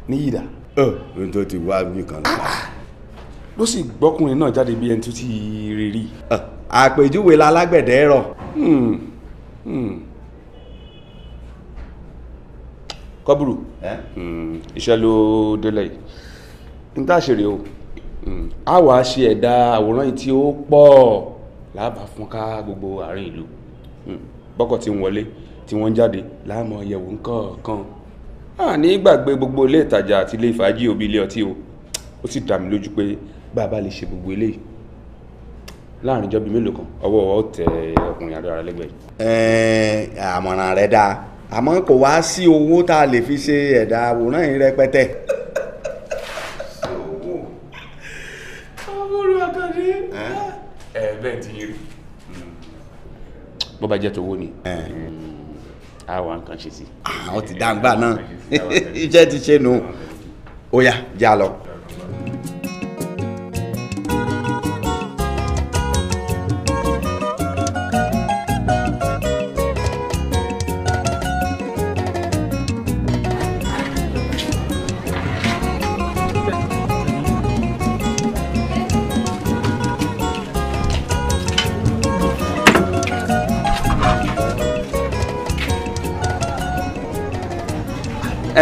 ní yìí dà. ẹ ohun tó ti wá bí kan lọ. Ah! ló sì gbọ́kùnrin náà jáde bí ẹni tó ti rí rí. àpèjúwe la lágbẹ̀dẹ rọ. Hmm, hmm. kọ́bùrù hmm, iṣẹ́ ló délẹ̀ yìí n tá o a wàá ṣe ẹ̀dá àwòrán yìí tí ó pọ̀ láàbà fún ká gbogbo àárín ìlú bọ́kọ̀ tí ń wọlé tí wọ́n ń jáde láàmú ọ̀yẹ̀wò ńkọ̀ọ̀kan a ní gbàgbé gbogbo ilé ìtajà àti ilé ìfàájì òbí ilé ọtí o ó sì dá mi lójú pé bàbá lè ṣe gbogbo eléyìí láàrin ìjọba mélòó kan ọwọ́ ọ tẹ ọkùnrin àdó ara lẹ́gbẹ̀ẹ́. ẹ̀ẹ́n àmọ̀ràn rẹ̀ dáa àmọ́ kò wá sí owó tá a lè fi ṣe ẹ̀dá àwòrán yìí rẹpẹtẹ. Hmm. bó bá jẹ́ tówó ni àwọn nǹkan ṣe sí. àwọn ah, ti dáńgbà náà iṣẹ́ ti ṣe nù ó yá yeah, lọ.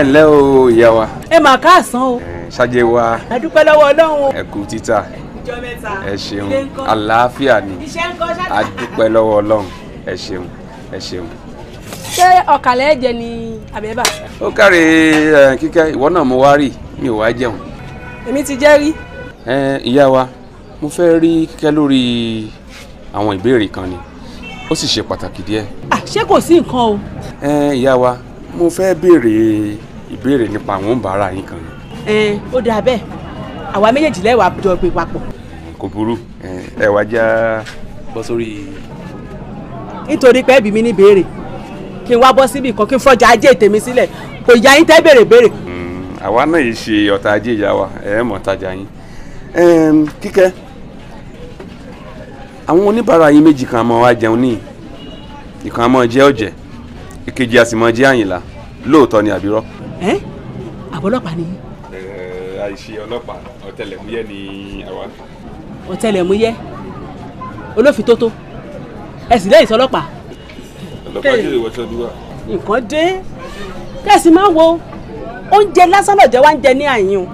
ǹlẹ́ o ìyá wa. ẹ mà káàsán o. ṣáájú wa. a dúpẹ́ lọ́wọ́ ọlọ́run. ẹ kú títà. ìjọ mẹ́ta ẹ ṣeun àlàáfíà ni. iṣẹ́ ń kọ́ ṣáà. a lọ́wọ́ ọlọ́run ẹ ṣeun ẹ ṣeun. ṣé ọ̀kàlẹ̀ ẹ̀jẹ̀ ni àbẹ́bà. ó kárí kíkẹ́ ìwọ náà mo wá rí mi ò wá jẹun. èmi ti jẹ́ rí. ìyá wa mo fẹ́ rí kíkẹ́ lórí àwọn ìbéèrè kan ni ó sì ṣe pàtàkì díẹ̀. ṣé kò sí nǹkan o. ìyá wa mo fẹ́ béèrè ìbéèrè nípa àwọn òǹbàárà yín kan. ẹ eh, ó dáa bẹ́ẹ̀ àwa méjèèjì lẹ́wàá jọ pé papọ̀. kò burú eh, ẹ wá já. bọ́ sórí. nítorí pé ẹbí mi ní béèrè kí n wá bọ́ síbi kan kí n fọjà ajé tèmi sílẹ̀ kò yá yín tẹ́ béèrè béèrè. Hmm, àwa náà yìí ṣe ọ̀tá ajé ìyá wa ẹ̀ mọ̀ tajà yín. kíkẹ́ àwọn oníbàárà yín méjì kan máa wá jẹun níyì ìkan máa jẹ́ ọ̀jẹ̀ ìkejì a sì àyìnlá lóòótọ́ ni àbírọ́ àbọ̀lọ́pàá ni. àìṣe ọlọ́pàá ọ̀tẹlẹ̀múyẹ́ ni àwa. ọ̀tẹlẹ̀múyẹ́ olófitótó ẹ̀sìn lẹ́yìn sọlọ́pàá. ọlọ́pàá kí lè wọ́ṣọ dúró. nǹkan dé kẹ́sì máa wo oúnjẹ lásán lọ́jọ́ wa ń jẹ ní àyín o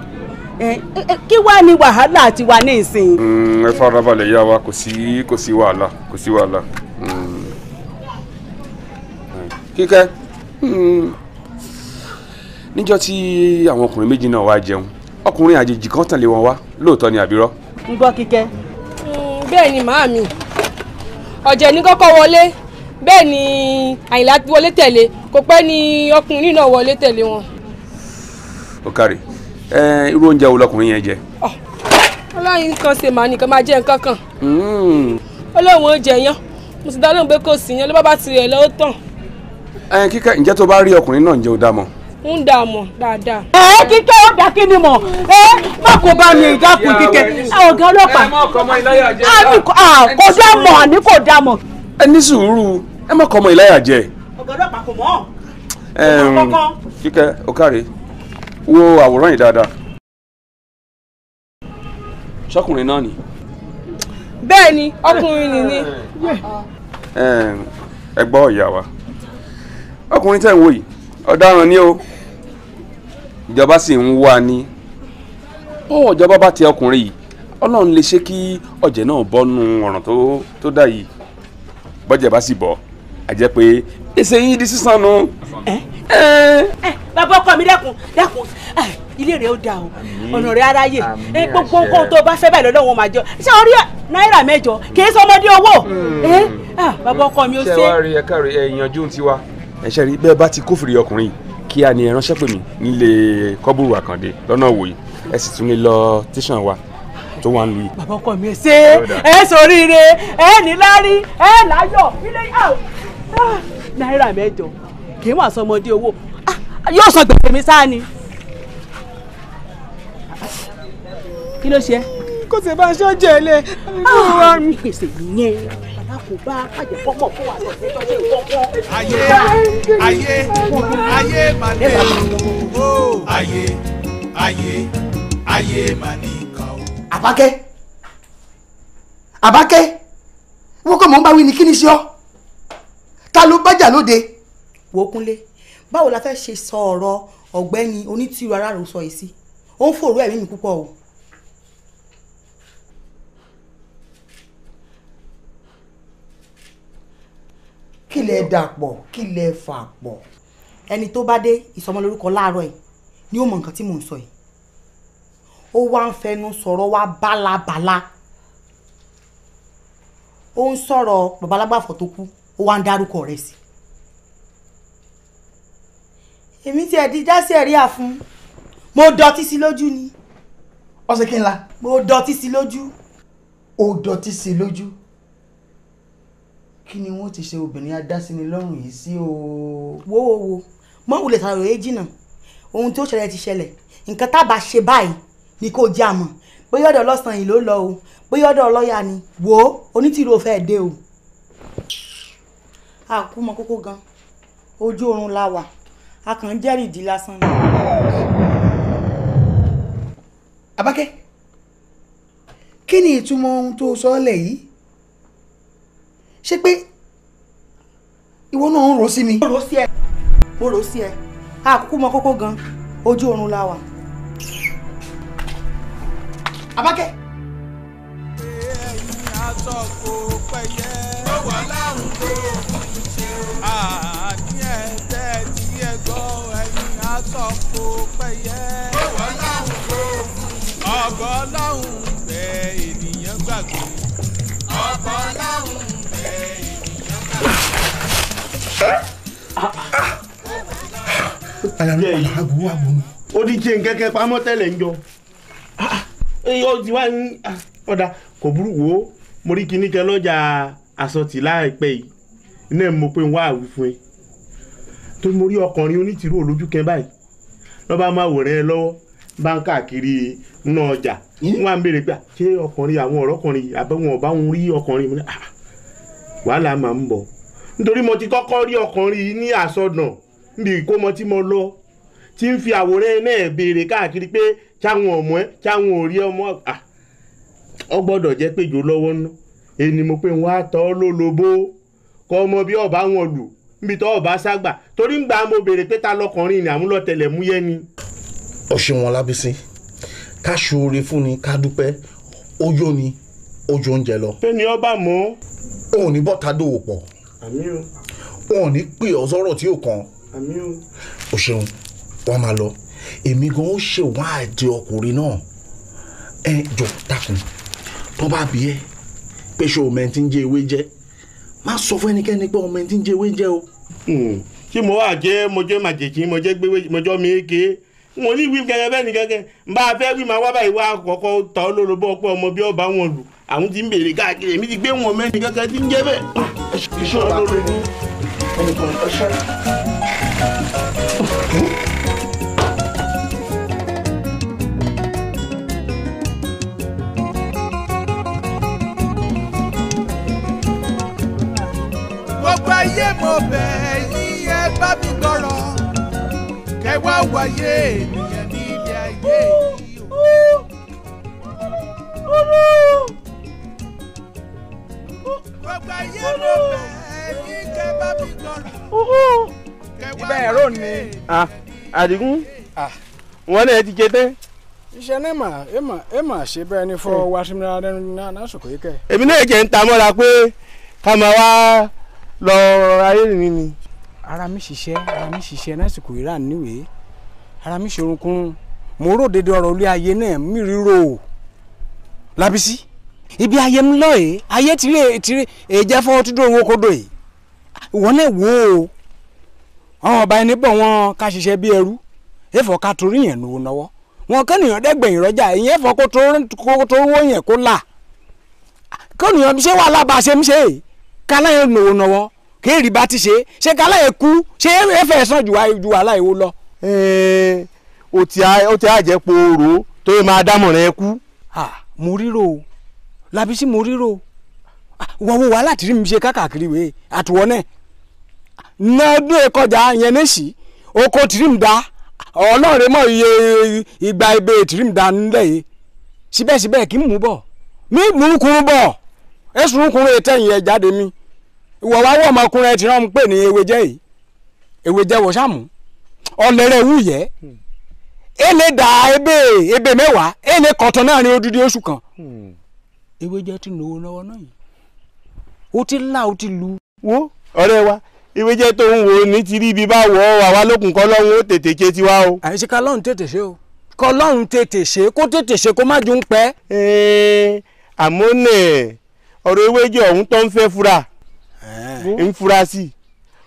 kí wàá ni wàhálà tiwa ní ìsìn. Mm, ẹ farabalẹ̀ yá wa kò sí kò sí wàhálà kò sí wàhálà. Mm. kíkẹ́. Mm níjọ́ tí àwọn ọkùnrin méjì náà wá jẹun ọkùnrin àjèjì kan tẹ̀lé wọn wá lóòótọ́ ni àbírọ́. ń gbọ́ kíkẹ́. Hmm, bẹ́ẹ̀ ni màámi ọ̀jẹ̀ ní kọ́kọ́ wọlé bẹ́ẹ̀ ni àyìnlá wọlé tẹ̀lé kò pẹ́ ni ọkùnrin náà wọlé tẹ̀lé wọn. ó kárẹ̀ irú oúnjẹ wo lọkùnrin yẹn jẹ. ọlọ́yin kan ṣe màá nìkan máa jẹ nǹkan kan. olóhùn oúnjẹ yan mo sì dá lóhùn pé kò sí yan ló bá bá tirẹ̀ lọ́wọ́ tán. kíkẹ́ ǹjẹ́ tó bá rí ọkùnrin náà ǹjẹ́ ó dá mọ́. ń dà mọ̀ dáadáa. ẹ ẹ kíkẹ́ ó kí ni mọ̀ ẹ má kó bá mi ìdákun kíkẹ́ ọ̀gá ọlọ́pàá kò dá mọ̀ àní kò dá mọ̀. kọ ọmọ ìláyà jẹ. ọ̀gá ọlọ́pàá kò mọ̀. kíkẹ́ o wo àwòrán yìí dáadáa ni. ẹ gbọ́ ìyá wa ọkùnrin tẹ̀ ń wò ni o. ìjọba sì ń wá ni bọ́wọ̀ ìjọba bá ti ọkùnrin yìí ọlọ́run lè ṣe kí ọ̀jẹ̀ náà bọ́nu ọ̀ràn tó dà yìí bọ́jẹ̀ bá sì bọ̀ a jẹ́ pé èsè yín di sísan nu. bàbá ọkọ mi dẹ́kun dẹ́kun ilé rẹ ó da o ọ̀nà rẹ aráyè gbogbo nǹkan tó bá fẹ́ báyìí lọ́dọ̀ wọn máa jọ ṣé orí náírà mẹ́jọ kì í sọ ọmọdé owó hmm. ah, bàbá ọkọ mi ó ṣe. ṣé wàá rí ẹ̀ka rẹ̀ ẹ̀yànjú tiwa. ẹ ṣe rí bẹ́ẹ̀ bá ti kófìrí ọkùnrin yìí kíá ni ẹ ránṣẹ́ pè mí nílé kọ́bùrù àkàndé lọ́nà òwòye ẹ sì tún lè lọ tẹ̀sán wa tó wà ń lu yìí. bàbá ọkọ mi ṣe ẹ ṣoríire ẹ níláárí ẹ láyọ̀ ilé ah, ah, náírà mẹ́jọ kì í wà sọmọdé owó ah, yóò san gbèsè mi sáà ni. kí ló ṣe. kò sì bá aṣọ jẹ ilé. gbèsè mi yẹn alákòóbá kájẹ fọmọ fún wa lọ sẹjọ ṣe ìwọkọ. ayé ayé ayé máa lè o ayé ayé ayé máa ní nǹkan o. àbákẹ́ àbákẹ́ wọ́n kọ́ mọ̀ ń bá wí ni kí ni ṣe ọ́ ta ló bájà lóde. wò ó kúnlé báwo la fẹ́ ṣe sọ ọ̀rọ̀ ọ̀gbẹ́ni onítìrú aráàlú sọ yìí sí ó ń fòrò ẹ̀mí mi púpọ̀ o. kí lẹ dàpọ̀ kí lẹ fà pọ̀. ẹni tó bá dé ìsọmọlórúkọ láàárọ̀ yìí ni ó mọ nǹkan tí mò ń sọ yìí ó wá ń fẹnu sọ̀rọ̀ wá bálabàla ó ń sọ̀rọ̀ babalágbàfọ̀ tó kú ó wá ń dárúkọ rẹ̀ sí. èmi tiẹ̀ di jásí ẹ̀rí àfún mo dọtí sí lójú ni. ọ̀sẹ̀ kí n la. mo dọtí sí lójú. o dọtí sí lójú kí ni wọ́n ti ṣe obìnrin adásínilọ́rùn yìí sí o. wo wo wo mọ wulẹ̀ sàròyé jìnnà ohun tí ó ṣẹlẹ̀ ti ṣẹlẹ̀ nǹkan tá a bá ṣe báyìí ni kò jẹ́ àmọ́ bóyá ọ̀dọ̀ ọlọ́sàn yìí ló lọ o bóyá ọ̀dọ̀ ọlọ́yà ni wò ó onítìrò dé o. a kú mọ kókó gan ojú oorun la wà a kàn ń jẹ́rìí ìdí lásán ni. abákẹ́ kí ni ìtumọ̀ ohun tó sọ ọ́ lẹ̀ yìí ṣé pé ìwọ náà ń rò sí mi. mo rò sí ẹ mo rò sí ẹ àkókò mọ kókó gan ojú oorun la wà. Abákẹ́. ẹ̀yin láwùn bẹ ènìyàn gbàgbé. ọ̀bọ̀ láwùn àyà mi wà agbo agbo mi. ó ní jẹun kẹ́kẹ́ pamọ́ tẹ́lẹ̀ ń jọ ah, ah, ó ti wá ní ọ̀dà ah, kò burú wo mo rí kinní kan lọ́jà àsọtì láìpẹ́ yìí iná mo pé ń wá àwí fún ẹ tó mo rí ọkùnrin onítìrú olójú kan báyìí lọ́ba máa wòrán ẹ lọ́wọ́ bá ń káàkiri nínú ọjà wọ́n á ń béèrè pé ṣé ọkùnrin àwọn ọ̀rọ̀kùnrin àbẹ̀wọ̀n ọ̀bá mi náà wàhálà máa ń bọ̀ nítorí mo ti kọ́kọ́ rí ọkùnrin yìí ní àsọdàn níbi ìkómọ tí mo lọ tí ń fi àwòrán náà béèrè káàkiri pé táwọn ọmọ ẹ táwọn ò rí ọmọ ọ gbọ́dọ̀ jẹ́ péjọ lọ́wọ́ ná èyí mo pé wọn á tọ́ lólobó kọ́ ọmọ bí ọba wọn lù níbi tọ́ ọba ságbà torí ń gbà mo béèrè pé ta lọkùnrin ni àmúlọ̀tẹlẹ̀múyẹ́ ni. ọ̀sẹ̀ wọn lábísí ká ṣoore fún ni ká dúpẹ́ ọjọ́ ni ọjọ́ oúnjẹ lọ. pé ni ọba mọ́ òun ní bọ́ta dòwò pọ̀ òun ní pè ọ́ sọ́rọ̀ tí ò kàn ó ṣeun wọ́n máa lọ èmi gan ó ṣèwádìí ọkùnrin náà ẹ jọ takùn tó bá bí ẹ pé ṣé ọmọ ẹ ti ń jẹ ewé jẹ má sọ fún ẹnikẹ́ni pé ọmọ ẹ ti ń jẹ ewé jẹ o. tí hmm. mo wà jẹ́ mo jẹ́ màjèjì mo jẹ́ gbéwé mo jọ́ mi éke mo ní wí gẹ́gẹ́ bẹ́ẹ̀ ni gẹ́gẹ́ bá a fẹ́ wí máa wá báyìí wá àkọ́kọ́ ta ó lólobó ọpẹ́ ọmọ bí ọba wọn lù àwọn tí ń béèrè káàkiri èmi ti gbé wọn mẹ́ni kankan tí ń jẹ́ bẹ́ẹ̀. iṣẹ́ ọ̀la ló ní ẹnìkan ọ̀ṣẹ́. gbogbo ayé mo bẹ̀ yín ẹ bá mi gbọ́rọ̀ kẹ wáyé ènìyàn ní ayé yìí gbogbo ayé ló bẹ̀ ní kẹ́ bá mi gbọ́rọ̀. ibẹ̀ ẹ̀rọ ni. àdìgún wọn náà ti jẹ tán. iṣẹ́ náà mà ẹ mà ṣe bẹ́ẹ̀ ni fọ́ hmm. wá sí mi rárá náà lásìkò yìí kẹ́. èmi náà jẹ́ ń ta mọ́ra pé ká máa wá lọ ayé mi ni. ara mi ṣiṣẹ́ ara mi ṣiṣẹ́ lásìkò yìí rà níwèé ara mi ṣorunkunrun mo rò dédé ọ̀rọ̀ olú ayé náà mi ríro Lábísí ibi ayé ń lọ yìí ayé tìrẹ tìrẹ èjẹ fọwọ́ tó dúró owó kó dò yìí wọn náà wò ó àwọn ọba ẹni pọ̀ wọn ká ṣiṣẹ́ bí ẹrú ẹ̀fọ́ ká torí yẹn lówó náwó wọn kẹ́nìyàn dẹ́gbẹ̀yìn rọ́jà ìyẹn ẹ̀fọ́ kó tó owó yẹn kó là kẹ́nìyàn ṣé wàhálà bá ṣe ń ṣe é káláyé lówó náwó kéèrì bá ti ṣe ṣé káláyé kú ṣé ẹ̀fẹ̀ sàn ju wàhálà ìwó lọ. ó ti àjẹpọ̀ òru tó yẹ máa dámọ̀ràn ẹ kú. mo ríro o Lábísí mo ríro wọ́n wo wàhálà tí mi ṣe káàkiri wèé àtúwọ́ náà nádùn ẹ̀kọ́jà yẹn ní sí oko tìrìm dá ọlọ́run mọ̀ iye ìgbà ibè tìrìm dá nílẹ̀ yìí síbẹ̀síbẹ̀ kí n mú bọ̀ mí burúkúrú bọ̀ èsùn kúrú ètẹ̀yìn ẹ̀ jáde mi ìwọ̀ wá wọ̀ ọmọkùnrin ẹ̀ tí wọ́n ń pè ní ewé jẹ́ yìí ewé jẹ́ wọ̀ṣàmù ọ̀lẹ́rẹ̀ wù yẹ́ hmm. èlé dà ebè ebè mẹ́wàá èlé kọ̀tọ̀ náà ní odidi oṣù kan. Hmm ewé jẹ́ ti nòwó lọ́wọ́ náà yìí ó ti là ó ti lu wo ọ̀rẹ́ wa ewé jẹ́ tó ń wo ní ti rí ibi bá wọ̀ ọ́ àwa lókun kọ́ lọ́hún ó tètè ké tiwa o. àyíṣe ká lọ́hún tètè ṣe o kọ́ lọ́hún tètè ṣe kó tètè ṣe kó má ju ń pẹ́. àmọ́ nẹ̀ ọ̀rọ̀ ewé jẹ́ ọ̀hún tó ń fẹ́ fura ń fura sí i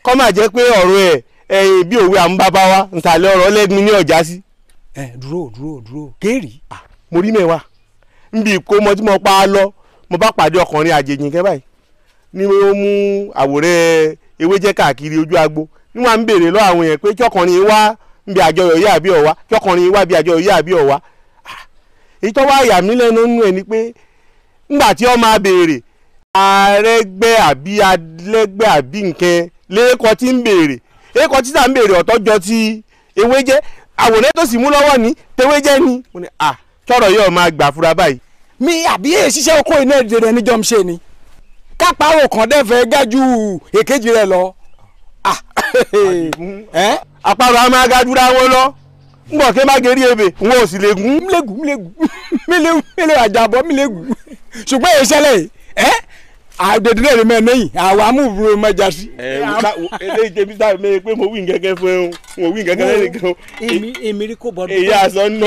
kọ́ máa jẹ́ pé ọ̀rọ̀ ẹ̀ bí òwe àmúbábá wa ntàlẹ́ ọ̀rọ̀ lẹ́gbin ní ọ̀já sí. ẹ dúró dúró dúró kéèrì. mo rí mẹ́wàá níbi ìkómọ tí mo pa á lọ mo bá pàdé ọkùnrin àjèjì kẹ́ báyìí ni mo mú àwòrán ewé káàkiri agbo ni wọ́n á ń béèrè lọ́wọ́ àwọn yẹn pé kí ọkùnrin wá ń bí àjọyọ̀ yá àbí ọ̀wá kí ọkùnrin wá àbí ìtọ́ ah, yà mí lẹ́nu nínú ẹ̀ ni pé ńgbà tí ọ máa béèrè àrẹ́gbẹ́ àbí alẹ́gbẹ́ àbí nǹkan lẹ́ẹ̀kọ́ tí ń tí ti ewé jẹ́ àwòrán tó ni tewé ni yóò máa gbà fúra mi àbí èyí ṣiṣẹ́ oko iná ìdèrè níjọ́ ń ṣe ni kápárò kan dẹ́fẹ̀ẹ́ gájú èkejì rẹ̀ lọ. àparò a máa gàdúrà wọn lọ n bọ̀ kí n bá gẹ̀rí ebè n ò sì lè gùn. mílẹ̀gùn mílẹ̀gùn mílẹ̀gùn àjàbọ̀ mílẹ̀gùn ṣùgbọ́n èyí ṣẹlẹ̀ yìí àdèdìrẹ́ rẹ̀ mẹ́rin lẹ́yìn àwọn amúburú mẹ́ja sí. ẹ eléyìí mi pé mo wí nkẹ́kẹ́ fún ẹ mo wí nkẹ́kẹ́ lẹ́yìn kan. èmi kò bọ̀ dúpẹ́ èyí àṣọ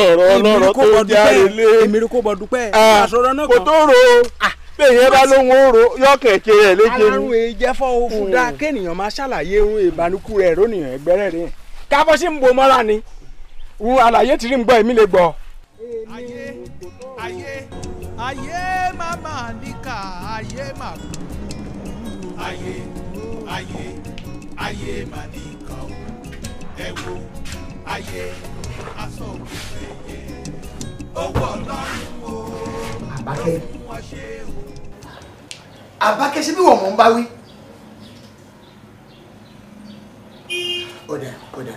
tó lé. èmi kò bọ̀ dúpẹ́ àṣọrọ̀ náà kò tó ro bá ro ṣe alárùn fọ́ hmm. dá kéèyàn máa ṣàlàyé ìbánukú rẹ̀ rónìyàn ẹgbẹ́rẹ́ rẹ̀ sí ń bo ká ayé mà burú. ayé ayé ayé mà nìkan o ẹ wo ayé aṣọ òkúta ẹyẹ owó ọlọ́run o. àbákẹ́ àbákẹ́ ṣe bí wọ́n mọ̀ ń bá wí. ọ̀dà ọ̀dà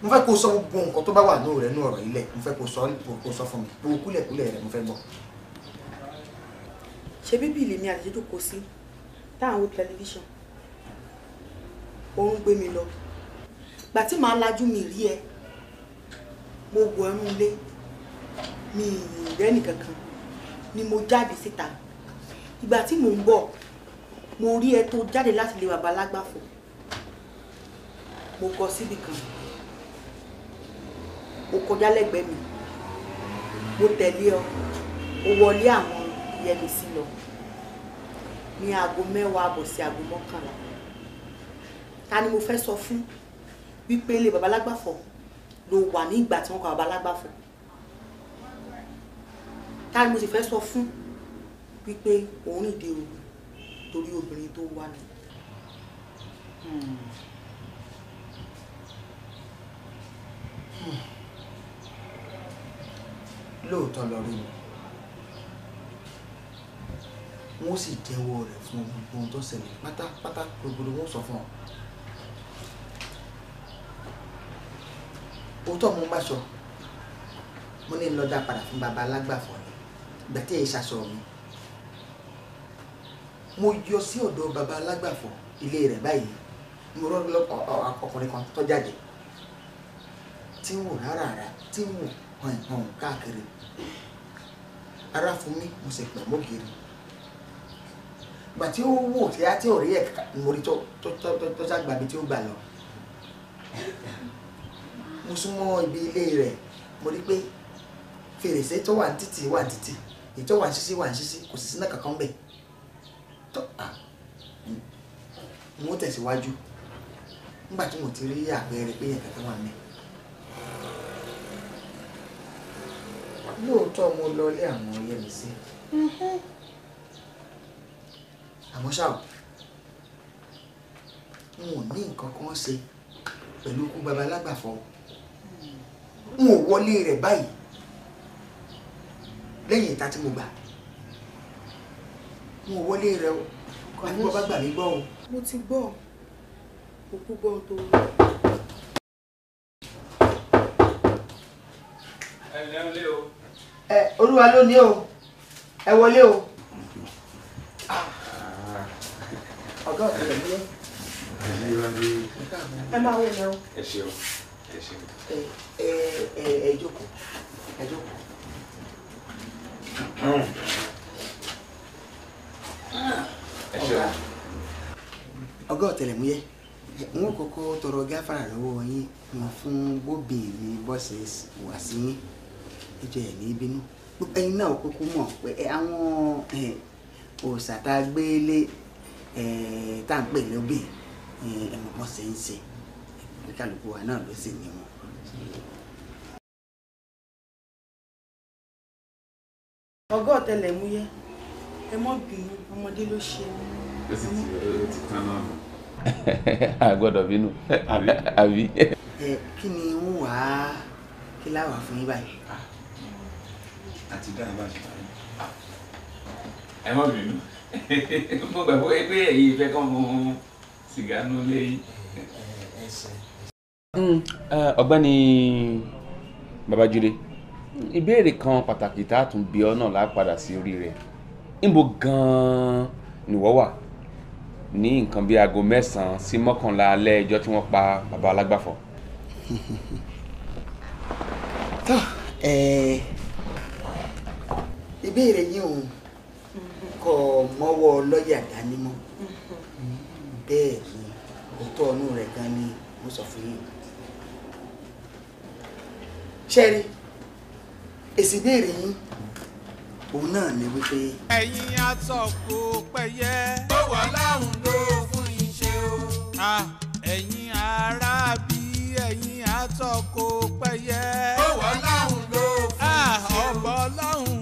mo fẹ́ kó sọ gbogbo nǹkan tó bá wà ní òrẹ́nu ọ̀rọ̀ ilẹ̀ mo fẹ́ kó sọ fún mi gbogbo kúlẹ̀kúlẹ̀ rẹ̀ mo fẹ́ gbọ́ ṣe bíbí ilé mi àtẹ̀jẹ́ jókòó sí tá à ń wo tẹlifíṣàn oorun gbé mi lọ gbà tí màá lajú mi rí ẹ mo wọ ẹnu ilé mi ìrẹ́ nìkankan ni mo jáde síta ìgbà tí mò ń bọ̀ mo rí ẹ tó jáde láti lè bàbá lágbàfọ̀ mo kọ síbì kan o kọjá lẹ́gbẹ̀ẹ́ mi mo tẹ̀lé ọ o wọlé àwọn yẹmísí lọ ní aago mẹ́wàá àbọ̀ sí aago mọ́kànlá ta ni mo fẹ́ sọ fún wípé ilé babalágbàfọ̀ ló wà ní ìgbà tí wọ́n kọ babalágbàfọ̀ ta ni mo sì fẹ́ sọ fún wípé òun rìn dé òru torí obìnrin tó wà ní. Hmm. Hmm. lóòótọ́ lọ rí mi wọ́n sì jẹ́wọ́ rẹ̀ fún gbogbo ohun tó ṣẹlẹ̀ pátápátá gbogbo wọn sọ fún ọ. òótọ́ mo ń bá sọ mo ní lọ́dà padà fún baba alágbàfọ̀ ni ìgbà tí èyí ṣaṣọ mi mo yọ sí ọ̀dọ̀ baba alágbàfọ̀ ilé rẹ̀ báyìí mo rọ́ ọkùnrin kan tó jáde tí ń wò rárá tí wò hàn hàn káàkiri ara fún mi mo sì pẹ̀ mọ́ gírí gbà tí ó wò tí a ti rí ẹ̀ mórí tó tó tó tó ṣàgbà bí tí ó gbà lọ mo súnmọ́ ibi ilé rẹ̀ mo rí pé fèrèsé tó wà ní títì wà ní títì èyí tó wà ní ṣíṣí wà ní ṣíṣí kò sì sí náà kankan bẹ̀ tó à mo tẹ̀síwájú nígbà tí mo ti rí àpẹẹrẹ pé yẹn kankan wà ní. lóòótọ́ mo lọ ilé àwọn ọyẹ́ mi sí àmọ́ ṣá o n ò ní nǹkan kan ṣe pẹ̀lú ikú baba alágbàfọ̀ n ò wọlé rẹ̀ báyìí lẹ́yìn ìta tí mo gbà n ò wọlé rẹ̀ o àti bọ́ bá gbà mí gbọ́ o. mo ti gbọ́ òkú gbọ́ tó. ẹ ẹ olúwa ló ní o ẹ wọlé o. ẹ máa wọ náà. ẹ ṣeun ẹ ṣeun. ẹ ẹ ẹ jókòó ẹ jókòó. ẹ ṣeun. ọgá ọ̀tẹlẹ̀múyẹ́ n ó kọ́kọ́ tọrọ gáfárà lọ́wọ́ yín mo fún bóbì mi bọ́sẹ̀ wá sí yín ẹjọ́ ẹ̀ ní bínú ẹ̀yin náà kúkú mọ̀ pé àwọn òòṣà tá a gbé lé Eh, tá à ń pè lóbì eh, ẹ̀mọ̀ bọ́ ṣe ń ṣe kálukú wa náà ló sì ní wọn. ọgọ́ ọ̀tẹlẹ̀múyẹ́ ẹ mọ́ bínú ọmọdé ló ṣe é. ó sì ti tán náà nù. a gbọ́dọ̀ bínú àbí. ẹ eh, kí ni ń wà á kí láwà fún yín báyìí. àti ah. dáhùn bá ṣe parí. Ah. ẹ mọ́ bínú. mo gbàgbọ́ pé èyí fẹ́ kàn mú sìgá nù léyìn. Hmm, ọ̀gbẹ́ni Babájídé ìbéèrè kan pàtàkì tá a tún bí ọ náà láà padà sí orí rẹ̀ níbo gan-an nìwọ wà ní nǹkan bíi aago mẹ́sàn-án sí mọ́kànlá alẹ́ ẹjọ́ tí wọ́n pa bàbá alágbàfọ̀. ìbéèrè yín o kọ́ mọ́wọ́ lọ́ọ̀yà dání mọ́ bẹ́ẹ̀ ni òótọ́ ọ̀nù rẹ̀ gan ni mo sọ fún yín. ṣẹ́rí èsì ìbéèrè yín òun náà ni wípé. ẹ̀yin atọ́kù pẹ̀yẹ. ó wà láhùn ló fún iṣẹ́ o. ẹ̀yin ará bí ẹ̀yin atọ́kù pẹ̀yẹ. ó wà láhùn ló fún iṣẹ́ o. ọ̀bọ̀ láhùn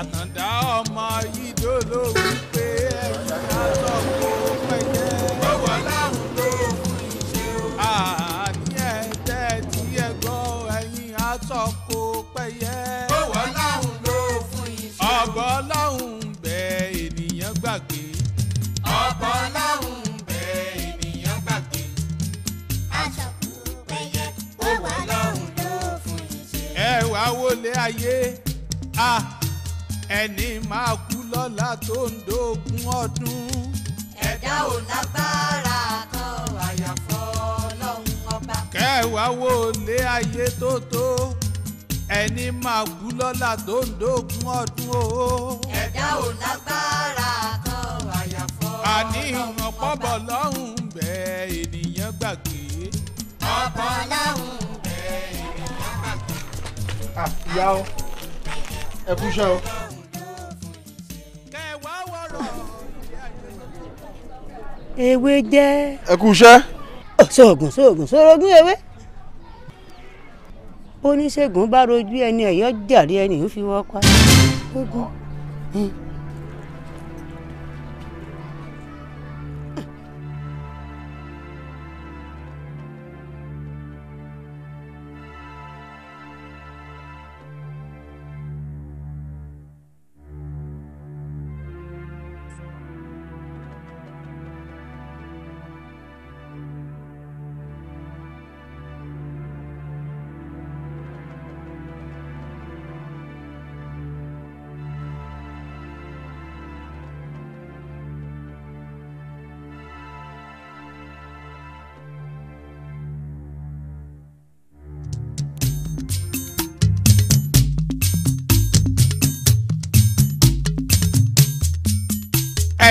àtàndá ọmọ yídó ló wí pé ẹ̀yà látọ̀ kó pẹ̀jẹ́. lọ́wọ́ láwọn ló fún ìṣe o. àní ẹ̀tẹ́ tí ẹ gbọ́ ẹ̀yìn àtọ̀ kó pẹ̀yẹ. lọ́wọ́ láwọn ló fún ìṣe o. ọ̀bọ̀ láwọn bẹ ènìyàn gbàgbé. ọ̀bọ̀ láwọn bẹ ènìyàn gbàgbé. aṣọ kó pẹ̀yẹ lọ́wọ́ láwọn ló fún ìṣe o. ẹ wá wọlé ayé. Ah ẹni máa kú lọ́la tó ń dógún ọdún. ẹ̀dá ò lágbára kan àyàfọ́ ọlọ́run ọba. kẹwàá wo lé ayé tó tó ẹni máa kú lọ́la tó ń dógún ọdún o. ẹ̀dá ò lágbára kan àyàfọ́ ọlọ́run ọba. àní ìwọ̀n pọ̀bọ̀ lọ́hùn bẹ́ẹ̀ ènìyàn gbàgbé. ọ̀pọ̀ lọ́hùn bẹ́ẹ̀ ènìyàn gbàgbé. Ah, ìyá ewé jẹ́. ẹ kú iṣẹ́. sóògùn oh, sóògùn sóògùn ewé. oníṣègùn bá rojú ẹni ẹ̀yọ́ jàre ẹni ń fi wọ́n pa. ogun.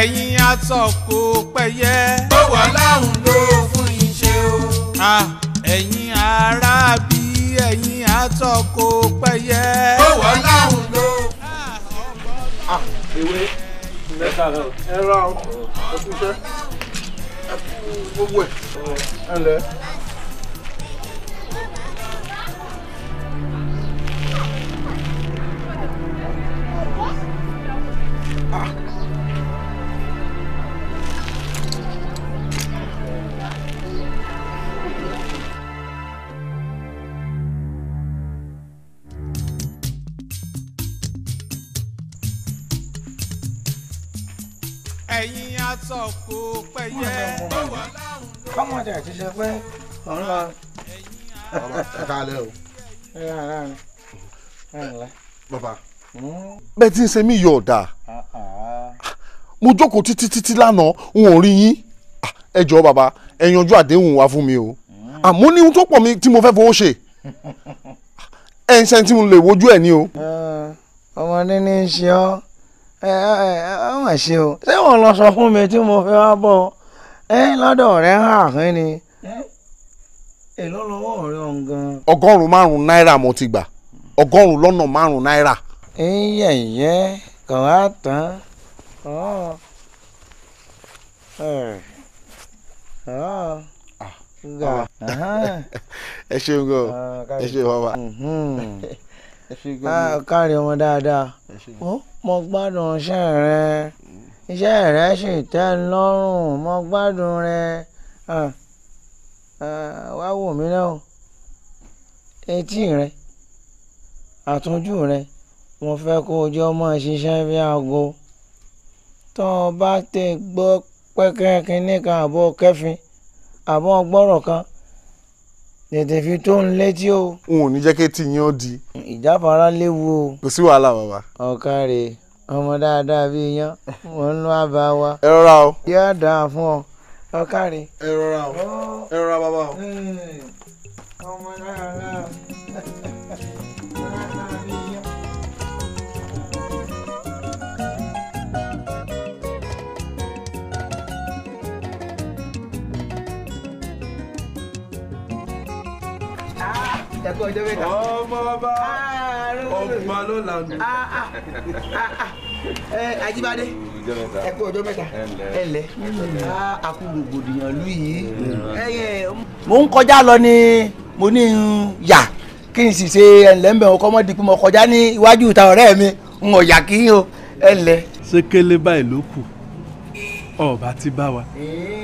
ẹ̀yin asọ̀kò pẹ̀yẹ. ó wà láhùn ló fún iṣẹ́ o. ẹ̀yin ará bí ẹ̀yin asọ̀kò pẹ̀yẹ. ó wà láhùn ló. ewé ẹ ra ọkùnṣẹ́ gbogbo ẹ̀ ẹ lẹ́. Ah. ẹ̀yin aṣọ kò pẹ̀yẹ. kọ́mọdé ti ṣe pé òun lọ. ẹ káàlẹ́ o. ẹ rárá ni ẹ ǹlẹ́. bàbá hmm? bẹ́ẹ̀ tí ń ṣe mí yọ ọ̀dà ah, ah. mo jókòó títí títí lánàá n ò rí yín ah, ẹ jọ̀ọ́ bàbá ẹ yanjú àdéhùn wa fún mi o hmm. àmọ́ ní ohun tó pọ̀ mi tí mo fẹ́ fowó ṣe ẹ ń ṣe tí mo lè wojú ẹ ní o. ọmọ níní ń ṣe ọ́ ẹ ẹ ẹ mà ṣe o ṣé wọn lọ sọ fún mi tí mo fi wá bọ ẹ lọ́dọ̀ rẹ hàn kí ni èló lọ́wọ́ ọ̀rẹ́ ọ̀hún gan. ọgọ́rùn-ún márùn-ún náírà mo ti gbà ọgọ́rùn-ún lọ́nà márùn-ún náírà. ìyẹn ìyẹn kàn á tán ah. ẹ ṣeun gan ah, ẹ ṣeun bàbá. Ah, káàrí ọmọ dáadáa mo gbádùn iṣẹ́ rẹ iṣẹ́ rẹ sì tẹ́ ń lọ́rùn mo gbádùn rẹ ah, ah, wá wò mí náà etí rẹ àtúnjú rẹ mo fẹ́ kó o jọ máa ṣiṣẹ́ bí aago tó o bá tẹ gbọ́ pẹ́kẹ́ kínní kan àbọ̀ kẹfin àbọ̀ gbọ́rọ̀ kan tètè fi tó ń létí o. n ò ní jẹ́ kí tí yín ó di. ìjáfara léwu o. kò sí wàhálà bàbá. ọ̀ka rè ọmọ dáadáa bíi yan wọ́n ń lọ àbá wa. ẹ rọra o. yóò dáa fún ọ ọ̀ka rè. ẹ rọra o ẹ rọra bàbá o. Hmm, ọmọ dáadáa. ẹ̀kọ́ ọjọ́ mẹ́ta. ọmọ ọba ọba ló lànà. Ajíbádé ẹ̀kọ́ ọjọ́ mẹ́ta ẹ̀lẹ́ àkú ah, rògbòdìyàn lù yìí. mo ń kọjá lọ ni mo ní ń yà kí n sì ṣe ẹ̀ǹlẹ́ mbẹ̀ ọkọ mọ́ di pé mo kọjá ní iwájú ìta ọ̀rẹ́ mi ń ọ̀yà kí n o ẹ̀lẹ́. ṣé báyìí ló kù ọba ti bá wa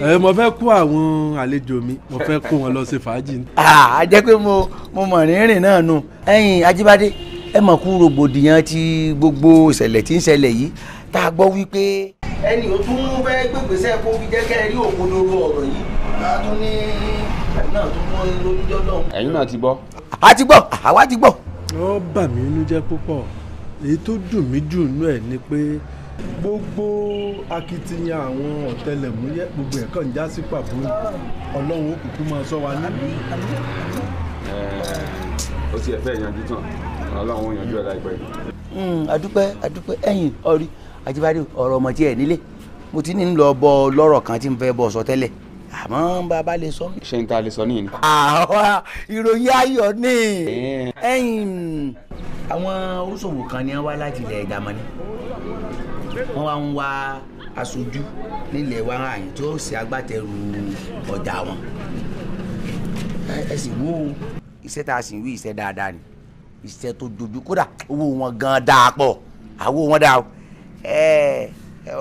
ẹ mo fẹ́ kó àwọn àlejò mi mo fẹ́ kó wọn lọ ṣe fàájì. a jẹ́ pé mo mo mọ̀ rírìn náà nù ẹ̀yin Ajíbádé ẹ mọ̀ kú rògbòdìyàn ti gbogbo ìṣẹ̀lẹ̀ tí ń ṣẹlẹ̀ yìí tá a gbọ́ wípé. ẹnì o tún mú fẹ́ gbègbèsè kó fi jẹ́ kẹ́ ẹ rí òkodoro ọ̀rọ̀ yìí a tún ní ẹ̀yin náà tún mú lójújọ́ náà. ẹ̀yin náà ti gbọ́. a ti gbọ́ àwa ti gbọ́. ó bà mí inú jẹ́ púpọ̀ èyí tó dùn mí jù nú ẹ̀ ni pé gbogbo akitiyan àwọn ọ̀tẹlẹ̀múyẹ́ gbogbo ẹ̀ kàn já sí pàbó ni ọlọ́run ó kúkú máa sọ wa nílùú. ó ti ẹ̀fẹ́ yanjú tán ọlọ́run ó yanjú ẹ̀ láìpẹ́. Hmm, adúpẹ́ adúpẹ́ ẹ̀yìn ọ̀rí àjíbádé ọ̀rọ̀ ọmọ tí ẹ̀ nílé mo ti ní ń lọ bọ lọ́rọ̀ kan tí ń fẹ́ bọ̀ sọ tẹ́lẹ̀ àmọ́ bàbá lè sọ. ṣé n ta lè sọ nìyí ni. àwa ìròyìn ayọ̀ ni. ẹ̀yìn àwọn oṣòwò kan ni wọ́n wá láti ilẹ̀ Jámánì wọ́n wá ń wá aṣojú nílẹ̀ wa àyìn tí ó ṣe agbátẹrù ọjà wọn ẹ sì wo iṣẹ́ tá a sì ń wí iṣẹ́ dáadáa ni iṣẹ́ tó dojú kódà owó wọn gan dáa pọ̀ àwo wọn dáa ẹ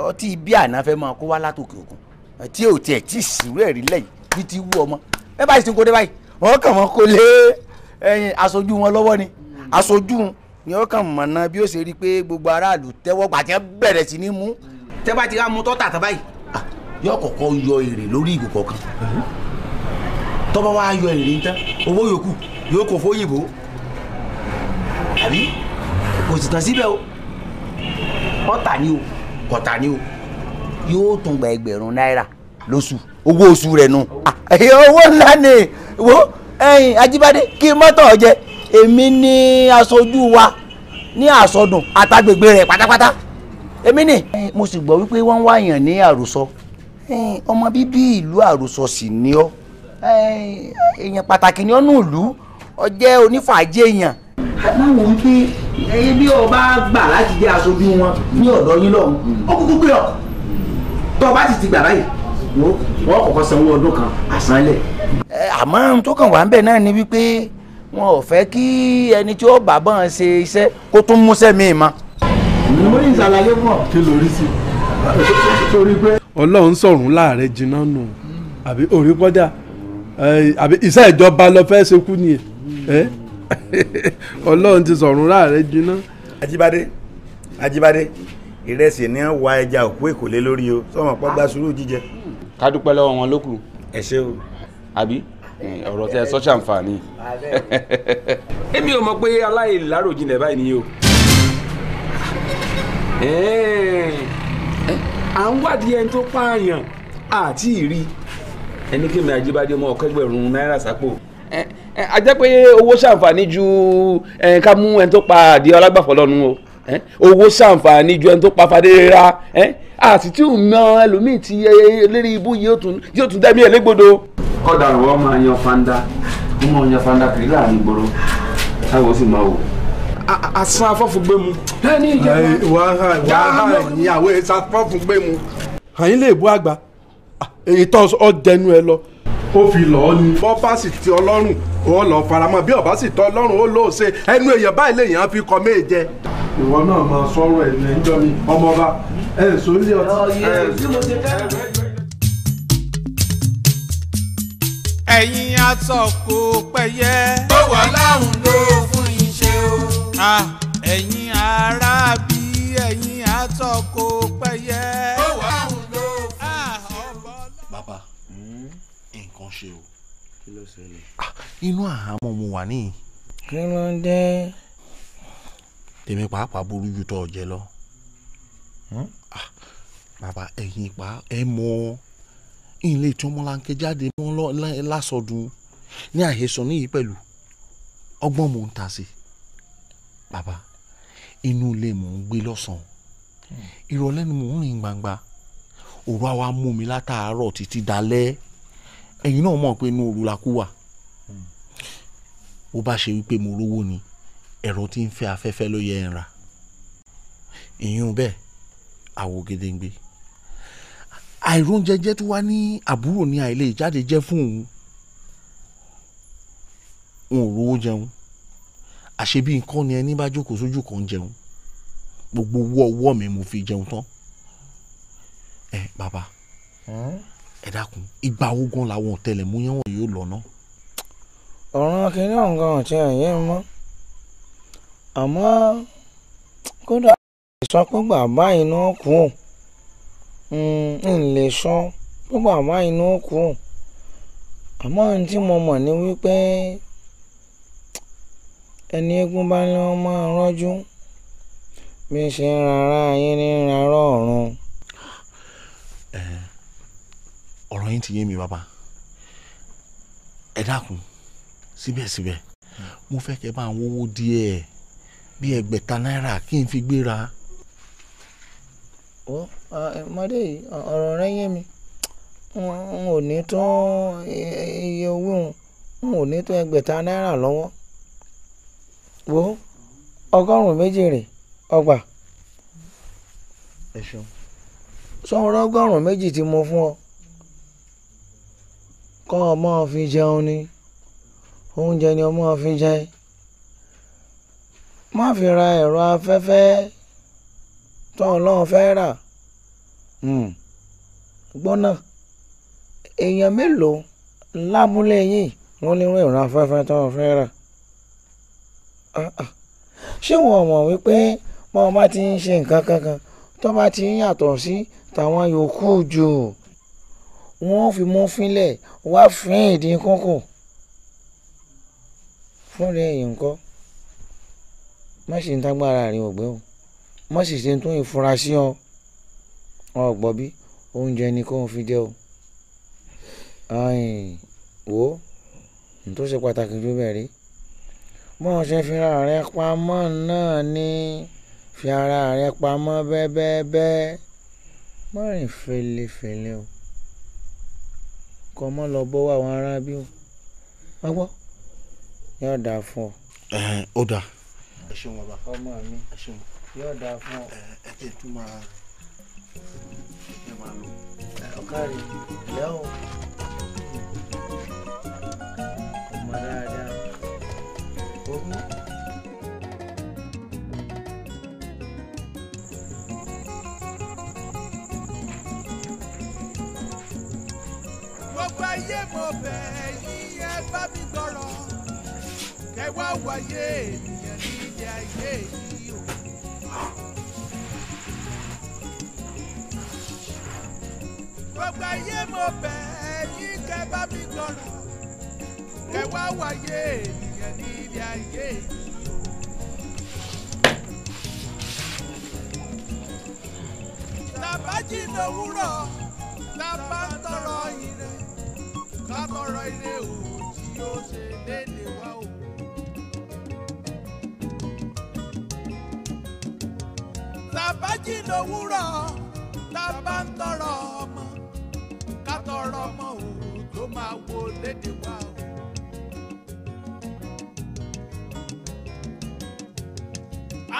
ọtí bí àná fẹ́ máa kó wá látòkè òkun tí ò tiẹ̀ tí ìṣirò ẹ̀rí lẹ́yìn bí ti wú ọmọ ẹ báyìí ti ń kó dé báyìí wọn kàn wọn kó lé aṣojú wọn lọ́wọ́ ni aṣojú wọn ni ó kàn mọ̀ náà bí ó ṣe rí i pé gbogbo aráàlú tẹ́wọ́ gbà tí wọ́n bẹ̀rẹ̀ sí ní mú. tẹ́ bá ti rá mu tọ́ta tán báyìí yóò kọ́kọ́ yọ èrè lórí ìgò kọ̀ọ̀kan tó bá wá yọ èrè ń tán owó yòókù yóò kò fóyìnbó àbí kò sì tán síbẹ̀ o ọ̀tà ni o kọ̀tà ni o yóò tún gba ẹgbẹ̀rún náírà lóṣù owó oṣù rẹ̀ nù owó ńlá ni wo ẹyin Ajíbádé kí mọ́tò ọ èmi ni aṣojú wa ní àsọdùn àtàgbègbè rẹ̀ pátápátá èmi ni. mo sì gbọ́ wípé wọ́n ń wáyàn ní àròsọ ọmọ bíbí ìlú àròsọ sì ni ọ́ èèyàn pàtàkì ni ọ́ nù ìlú ọ jẹ́ onífàájì èèyàn máa wò wípé ẹyin bí ọba gbà láti jẹ aṣojú wọn ní ọ̀dọ̀ yín lọ́hùn ó kúkú pé ọ tó ọba ti ti gbà báyìí wọn kọ́kọ́ sanwó ọdún kan àsánlẹ̀. àmọ́ tó kàn wá ń bẹ̀ náà ni wípé wọn ò fẹ́ kí ẹni tí ó bá bọ́n ṣe iṣẹ́ kó tún múṣẹ́ míì mọ́. mo ní ìsàlàyé fún ọ kí lórí sí torí pé. ọlọ́run sọ̀rùn láàrẹ jiná nù àbí orí pọ́jà àbí iṣẹ́ ìjọba lọ fẹ́ ṣekú nìyẹn ọlọ́run ti sọ̀rùn láàrẹ jiná. Ajíbádé Ajíbádé ìrẹsì ni wà ẹja òkú èkó lé lórí o sọmọ pọgbà sùúrù jíjẹ. ká dúpẹ́ lọ́wọ́ wọn lókù. ẹ ṣé o. àbí ọ̀rọ̀ tí ẹ sọ ṣàǹfààní. èmi ò mọ̀ pé aláìláròjinlẹ̀ báyìí ni o. à ń wádìí ẹni tó pààyàn àti ìrí ẹni kí mi àjíbádé ọmọ ọ̀kẹ́gbẹ̀rún náírà sápò. a jẹ́ pé owó ṣàǹfààní ju ká mú ẹni tó pa àdìẹ ọlágbàfọ́ lọ́nu o owó ṣàǹfààní ju ẹni tó pa fadé ra àti tí ò mọ ẹlòmíì ti lérí ibú yóò tún dẹ́mi ẹ̀ légbodò kọ́daràn wọ́n máa yan fanda wọ́n máa yan fanda kiri láàrin ìgboro táwọn ó sì máa wò asan afọ́fúngbé mu. lẹ́ni ìjẹun wà á ìyàwó ẹ̀sán afọ́fúngbé mu. àyín lè bú àgbà ah, èyí tó ọ dẹnu ẹ lọ. ó fi lọ́ọ́ ni. bọ́ bá sì ti ọlọ́run ó lọ faramọ́ bí ọba sì tọ́ ọlọ́run ó lóò ṣe ẹnu èèyàn báyìí lèèyàn fi kọ́ méè ìwọ náà máa sọ̀rọ̀ ẹ̀ lẹ́jọ́ mi ọmọ ọba ẹ̀ sórí ọtí. ẹ̀yin asọ̀kò pẹ̀yẹ. ó wà láhùn ló fún iṣẹ́ o. ẹ̀yin arábí ẹ̀yin asọ̀kò pẹ̀yẹ. ó wà láhùn ló fún iṣẹ́ o. bàbá hmm, nǹkan ṣe o. kí ló ṣẹlẹ̀. Ah, inú àhámọ́ mo wà níyì. kí ló ń dé. tèmi pàápàá burú ju tọ́ ọ jẹ lọ. Hmm? Ah, bàbá ẹ̀yin pa ẹ mọ́ ọ ilé tí ọmọlanke jáde mọ́ lásọdún ní àhesọ níyì pẹ̀lú ọgbọ́n mò ń ta sí bàbá inú ilé mò ń gbé lọ́sàn-án ìrọ̀lẹ́ ni mò ń rìn gbangba òru àwa mú mi látàárọ̀ títí dalẹ́ ẹ̀yin náà mọ̀ pé inú òru la kú wà bó bá ṣe wípé mo rówó ni ẹ̀rọ tí ń fẹ́ afẹ́fẹ́ ló yẹ ẹ̀ ń rà ìyún bẹ́ẹ̀ àwògedengbe àìróúnjẹjẹ tó wá ní àbúrò ní àìlè jáde jẹ́ fún òun òun ò rówó jẹun àṣebí nǹkan ni ẹni bá jókòó sójú kan jẹun gbogbo owó ọwọ́ mi mo fi jẹun tán ẹ bàbá ẹ dákun ìgbà wo gan làwọn ọ̀tẹlẹ̀múyẹ́ wọn yóò lọ ná. ọ̀ràn kìnìún ọ̀gá ọ̀tí ẹ̀yẹ mọ́ àmọ́ kódà ìsọkúgbà báyìí náà kù ọ́ ńlẹ̀ hmm, sọ pé bàbá inú kù àmọ́ ohun tí mo mọ̀ ni wípé ẹni eégún bá ní wọ́n máa rọ́jú bí ń ṣe ń rárá ayé ní rárá ọ̀run. ọ̀rọ̀ yín ti yé mi bàbá ẹ dákun síbẹ̀síbẹ̀ mo fẹ́ kẹ́ bá ń wówó díẹ̀ bí ẹgbẹ̀ta náírà kí n fi gbéra. Oh ọmọdé yìí ọ̀rọ̀ rẹ yé mi n ò ní tó iye owó n ò ní tó e, ẹgbẹ̀ta náírà lọ́wọ́ wo ọgọ́rùn-ún méjì rè ọgbà sọ̀rọ̀ ọgọ́rùn-ún méjì tí mo fún ọ kọ́ ọ fi jẹun ni oúnjẹ ni ọ fi jẹ má fi ra ẹ̀rọ afẹ́fẹ́ tó ọlọ́run fẹ́ rà. Hmm. gbọ́ èèyàn mélòó lámúlẹ̀ yìí wọ́n lè rún afẹ́fẹ́ tó ń fẹ́ rà ṣé wọn mọ̀ wípé wọn bá ti ń ṣe nǹkan kankan tó bá ti ń yàtọ̀ sí tàwọn yòókù jù wọ́n fi mú fínlẹ̀ wá fín ìdí kókò fúnra ẹ̀yìn nǹkan má ṣe ń tágbára rẹ̀ ògbẹ́ o má sì ṣe ń tún ìfura sí ọ wọn ò gbọ́ bí oúnjẹ ni kóun fi jẹ́ o wo tó ṣe pàtàkì jù bẹ́ẹ̀ rí bó o ṣe fi ara rẹ pamọ́ náà ni fi ara rẹ pamọ́ bẹ́ẹ̀bẹ́ẹ́bẹ́ má rìn fèlèfèlè o kọ́ mọ́ lọ bọ́wọ́ àwọn aráabí o wọ́n gbọ́ yóò dáa fún ọ. ó dáa. ẹ ṣeun bàbá ọmọ mi yóò dáa fún ọ. ẹ ẹ máa. mano. É, cara, eu. Camarada. Uhum. gbogbo ayé mo gbogbo ayé mo bẹ̀ yín kẹ́ bá mi gbọ́rọ̀ kẹ́ wá wáyé ènìyàn ní ilé ayé mi. lówùrọ̀ làbá ń tọrọ ire ká tọrọ ire òjì ó ṣe léde wá o. làbájì lówùrọ̀ làbá ń tọrọ ọmọ tọrọ mọ o tó máa wo léde wa o.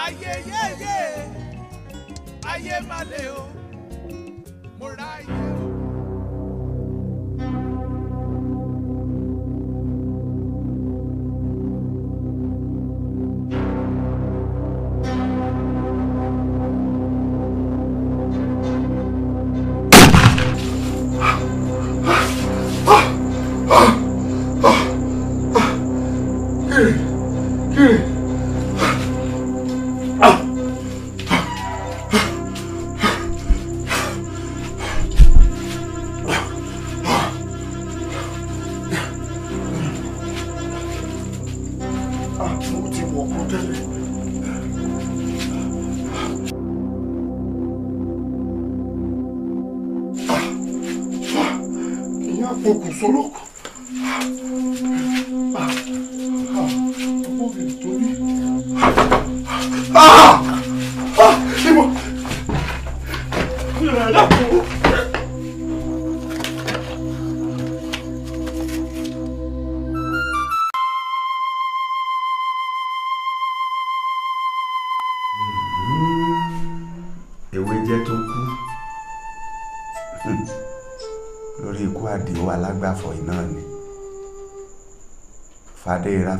ayé yéyé ayé má le o mo ra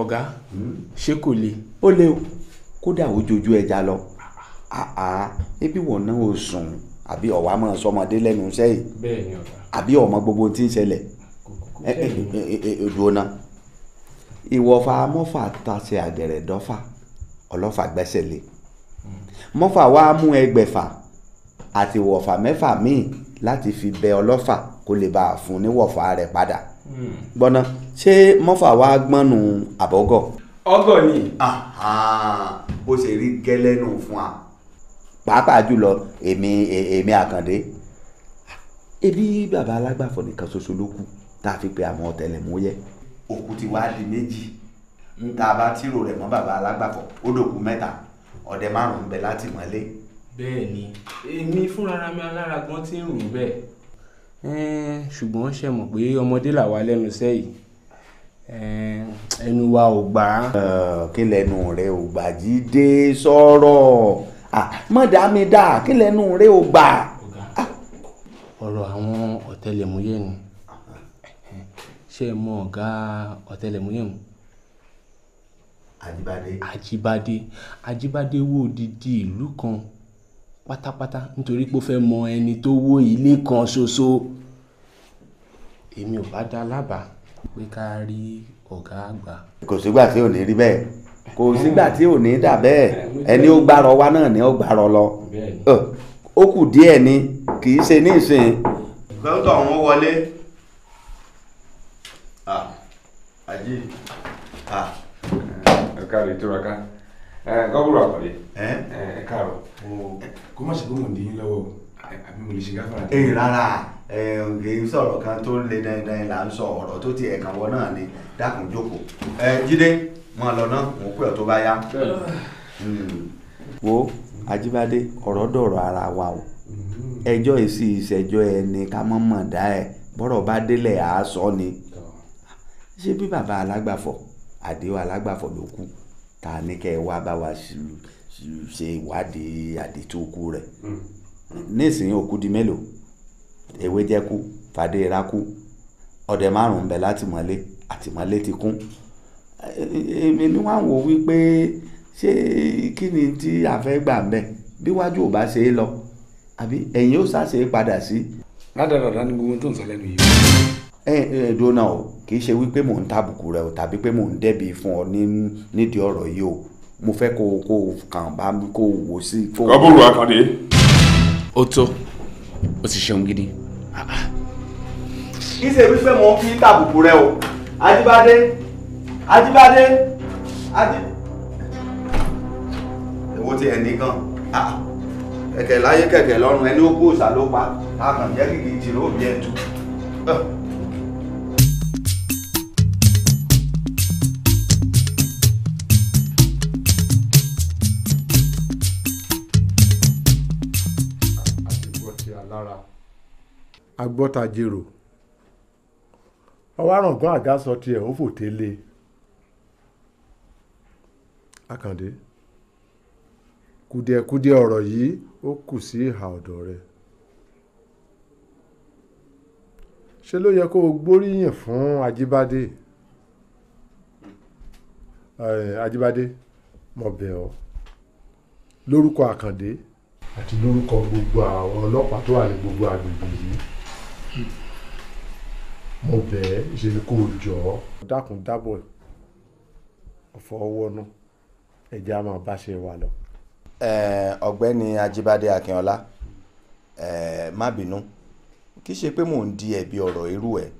ọ̀gá hmm? ṣé kò le. ó lè kódà ojoojú ẹja lọ ebi wọn náà ò sùn àbí ọ̀wá máa sọmọdé lẹ́nu iṣẹ́ yìí àbí ọmọ gbogbo tí ń ṣẹlẹ̀ ìdùnnà ìwọ̀fà mọ́fà tàṣe àgẹ̀rẹ̀ dọ́fà ọlọ́fà gbẹ́sẹ̀ lé hmm. mọ́fà wá mú ẹgbẹ̀fà àti wọ̀fà mẹ́fà míì láti fi bẹ ọlọ́fà kó lè bá a fún ní wọ̀fà rẹ̀ padà hmm. gbọ́ná. Mm ṣé mọ́fà wa gbọ́nù àbọ́gọ̀. ọgọ ni. bó ṣe rí gẹ́lẹ́ nù fún wa. pàápàá jùlọ èmi èmi àkàndé ebi bàbá alágbàfọ̀ nìkan ṣoṣo ló kù tá a fi pe àwọn ọ̀tẹlẹ̀múyẹ́. òkú ti wá di méjì ń ta bá tírò rẹ̀ mọ́ bàbá alágbàfọ̀ ó dòkú mẹ́ta ọdẹ márùn-ún bẹ láti mọ́lé. bẹ́ẹ̀ni èmi fúnra mi alára gan ti ń rò bẹ́ẹ̀. ṣùgbọ́n ṣe mọ̀ pé ọmọdé làwa lẹ́nu sẹ́yìn ẹnu wa ò gbà á. kí lẹnu rẹ ò gbà jíde sọ̀rọ̀ mọ̀dámídá kí lẹnu rẹ ò gbà. ọ̀rọ̀ àwọn ọ̀tẹlẹ̀múyẹ́ ni ṣé ẹ mọ ọ̀gá ọ̀tẹlẹ̀múyẹ́ mu. Ajíbádé. Ajíbádé Ajíbádé wó odidi ìlú kan pátápátá nítorí pé ó fẹ́ mọ ẹni tó wó ilé kan ṣoṣo èmi ò bá dá lábàá pé ká rí ọ̀gá àgbà. kò sígbà tí ò ní rí bẹ́ẹ̀ kò sígbà tí ò ní dà bẹ́ẹ̀ ẹni ó gbàrọ̀ wa náà ni ó gbàrọ̀ lọ ó kù díẹ̀ ni kì í ṣe ní ìsìn. dókítà ọ̀hún wọlé àjí ẹ̀ka rẹ̀ tó ra ká gọ́gùrù àkọ́lé ẹ̀ka rọ̀ kó má ṣe kó mò ń dín in lọ́wọ́ àbí mo lè ṣe gáfàrà. ẹ rárá. kì í sọ̀rọ̀ kan tó le dandan là ń sọ ọ̀rọ̀ tó ti ẹ̀kan wọ náà ni dákun jókòó jíde mọ lọ náà mò ń pè ọ́ tó bá yá. wo ajibade ọ̀rọ̀ dọ̀rọ̀ ara wa o ẹjọ́ èsì ìṣẹ́jọ́ ẹni ká mọ́ mọ̀ dá ẹ bọ́rọ̀ bá délẹ̀ àá sọ ni ṣé bí bàbá alágbàfọ̀ àdéhùn alágbàfọ̀ ló kú ta ní kẹ́ ẹ wá bá wa ṣe ìwádìí àdètò òkú rẹ̀ nísìnyí òkú di mélòó. ewéjẹkù fàdérakù ọdẹ márùn-ún bẹ látìmọ́lé àtìmọ́lé ti kún èmi ni wọ́n á wò wípé ṣé kí ni tí a fẹ́ gbà ń bẹ̀ bí wájú ò bá ṣe é lọ àbí ẹ̀yìn ó ṣàṣe é padà sí. ládàradà ni gbogbo tó ń sọ lẹ́nu yìí. ẹ ẹ dona o kì í ṣe wípé mò ń tàbùkù rẹ o tàbí pé mò ń dẹ́bi fún ọ nídìí ọ̀rọ̀ yìí o mo fẹ́ kó kó kàn bá kó wò sí. kọ́bùrù akande. ó tó ó ti ṣeun gidi kì í ṣe wípé mo fi tàbùkù rẹ o Ajíbádé Ajíbádé Ají. èwo ti ẹ̀ nìkan ah, kẹ̀kẹ́ láyé kẹ̀kẹ́ lọ́rùn ẹni ó kú òòsà ló pa a kàn jẹ́ kìkì ìtìrò òbí ẹ̀ tù. agbọ́tajèrò ọwárangán àga sọ tiẹ̀ ó fòté lé Àkàndé kùdìẹ̀kudiẹ ọ̀rọ̀ yìí ó kù sí ìhà ọ̀dọ̀ rẹ ṣe ló yẹ kó o gbóríyìn fún Ajíbádé Ajíbádé mo bẹ̀ ọ́ lórúkọ Àkàndé àti lórúkọ gbogbo àwọn ọlọ́pàá tó wà ní gbogbo agbègbè yìí mo bẹ̀ ẹ́ ṣe ni kò jọ ọ́. dákun dábọ̀ ọ̀fọ̀ ọwọ́ náà ẹ̀jẹ̀ á máa bá ṣe wà lọ. ọ̀gbẹ́ni Ajíbádé Akínọlá má bínú kì í ṣe pé mò ń di ẹ̀bi ọ̀rọ̀ irú ẹ̀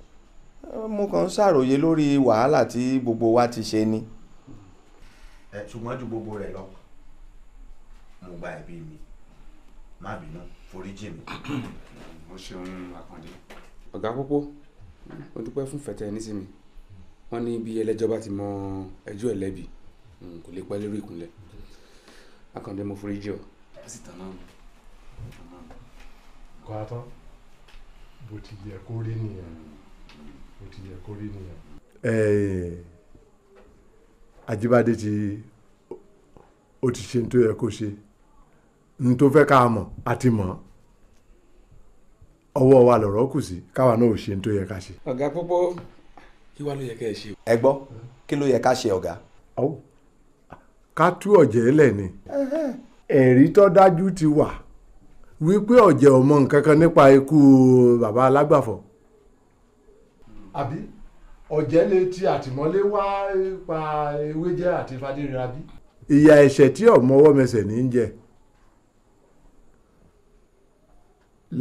mo kàn ń ṣàròyé lórí wàhálà tí gbogbo wa ti ṣe ni. ẹ ṣùgbọ́n ju gbogbo rẹ̀ lọ mo gba ẹ̀bi mi má bínú foríjì mi mo ṣeun àkàndé. ọ̀gá pópó mo dúpẹ́ fún fẹ̀tẹ̀ ní sí mi wọ́n ní bí ẹlẹ́jọ́ bá ti mọ ẹjọ́ ẹlẹ́bi kò lè pẹ́ lórí ìkúnlẹ̀ àkàndé mo forí jì ọ́. pásítọ̀ náà kọ́ àtọ́ bó ti yẹ kó rí nìyẹn bó ti yẹ kó rí nìyẹn. ẹ̀ẹ́ Ajíbádé ti ó ti ṣe ní tó yẹ kó ṣe ní tó fẹ́ ká mọ̀ àti mọ̀ ọ́. ọwọ́ wa lọ̀rọ̀ kù sí káwa náà ò ṣe tó yẹ ká ṣe. ọ̀gá púpọ̀ kí wàá ló yẹ ká ẹ ṣe. ẹ gbọ́ kí ló yẹ ká ṣe ọ̀gá. ọ̀hún ká tú ọ̀jẹ̀ lẹ̀ ni ẹ̀rí tó dájú ti wà wípé ọ̀jẹ̀ ò mọ nǹkan kan nípa ikú bàbá alágbàfọ̀. àbí ọ̀jẹ̀ lè ti àtìmọ́lé wá pa ewéjẹ́ àti fadéra bí. ìyá ẹ̀ṣẹ̀ tí ọ̀mọ́wọ́ mẹsẹ̀ ní í jẹ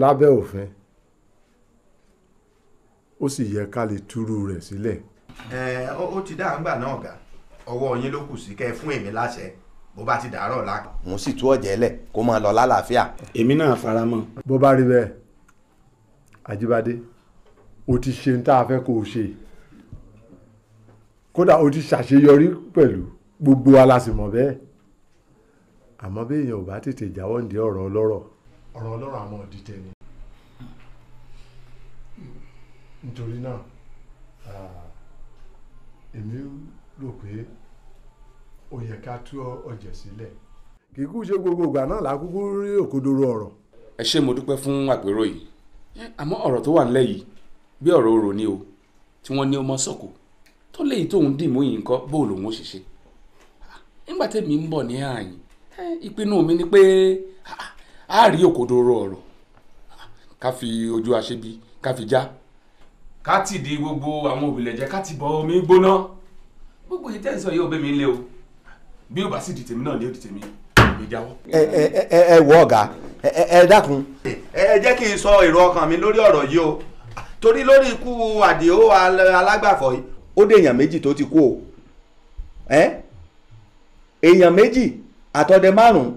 lábẹ́ òfin ó sì yẹ ká lè túrú rẹ̀ sílẹ̀. ẹ ó ti dá àǹgbà náà ọ̀gá ọwọ́ yín ló kù sí kẹ́ ẹ fún èmi láṣẹ bó bá ti dàárọ̀ la. mo sì tú ọ̀jẹ̀ lẹ̀ kó máa lọ lálàáfíà. èmi náà fara mọ́. bó bá rí bẹ́ẹ̀ Ajíbádé o ti ṣe ń tá a fẹ́ kó o ṣe kódà o ti ṣàṣeyọrí pẹ̀lú gbogbo wa la sì mọ̀ bẹ́ẹ̀ àmọ́ bí èèyàn ò bá tètè jáwọ́ ǹdí ọ̀rọ̀ ọlọ́rọ̀ ọ̀rọ̀ ọlọ́rọ̀ àmọ́ òdìtẹ̀ ni nítorí náà èmi rò pé ó yẹ ká tú ọ̀jẹ̀ sílẹ̀. kì í kú ṣe gbogbo ìgbà náà lákúkú rí òkodoro ọ̀rọ̀. ẹ ṣé mo dúpẹ́ fún àpérò yìí àmọ́ ọ̀rọ̀ tó wà nílẹ̀ yìí bí ọ̀rọ̀ orò ni o tí wọ́n ní ọmọ sọ̀kò tó léyìí tóun dìmú yìí nǹkan bó lòun ó ṣe ṣe nígbà tẹ́mi ń bọ̀ ní àyìn ìpinnu mi ni pé a rí òkodoro ọ̀rọ̀ ká fi ojú aṣebi ká fi já. Ja ká ti di gbogbo àwọn òbílẹ̀jẹ́ ká ti bọ omi gbóná gbogbo yìí tẹ̀sán yóò bẹ́ mi lé o bí ó bá sì di tèmi náà ni ó di tèmi mi jáwọ́. ẹ ẹ ẹ wọ ọ̀gá ẹ ẹ dákun. ẹ jẹ́ kí n sọ èrò ọkàn mi lórí ọ̀rọ̀ yìí o torí lórí ikú àdìo alágbàfọ̀ yìí ó dé èèyàn méjì tó ti kú o èèyàn méjì àtọdẹ márùn-ún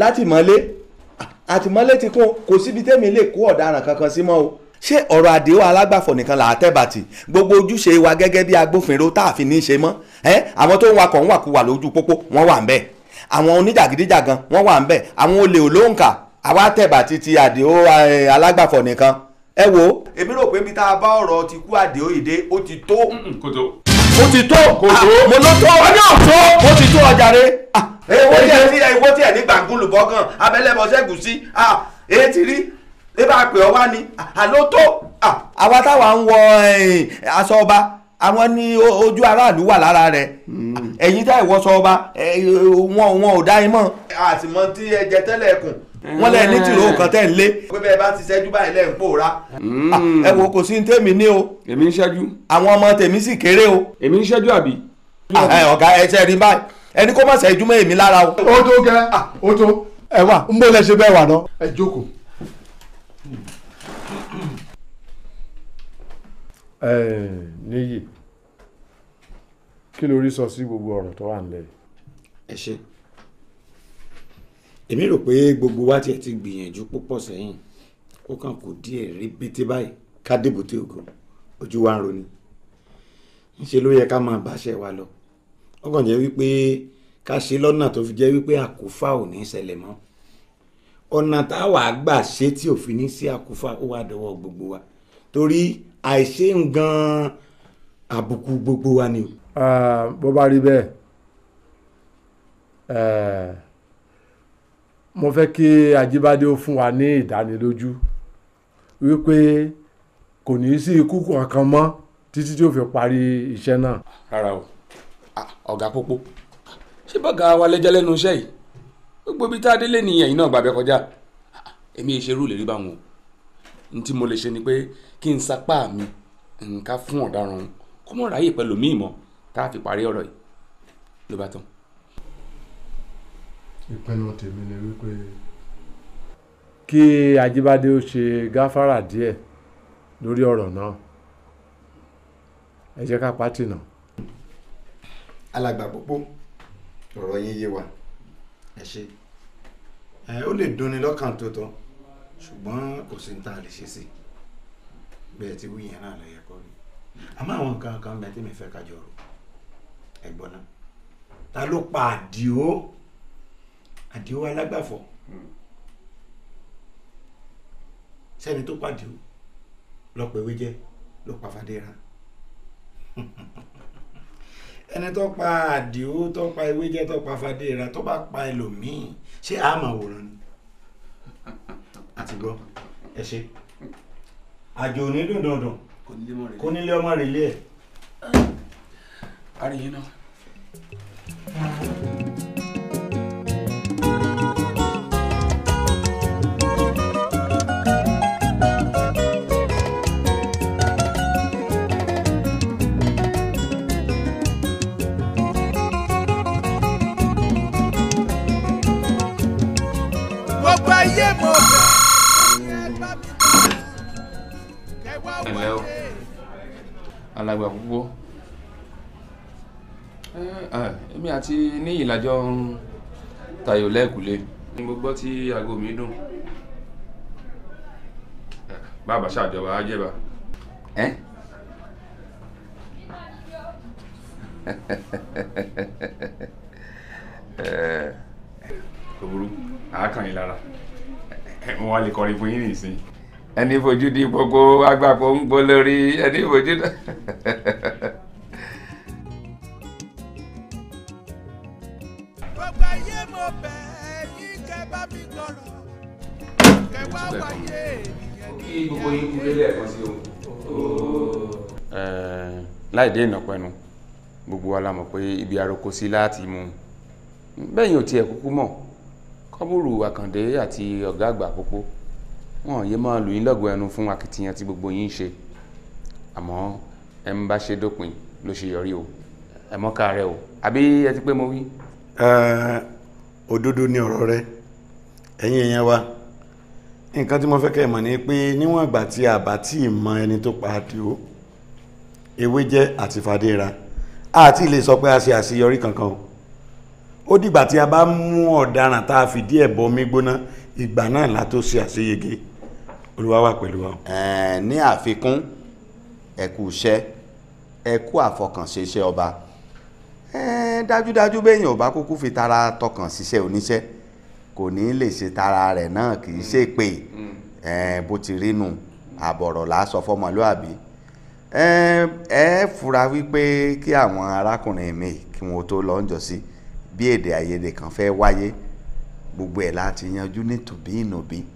látìmọ́lé àtìmọ́lé ti kún kò síbi tẹ́mi lè kó ọ̀daràn kankan sí mọ́ o. ṣé ọ̀rọ̀ àdéhùn alágbàfọ̀ nìkan là á tẹ́bàtì gbogbo ojúṣe wa gẹ́gẹ́ bí agbófinró tá a fi ní í ṣe mọ́ ẹ́ àwọn tó ń wakọ̀ ń wàkuwà lójú pópó wọ́n wà ń bẹ̀ àwọn oníjàgídíjàgan wọ́n wà ń bẹ̀ àwọn olè olóǹkà àwa tẹ̀bàtì ti àdéhùn e, alágbàfọ̀ nìkan ẹ wo. èmi rò pé bí tá a bá ọ̀rọ̀ ti kú àdéhùn ìdè ó ti tó. mo ti tó ah, mo ló tó mo ti tó ọjà rẹ. Ah, èwo tí ẹ ní gbàngúlù bọ́gàn abẹ́lẹ́bọ̀ṣẹ́gùsí ah, èé ti rí ebí àpè ọ wá ni àló tó. àwa táwa ń wọ eh, aṣọ ọba àwọn ní ojú aráàlú wà lára rẹ ẹ̀yin tá ìwọṣọ ọba eh, wọn wọn ò dá yín mọ̀. àtìmọ́ tí ẹ jẹ tẹ́lẹ̀ kùn wọ́n lẹ ní eh. tìrò kan tẹ́ ń lé. pé bẹ́ẹ̀ bá ti ṣẹ́jú báyìí lẹ́ ń pòórá. ẹ wo kò sí ní tèmi ní o. èmi ń ṣẹ́jú. àwọn ọmọ tèmi sì kéré o. èmi ń ṣẹ́jú àbí. ọ̀gá ẹsẹ̀ rí báyìí ẹni kó má ṣẹ́jú mọ́ èmi lára o. ó tó gẹ́ ó tó ẹ wà ń bọ́ lẹ bẹ́ẹ̀ wà náà. ẹ jókòó. níyì kí ló rí sọ sí gbogbo ọ̀rọ̀ tó wà nílẹ̀. ẹ ṣe èmi rò pé gbogbo wa tiẹ̀ ti gbìyànjú púpọ̀ sẹ́yìn ó kàn kù díẹ̀ rébété báyìí ká débùté ògo ojú wa ń roni ńṣe ló yẹ ká máa báṣẹ wa lọ ó jẹ́ wípé ká ṣe lọ́nà tó fi jẹ́ wípé àkófà ò ní ṣẹlẹ̀ mọ́ ọ̀nà táwa gbà ṣe tí òfin ní sí àkófà ó wà dọwọ́ gbogbo wa torí àìṣeun gan-an àbùkù gbogbo wa ni. bó bá rí bẹ́ẹ̀ mo fẹ́ kí Ajíbádé ó fún wa ní ìdánilójú wípé kò ní sí ikú kankan mọ́ títí tí ó fi parí iṣẹ́ náà. rárá o ọ̀gá pópó ṣé bọ́gà wa lẹ́jẹ́ lẹ́nu iṣẹ́ yìí gbogbo ibi tá a délé nìyẹn yìí náà gbàgbẹ́ kọjá èmi ìṣerú lè rí báwọn o ní tí mo lè ṣe ni pé kí n sapá mi nǹkan fún ọ̀daràn kó mọ̀ ráyè pẹ̀lú mí mọ́ tá a fi parí ọ̀rọ̀ yìí ló bá tán. ìpinnu tèmi ni wípé. kí Ajíbádé ó ṣe gáfárà díẹ̀ lórí ọ̀rọ̀ náà ẹ jẹ́ ká pátì náà. alàgbà pópó ọ̀rọ̀ yín yé wa ẹ ṣe ó lè dunni lọ́kàn tó tọ́ ṣùgbọ́n kò sí ní tá lè ṣe sí i bẹ́ẹ̀ ti wí yẹn náà lẹ́yẹ kọ́ ni àmọ́ àwọn nǹkan kan bẹ́ẹ̀ tí mi fẹ́ kájọ rò ẹ̀gbọ́n náà ta ló pa àdìó àdìó alágbàfọ̀ sẹ́ni tó pa àdìó lọ pẹ̀wé jẹ́ ló pa fàdéra ẹni tó pa àdìó tó pa ewé jẹ́ tó pa fàdéra tó bá pa ẹlòmíì ṣé àmàwòrán ni àti gbọ́ ẹ ṣe àjò òní dùn dandan kò nílé ọmọ rẹ̀ lé ẹ̀. alàgbà púpọ̀ èmi àti níyì lájọ ń tayò lẹ́ẹ̀kúlé ni mo gbọ́ tí aago mi dùn bàbá ṣàjọba á jẹba. kò burú àákàn lè kọrin fún yín nìsín ẹni fojú di gbogbo agbapò ń gbó lórí ẹni fojú di. gbogbo ayé mo bẹ̀ yín kẹ́ bá mi gbọ́rọ̀ kẹ́ wá wáyé ènìyàn ní. kí gbogbo yín kú lélẹ̀ kan sí o. láì dé ìnàpẹ̀nu gbogbo wa la mọ̀ pé ibi àròkọ sí láti mú un bẹ́ẹ̀ yóò tiẹ̀ kúkú mọ̀ kọ́bùrù àkàndé àti ọ̀gá àgbà àkókò wọn yé máa lù yín lọ́gọ̀ ẹnu fún akitiyan tí gbogbo yín ń ṣe àmọ́ ẹ ń bá ṣe dópin ló ṣe yọrí o ẹ mọ́ka rẹ o àbí ẹ ti pé mo wí. òdodo ni ọ̀rọ̀ rẹ ẹ̀yin èèyàn wa nǹkan tí mo fẹ́ kẹ́ ẹ mọ̀ ni pé níwọ̀n ìgbà tí a bá tí ì mọ ẹni tó pa Àdìó ewé jẹ́ àti fàdéra àti lè sọ pé a ṣe àṣeyọrí kankan o ó dìgbà tí a bá mú ọ̀daràn tá a fìdí ẹ̀ bọ mí gbóná ìgbà náà la ṣe àṣeyege olúwa wà pẹ̀lú wa. ní àfikún ẹ kú iṣẹ́ ẹ kú àfọkànṣe iṣẹ́ ọba dájúdájú béèyàn ọba kúkú fi tara tọkàn ṣiṣẹ́ oníṣẹ́ kò ní lè ṣe tara rẹ̀ náà kì í ṣe pé bó ti rí nu àbọ̀rọ̀ là á sọ fọmọlúàbí ẹ fura wípé kí àwọn arákùnrin mi kí wọn tó lọ sí bí èdè àìyedè kan fẹ́ wáyé gbogbo ẹ̀ láti yanjú nítòbí ìnòbí. No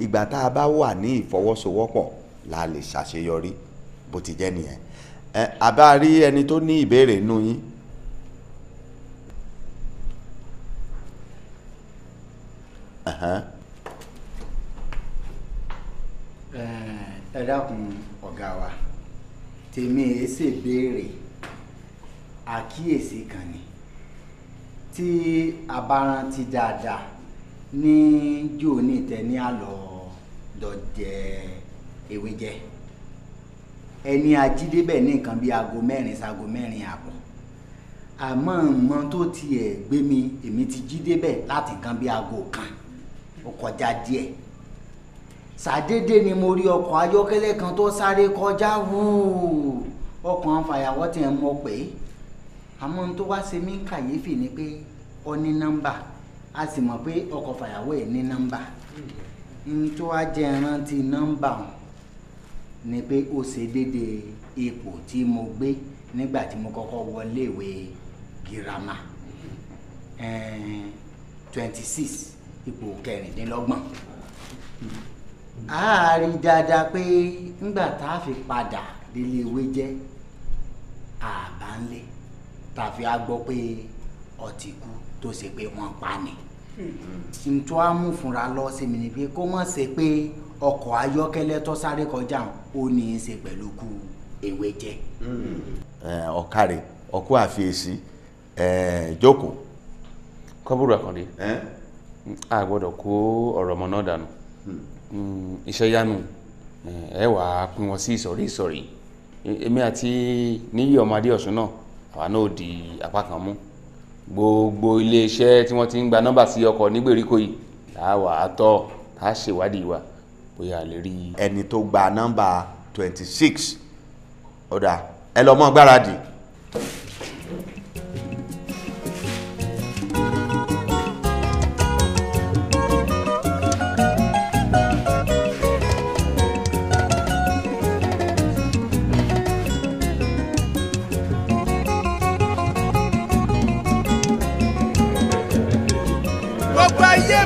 ìgbà tá a bá wà ní ìfọwọ́sowọ́pọ̀ la lè ṣàṣeyọrí bó ti jẹ́ nìyẹn ẹ àbá rí ẹni tó ní ìbéèrè nù yín. ẹ dákun ọ̀gá wa tèmi ẹ e ṣe béèrè àkíyèsí kan ni tí a bá dáadáa ní jóò ní ìtẹ ní àlọ́ dọ̀jẹ̀ ewé jẹ ẹni ajídébẹ̀ ní nǹkan bíi aago mẹ́rin sago mẹ́rin àbọ̀ àmọ́ nǹkan tó tiẹ̀ gbé mi èmi ti jídébẹ̀ láti nǹkan bíi aago kan ó kọjá díẹ̀ ṣàdédé ni mo rí ọkọ̀ ayọ́kẹ́lẹ́ kan tó sáré kọjá wúù ọkàn fàyàwọ́ tiẹ̀ mọ̀ pé àmọ́ n tó wá ṣe mí kàyéfì ni pé ó ní nọ́mbà a sì mọ̀ pé ọkọ̀ fàyàwó ẹ̀ ní nọ́mbà n tó wá jẹ́ rántí nọ́mbà ọ̀hún ni pé ó ṣe déédéé ipò tí mo gbé nígbà tí mo kọ́kọ́ wọlé ìwé girama twenty six ipò kẹrìndínlọ́gbọ̀n a rí dáadáa pé ńgbà tá a fi padà délé ìwé jẹ́ àbá ńlẹ̀ tàfi á gbọ́ pé ọtí kú tó ṣe pé wọ́n pa ni ntọ́ amú fúnra lọ sí mi ni pé kó má ṣe pé ọkọ̀ ayọ́kẹ́lẹ́ tó sáré kọjá ó ní í ṣe pẹ̀lú ku ewé jẹ. ọ̀kàrẹ̀ ọkú àfiyèsí jókòó. kọ́bùrù àkàndé a gbọ́dọ̀ kó ọ̀rọ̀ ọmọ náà dànù mm, iṣẹ́ yánu ẹ wà á pín wọn sí ìsọ̀rí ìsọ̀rí e, èmi àti níyì ọmọdé ọ̀sùn náà àwa náà di apá kan mú. Mm. Eh, gbogbo iléeṣẹ́ tí wọ́n ti ń gba nọ́mbà sí ọkọ̀ ní gbèríko yìí láwà àtọ́ tá a ṣèwádìí wa bóyá lè rí. ẹni tó gba nọ́mbà twenty six ọ̀dà ẹ lọ mọ́ gbáradì.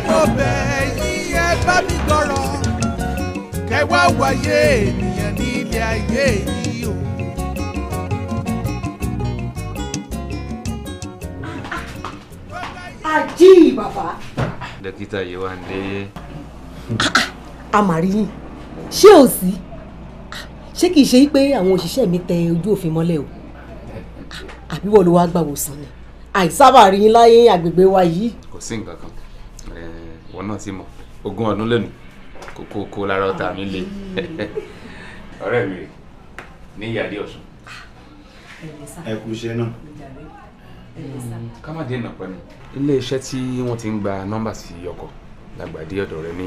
mo bẹ̀ yín ẹ bá mi gbọ́rọ̀ kẹ wá wáyé ènìyàn ní ilé ayé yìí o. ají bàbá. dókítà yìí wà ní. a mà rí yín ṣé ò sí ṣé kìí ṣe pé àwọn òṣìṣẹ́ mi tẹ ojú òfin mọ́lẹ̀ o àbí wọ́n ló wá gbàwòsàn ni àìsábà rí yín láyé àgbègbè wa yìí. kò sí nǹkan kan wọn náà sì mọ̀ ogún ọdún lẹ́nu kókó kó lára ọ̀tá mi le ọ̀rẹ́ mi rè ní ìyáálé ọ̀sùn. ẹ kú iṣẹ́ náà. ká má dé ìnàpá ni ilé iṣẹ́ tí wọ́n ti ń gba nọ́mbà sí ọkọ̀ làgbàdì ọ̀dọ̀ rẹ ní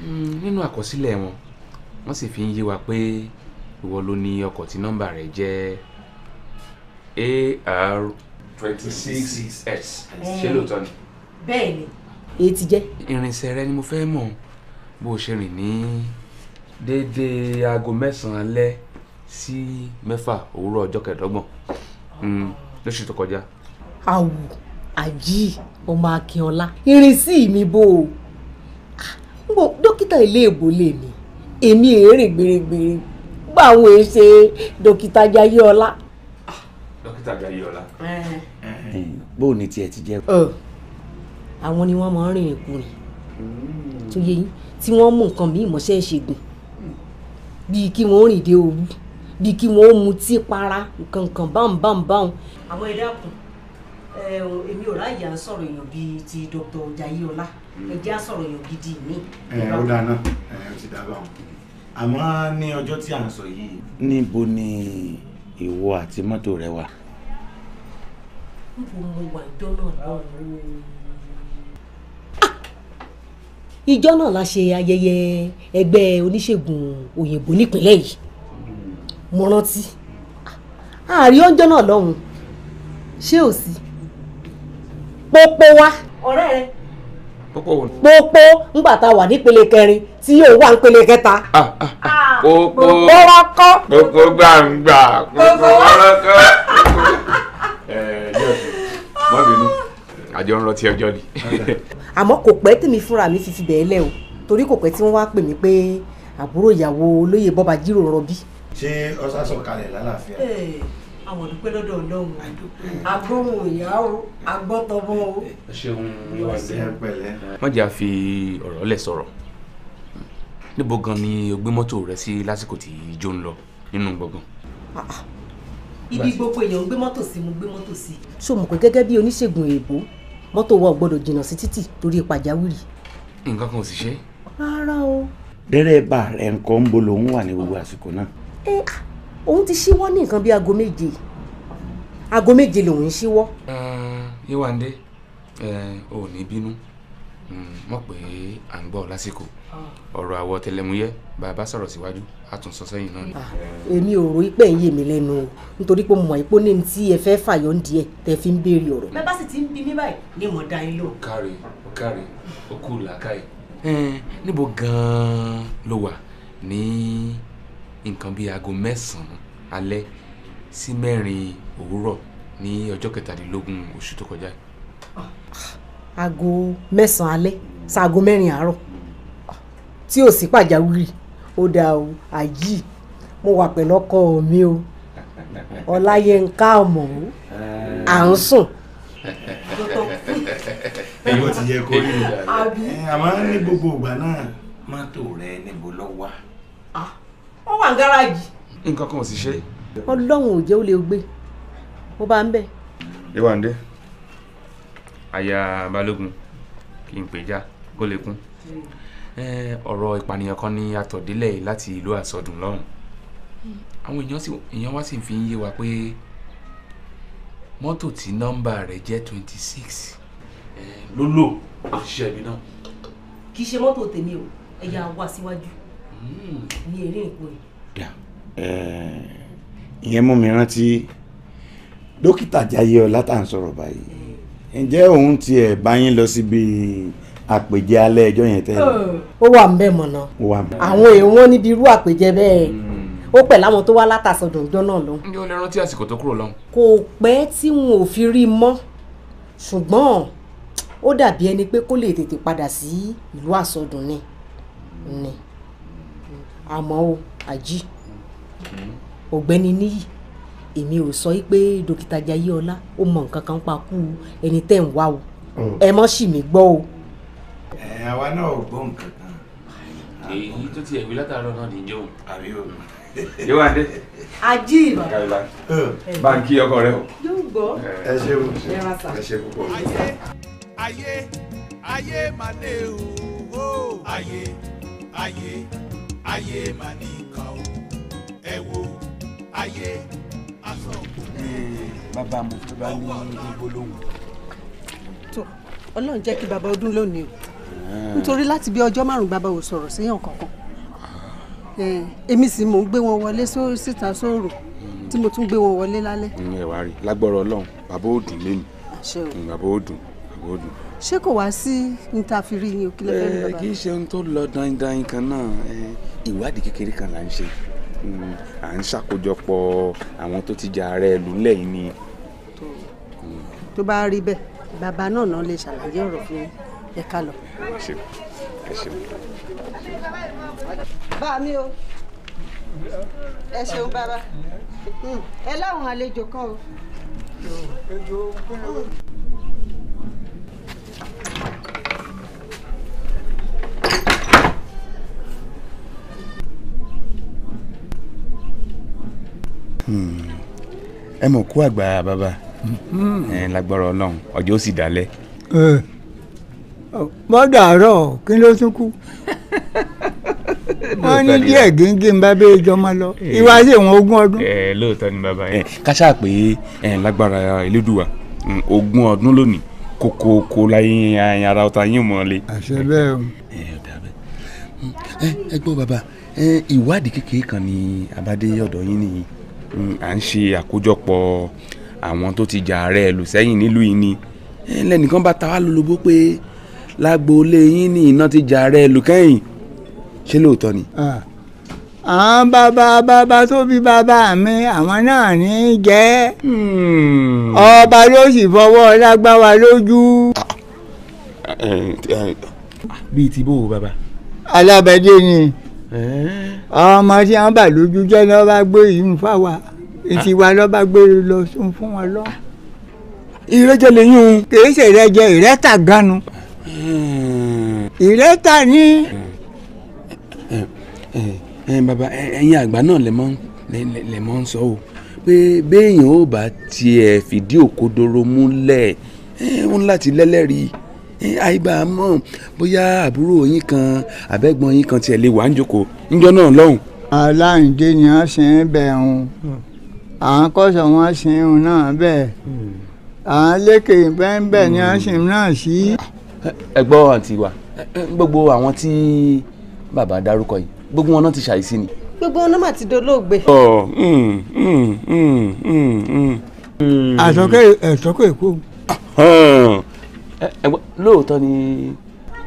hmm, nínú àkọsílẹ̀ wọn wọ́n sì fi ń yé wa pé ìwọ ló ní ọkọ̀ tí nọ́mbà rẹ̀ jẹ́ AR twenty six S ṣé lóòótọ́ ni. bẹ́ẹ̀ ni èyí ti jẹ́. ìrìnsẹ̀ rẹ ni mo fẹ́ mọ̀ bó o ṣe rìn ní déédéé aago mẹ́sàn-án alẹ́ sí mẹ́fà òwúrọ̀ ọjọ́ kẹẹ̀ẹ́dọ́gbọ̀n mm, lóṣù tó kọjá. àwù àjí ọmọ akínọlá ìrìnsí mi bò ó ah, nbọ dókítà iléèbó lè mi èmi èrè gbèrègbèrè gbà àwọn èṣe dókítà jayé ọlá. Ah, dókítà jayé ọlá. bó o ní tiẹ̀ ti jẹ́ àwọn ni wọ́n máa ń rìn ìkùnrin tó yẹ yín tí wọ́n mú nǹkan míì mọ́ṣẹ́ ìṣègùn bíi kí wọ́n rìn dé òru bíi kí wọ́n mutí para nǹkan nǹkan báwọn báwọn báwọn. àwọn ẹ̀dá kù èmi ò ráyè à ń sọ̀rọ̀ èèyàn bíi ti Dr. Jaiye Ọlá ẹ jẹ́ à sọ̀rọ̀ èèyàn gidi mi. ẹ ó dáná ẹ ó ti dábàá wọn àmọ́ ní ọjọ́ tí à ń sọ yìí. níbo ni ìwọ àti mọ́tò rẹ wà. níbo mo wà ìjọ náà lọ́wọ́. ìjọ náà la ṣe ayẹyẹ ẹgbẹ́ oníṣègùn òyìnbó nípínlẹ̀ yìí mo rántí àárí ọjọ́ náà lọ́hùn ṣé ò sí pópó wá. ọ̀rẹ́ rẹ. pópó wo. pópó tá a wà nípele kẹrin tí yóò wà nípele kẹta. Ah, ah, ah. pópó pópó gbàǹgbà pópó ẹ ẹ àmọ́ kò pẹ́ tèmi fúnra mi fífi bẹ́ẹ̀ lẹ̀ o torí kò pẹ́ tí wọ́n wá pè mí pé àbúrò ìyàwó olóyè bọ́ba jíròrò rọbí. ṣé ọsà sọ̀kalẹ̀ lálàáfíà. àwọn dúpẹ́ lọ́dọ̀ ọlọ́run agbóhùn ìyá o agbọ́tọ̀mọ́ o. ṣeun yọ̀ọ̀dẹ pẹ̀lẹ́. wọ́n jà fi ọ̀rọ̀ lẹ̀ sọ̀rọ̀ níbo gan ni o gbé mọ́tò rẹ sí lásìkò tí ijó ń lọ nínú gbọ̀ngàn ibi gbogbo èèyàn ń gbé mọ́tò sí mo gbé mọ́tò sí. ṣó mọ̀ pé gẹ́gẹ́ bí oníṣègùn èèbó mọ́tò wa ò gbọ́dọ̀ jìnnà sí títì torí pàjáwìrì. nǹkan kan ò sì ṣe. rárá o. dẹ́rẹ́bà rẹ̀ nǹkan ń bo lòun wà ní gbogbo àsìkò náà. ẹ òun ti ṣíwọ́ ní nǹkan bíi aago méje aago méje lòun ń ṣíwọ́. yéwàndé ò ní bínú Mm, mọ̀ pé à ń gbọ́ lásìkò ah. ọ̀rọ̀ àwọ̀ tẹlẹmúyẹ́ bàbá sọ̀rọ̀ síwájú a tún sọ sẹ́yìn náà ni. Ah, èmi ò rò pé ń yé mi lẹ́nu o nítorí pé mo mọ̀ ipò ní ti ẹ fẹ́ fàyọ̀ ń díẹ̀ tẹ́ fi ń béèrè ọ̀rọ̀. bẹ́ẹ̀ bá sì ti ń bi mí báyìí ni mo da yín lò. káre káre ó kú làákàyè. níbo gan-an ló wà ní nǹkan bíi aago mẹ́sàn-án alẹ́ sí mẹ́rin òwúrọ̀ ní ọjọ́ kẹtàdínlógún oṣù tó kọjá ah aago mẹ́sàn-án alẹ́ ṣaago mẹ́rin tí ò sí pàjáwìrì ó dà o àyí mo wà pẹ̀lú ọkọ mi o ọláyínká ọmọ o à ń sùn. èyí ò ti yẹ kó rí o àmọ́ ní gbogbo ìgbà náà mọ́tò rẹ níbo ló wà. ó wà ní gáràjì. nǹkan kan ò sì ṣe. ọlọ́run ò jẹ́ ó lè gbé ó bá ń bẹ̀. ìwà ń dé aya balógun kí n pè já kó lè kún ọ̀rọ̀ ìpànìyàn kan ní àtọ̀délẹ̀ láti ìlú àsọdùn lọ́hùn àwọn èèyàn wá sì fi ń yé wa pé mọ́tò tí nọ́mbà rẹ̀ jẹ́ twenty six ló lò òṣìṣẹ́ mi náà. kì í ṣe mọ́tò tèmi o ẹ̀yà wá síwájú hmm. ní eré ìpò yìí. ìyẹn mú mi rántí dókítà Jayéọlá tá à ń sọ̀rọ̀ báyìí ǹjẹ́ òun tiẹ̀ bá yín lọ síbi àpèjẹ alẹ́ ẹjọ́ yẹn tẹ́lẹ̀. ó wà ń bẹ̀ mọ̀nà àwọn èèwọ̀n níbi irú àpèjẹ bẹ́ẹ̀ hmm. ó pẹ̀ láwọn tó wá látàsọdọ̀ ọjọ́ náà lọ. ní o lè rántí àsìkò tó kúrò lọ́hùn. kò pẹ́ tí wọn ò fi rí i mọ́ ṣùgbọ́n ó dàbí ẹni pé kó lè tètè padà sí ìlú àsọdùn ni ni àmọ́ o àjí hmm. ọ̀gbẹ́ni níyì èmi ò sọ pé dókítà Jayéọlá ó mọ nǹkan kan pa kú ẹni tẹ́ ń wá o oh. ẹ mọ́ sì mí gbọ́ o. ẹ àwa náà ò gbọ́ nǹkan kan. èyí tó ti ẹ̀wí látàárọ̀ náà ní jẹun. àbí o. yóò wá dé. ají ìbá. Oh. báńkì ọkọ rẹ o. yóò gbọ́. ẹ ṣe o ẹ ṣe púpọ̀. ayé ayé ayé mà lè o ayé ayé ayé mà nìkan o ẹ wo ayé bàbá mo fẹ́ bá ní gbólóhùn. tó ọlọ́run jẹ́ kí bàbá ọdún lónìí o ah. nítorí láti bí ọjọ́ márùn-ún bàbá ò sọ̀rọ̀ síyàn kankan eh, èmi sì mò ń gbé wọn wọlé síta sóòrò tí mo tún gbé wọn wọlé lálẹ́. ẹ wá rí lágbọ́rọ̀ ọlọ́run bàbá ò dùn lẹ́nu hmm, bàbá ò dùn bàbá ò dùn. ṣé kò wá sí níta-fìrí yín o kí lè fẹ́ ní bàbá. Eh, kì í ṣe ohun tó lọ dandan kan náà eh, ìwádìí kékeré kan là ń ṣe à ń ṣàkójọpọ̀ àwọn tó ti jà ààrẹ ìlú lẹ́yìn ni. tó bá rí bẹ́ẹ̀ bàbá náà náà lè ṣàlàyé ọ̀rọ̀ fún ẹ̀ka lọ. ẹ ṣeun bá mi o ẹ ṣeun bàbá ẹ láwọn àlejò kan o. Hmm. ẹ mọ̀ kú àgbà bàbá ẹ lágbára ọlọ́run ọjọ́ ó sì dalẹ̀. kí ló tún kú wọn ní ń bá lọ eh. ìwà ogún ọdún. ẹ eh, lóòótọ́ ni bàbá yẹn. Eh, pé ẹ lágbára hmm, ogún ọdún lónìí kókó kó láyé ara hmm, ẹ gbọ́ bàbá ìwádìí kékeré kan ni abadé yín Mm, à ń ṣe àkójọpọ̀ àwọn tó ti jà ààrẹ lù sẹ́yìn nílùú yìí ni lẹ́nìkan bá ta wá lólobó pé lágboolé yín ni iná ti jà ààrẹ lù kẹ́yìn ṣé lóòótọ́ ni. àwọn bàbá bàbá tó bí bàbá mi àwọn náà ní í jẹ́ hmm. ọba ló sì fọwọ́ lágbáwa lójú. bíi ti bó o bàbá. alábẹ́dẹ́ ni ọmọ tí wọn bà lójú jẹ ni wọn bá gbé yìí ń fáwa ètí wa lọ bá gbé lọ sún fún wọn lọ. ìrẹ́jẹ lẹ́yìn o. kìí ṣe ìrẹ́jẹ ìrẹ́ta ganu. ìrẹ́ta ní. bàbá ẹ̀yin àgbà náà lè mọ̀ lè mọ̀ ń sọ o pé béèyàn ò bá tiẹ̀ fìdí òkodoro múlẹ̀ ń láti lẹ́lẹ́rìí àìgbà mọ̀ bóyá àbúrò yín kan àbẹ́gbọ́n yín kan tiẹ̀ lè wà ń jókòó níjọ́ náà lọ́hùn. aláǹdé ni wọ́n ṣe ń bẹ̀ ọ̀hún hmm. àwọn kọ́sọ̀ wọn ṣe ń náà bẹ́ẹ̀ hmm. àwọn lékè bẹ́ẹ̀ ni wọ́n ṣe náà sí. ẹ gbọ́ àǹtí wa gbogbo àwọn tí bàbá dárúkọ yìí gbogbo wọn náà ti ṣàìsí ni. gbogbo wọn náà mà ti dolóògbé. Hmm, àtọ́kẹ́ ẹ̀tọ́kẹ́ èkó lóòótọ́ ni.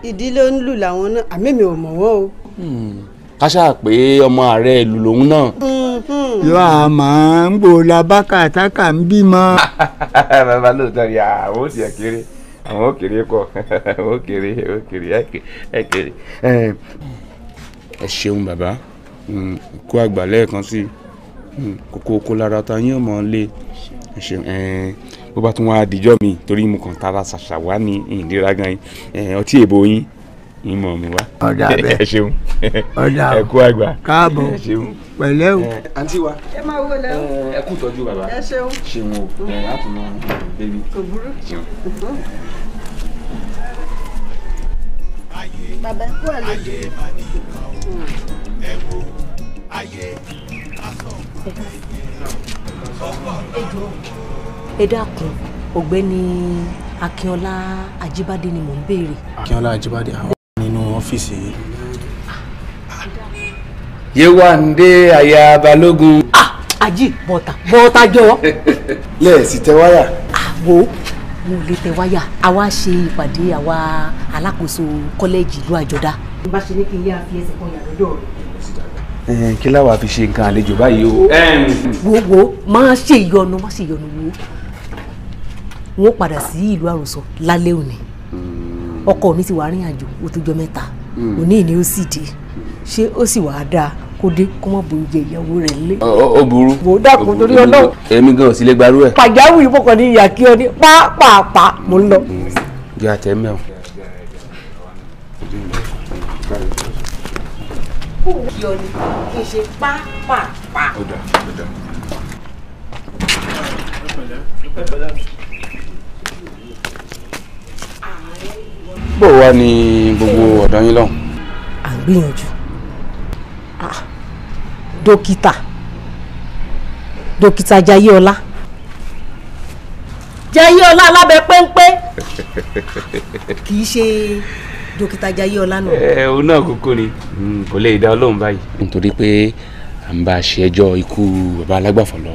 ìdílé ń lù làwọn náà àmẹ́mi ò mọ̀ wọ́n o. Hmm, káṣá pé ọmọ ààrẹ ìlú lòun náà. Hmm, hmm. yọ àmọ́ ń gbò labákà tákà ń bímọ. bàbá lóòótọ́ ni àwọn ò tiẹ̀ kéré àwọn ò kéré kọ àwọn ò kéré ò kéré ẹ kéré. ẹ ṣeun bàbá kó àgbà lẹ́ẹ̀kan sí kókó kó lára ta yín ọmọ lé ẹ ṣeun bó bá tún wá àdìjọ́ mi torí mo kàn tara ṣàṣà wá ní ìlera gan ọtí èbó yín ìmọ̀ mi wá. ọ̀dà bẹ́ẹ̀ ẹ ṣeun ẹ kú àgbà káàbọ̀ pẹ̀lẹ́ o. àǹtí wa ẹ máa wọ lẹ o ẹ kú tọ́jú bàbá ẹ ṣeun ṣeun o ẹ á tún mọ bébí kò burú ṣeun. bàbá ẹ kú àlejò. ẹ wo ayé asọ̀ ẹ̀jọ̀ ẹ dákun ọ̀gbẹ́ni akínọlá ajíbádé ni mò ń béèrè. akínọlá ajíbádé àwọn nínú ọ́fíìsì yìí. yéwàndé aya balógun. ají bọ́ta bọ́ta jọ. lẹ́ẹ̀sì tẹ wáyà. àwo mo lè tẹ wáyà àwa ṣe ìpàdé àwa alákòóso kọ́lẹ́ẹ̀jì ìlú àjọdá. bá ṣe ní kí n yá fi ẹsẹ̀ kan yàrá dọ̀rọ̀ kí láwa fi ṣe nǹkan àlejò báyìí o. wo wo máa ṣe ìyọnu máa ṣe ìyọnu wo wọn ó padà sí ìlú àròsọ lálẹ́ òní ọkọ mi ti wà rìn àjò ó tó hmm. òní ni ó sì dé ṣé ó sì wàá dáa kó dé kó má bo ìjẹ ìyàwó rẹ̀ lé. ó burú mo dákun torí Ọlọ́run. èmi gan ò sí lè gbarú ẹ. pàjáwìrì mọ̀kàn ní ìyá kí ọ ní pàápàá mo ń lọ. jẹ́ àtẹ mẹ́wọ̀n. kí ọ ní kí n ṣe pàápàá. bó wá ní gbogbo ọ̀dọ́ yín lọ́hùn. à ń gbìyànjú dókítà dókítà jayéọlá jayéọlá alábẹ péńpé kì í ṣe dókítà jayéọlá náà. ẹ òun náà kókó ni hmm, kò lè dá ọlọ́run báyìí. nítorí pé à ń bá a ṣe ẹjọ́ ikú bàbá alágbàfọ̀ lọ.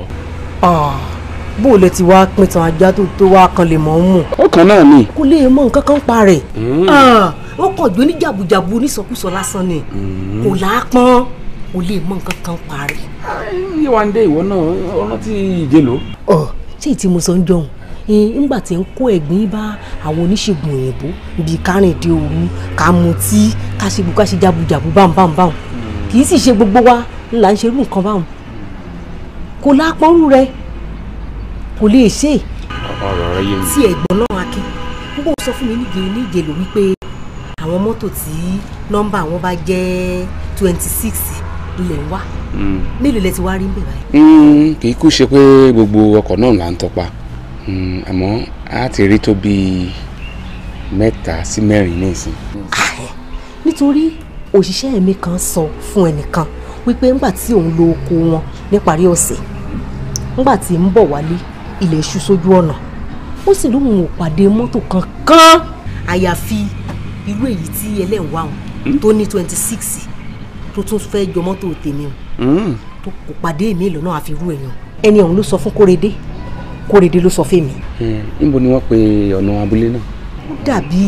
ọ̀h bó o lè ti wá pín tan ajá tó tó wá kan lè mọ̀ ọ́n mù. ó kan náà ni. kò lè mọ nǹkan kan pa rẹ̀. Mm. Ah, ó kàn jó ní jàbùjàbù onísọkúsọ lásán ni mm. kò láápọn kò lè mọ nǹkan kan pa rẹ̀. Yéwándé ìwọ náà ọ̀nà tí ìjẹ lò. ọ ṣé ìtì mo sọ ń jọun nígbà tí ń kó ẹ̀gbìn bá àwọn oníṣègùn òyìnbó bíi kárìndé òru ká mutí ká ṣe gbogbo ká ṣe jàbùjàbù bámbámbáhùn mm. kì í sì ṣe gbogbo wa ńlá ń ṣerú nǹkan báhùn kò láápọn rú rẹ̀ kò lè ṣe é tí ẹ̀gbọ́n náà akin ń bò sọ fún mi níje níje ló wípé àwọn mọ́tò tí nọ́mbà wọn bá jẹ́ twenty six ilẹ̀ ń wá hmm. mélòó lẹ ti wá rí ń bẹ̀ báyìí. Hmm, kì í kú ṣe pé gbogbo ọkọ̀ náà là ń tọpa hmm, àmọ́ a ti rí tó bíi mẹ́ta sí mẹ́rin nísìn. Ah, nítorí òṣìṣẹ́ mi kan sọ fún ẹnìkan wípé ńgbà tí òun lọ oko wọn níparí ọ̀sẹ̀ ńgbà tí ń bọ̀ wálé ilẹ̀ ṣú sójú ọ̀nà ó sì lóun ò pàdé mọ́tò kankan àyàfi irú èyí tí ẹlẹ́wà wọn hmm? tó ní twenty six tó tún fẹ́ jọ mọ́tò tèmi o hmm? tó kò pàdé èmi lọ́nà àfirú ẹ̀yàn ẹni ọ̀hún ló sọ fún kórede kórede ló sọ fèmi. níbo ni wọ́n pe ọ̀nà abúlé náà. ó dàbí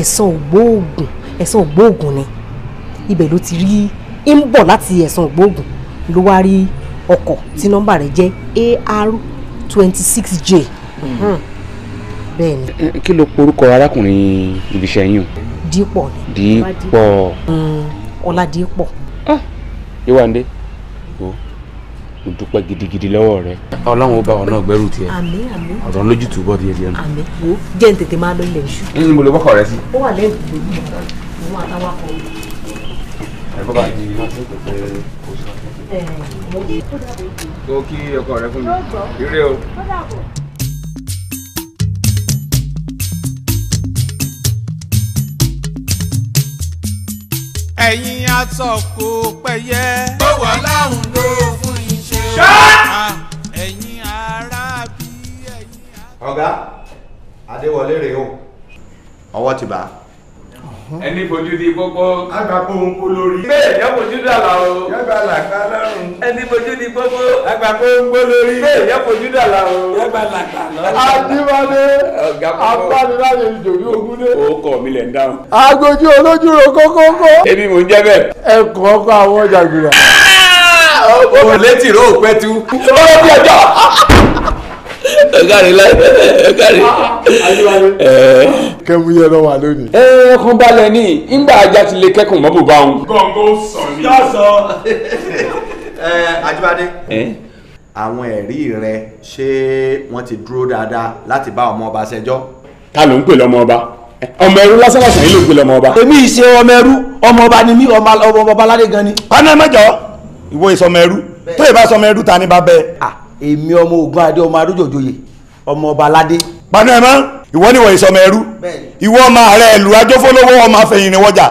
ẹ̀sán ògbóògùn ẹ̀sán ògbóògùn ni ibẹ̀ ló ti rí ń bọ̀ láti ẹ̀sán ògbóògùn ló wá rí ọkọ̀ tí nọ́mbà rẹ̀ jẹ́ AR twenty six j. Hmm. bẹ́ẹ̀ ni. kí ló porúkọ arákùnrin ibiṣẹ́ yín o. dípọ̀ ni. dípọ̀. Hmm, ọládípọ̀. yéwàndé ah, o mo dúpẹ́ gidigidi lọ́wọ́ rẹ. ọlọ́run ó bá ọ náà gbẹ́rù tiẹ̀. àmín àmín. ọ̀rọ̀ lójú tù bọ́ díẹ̀ díẹ̀ nù. àmín wo jẹ́ ń tètè máa lọ ilẹ̀ iṣu. ní mo lè wọ́kọ̀ rẹ sí. ó wà lẹ́yìn ìgbòho mi. mo máa táwọn akọ bọ́ bá di ọjọ́ pẹ̀lú kó kí ọkọ rẹ fún mi ire o. ẹ̀yin asọ̀kò pẹ̀yẹ. ó wà láhùn ló fún iṣẹ́. ṣá. ẹ̀yin ará bí ẹ̀yin. ọ̀gá adéwọlé rèé o ọwọ́ ti bá a. Uh-huh. ẹni fojú di gbogbo. agbapò ń kó lórí. bẹ́ẹ̀ yẹ fojú dàlà o. yàgbà làgbà lọ́rùn. ẹni fojú di gbogbo. agbapò ń kó lórí. bẹ́ẹ̀ yẹ fojú dàlà o. yàgbà làgbà lọ́rùn. adimade abániláyè ìjòyè ogúnlé. orúkọ mi lẹ̀ ń dáhùn. agojú olójúro kókókó. èmi mò ń jẹ́ bẹ́ẹ̀. ẹkùn ọkọ àwọn jàgùrà. ó ah! létí ró òpẹ́tù. ó lọ́ ọ̀gáre láìpẹ́ ọ̀gáre. kẹ́mu yẹn lọ́wọ́ lónìí. ẹ ẹ kún balẹ̀ ní ìgbà ajá ti lè kẹ́kùn mọ́bù bá wọn. gbọ̀ngàn sọ ni. yóò sọ Ajíbádé àwọn ẹ̀rí rẹ ṣé wọ́n ti dúró dáadáa láti bá ọmọ ọba ṣẹjọ́. ta ló ń pè lọ́mọ ọba ọmọ ẹrú lásán lásán yìí ló ń pè lọ́mọ ọba. èmi ìṣe ọmọ ẹrú ọmọ ọba ni mí ọmọ ọba aládé gan ni. ọ̀nà mẹ́jọ ìwọ ìsọmọ ẹrú tó yẹ bá sọmọ ẹrú ta ni bá bẹ́ẹ̀ èmi ọmọ ogun adé ọmọ adójòjòyè ọmọ ọba aládé. panu ẹ mọ ìwọ ni wọ̀nyí sọmọ ẹrú ìwọ ọmọ ààrẹ ìlú ajófólówó ọmọ afẹyìn níwọjà.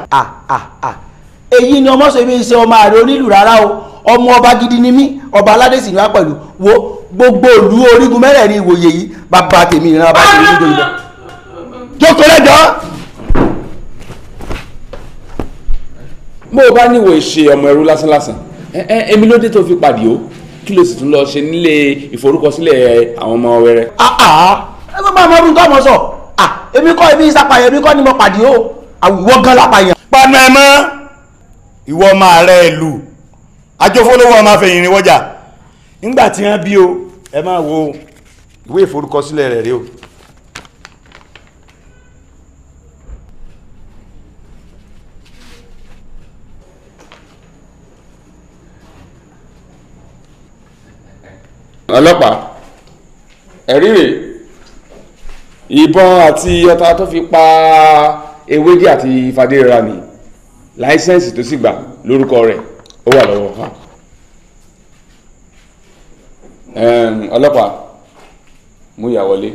èyí ni ọmọ sèmi ṣe ọmọ ààrẹ onílù rárá o ọmọ ọba gidi ni mí ọba aládé sì ni wá pẹ̀lú wo gbogbo ìlú orígun mẹ́rẹ̀ẹ̀rin ìwòye yìí bàbá tèmi ìran bàbá tèmi lójó ìlọ. jókòó lẹ́jọ́. mo bá níwò ìṣe ọmọ ẹrú lásánlásán èmi ló dé tó fi pàdé o kí ló sì tún lọ ṣe nílé ìforúkọsílẹ̀ àwọn ọmọ wẹrẹ. Ah, ah. ẹ gbọ́dọ̀ máa mọ́dún tó ọmọ sọ ah, èmi kọ́ èmi ìsapàyàn èmi kọ́ ni mo pàdé o àwùwọ́ gan lápàyàn. panu ẹ mọ ìwọ máa rẹ ìlú àjọfọlọwọ ọmọ afẹyìn ìrìnwọjà nígbà tí wọn bí o ẹ máa wo ìwé ìforúkọsílẹ̀ rẹ rí o ọlọ́pàá ẹ̀rí rèé ìbọn àti ọta tó fi pa ewédí àti fadéra ni láísẹ̀nsì tó sì gbà lórúkọ rẹ̀ ó wà lọ́wọ́ wa ọlọ́pàá mú ìyá wọlé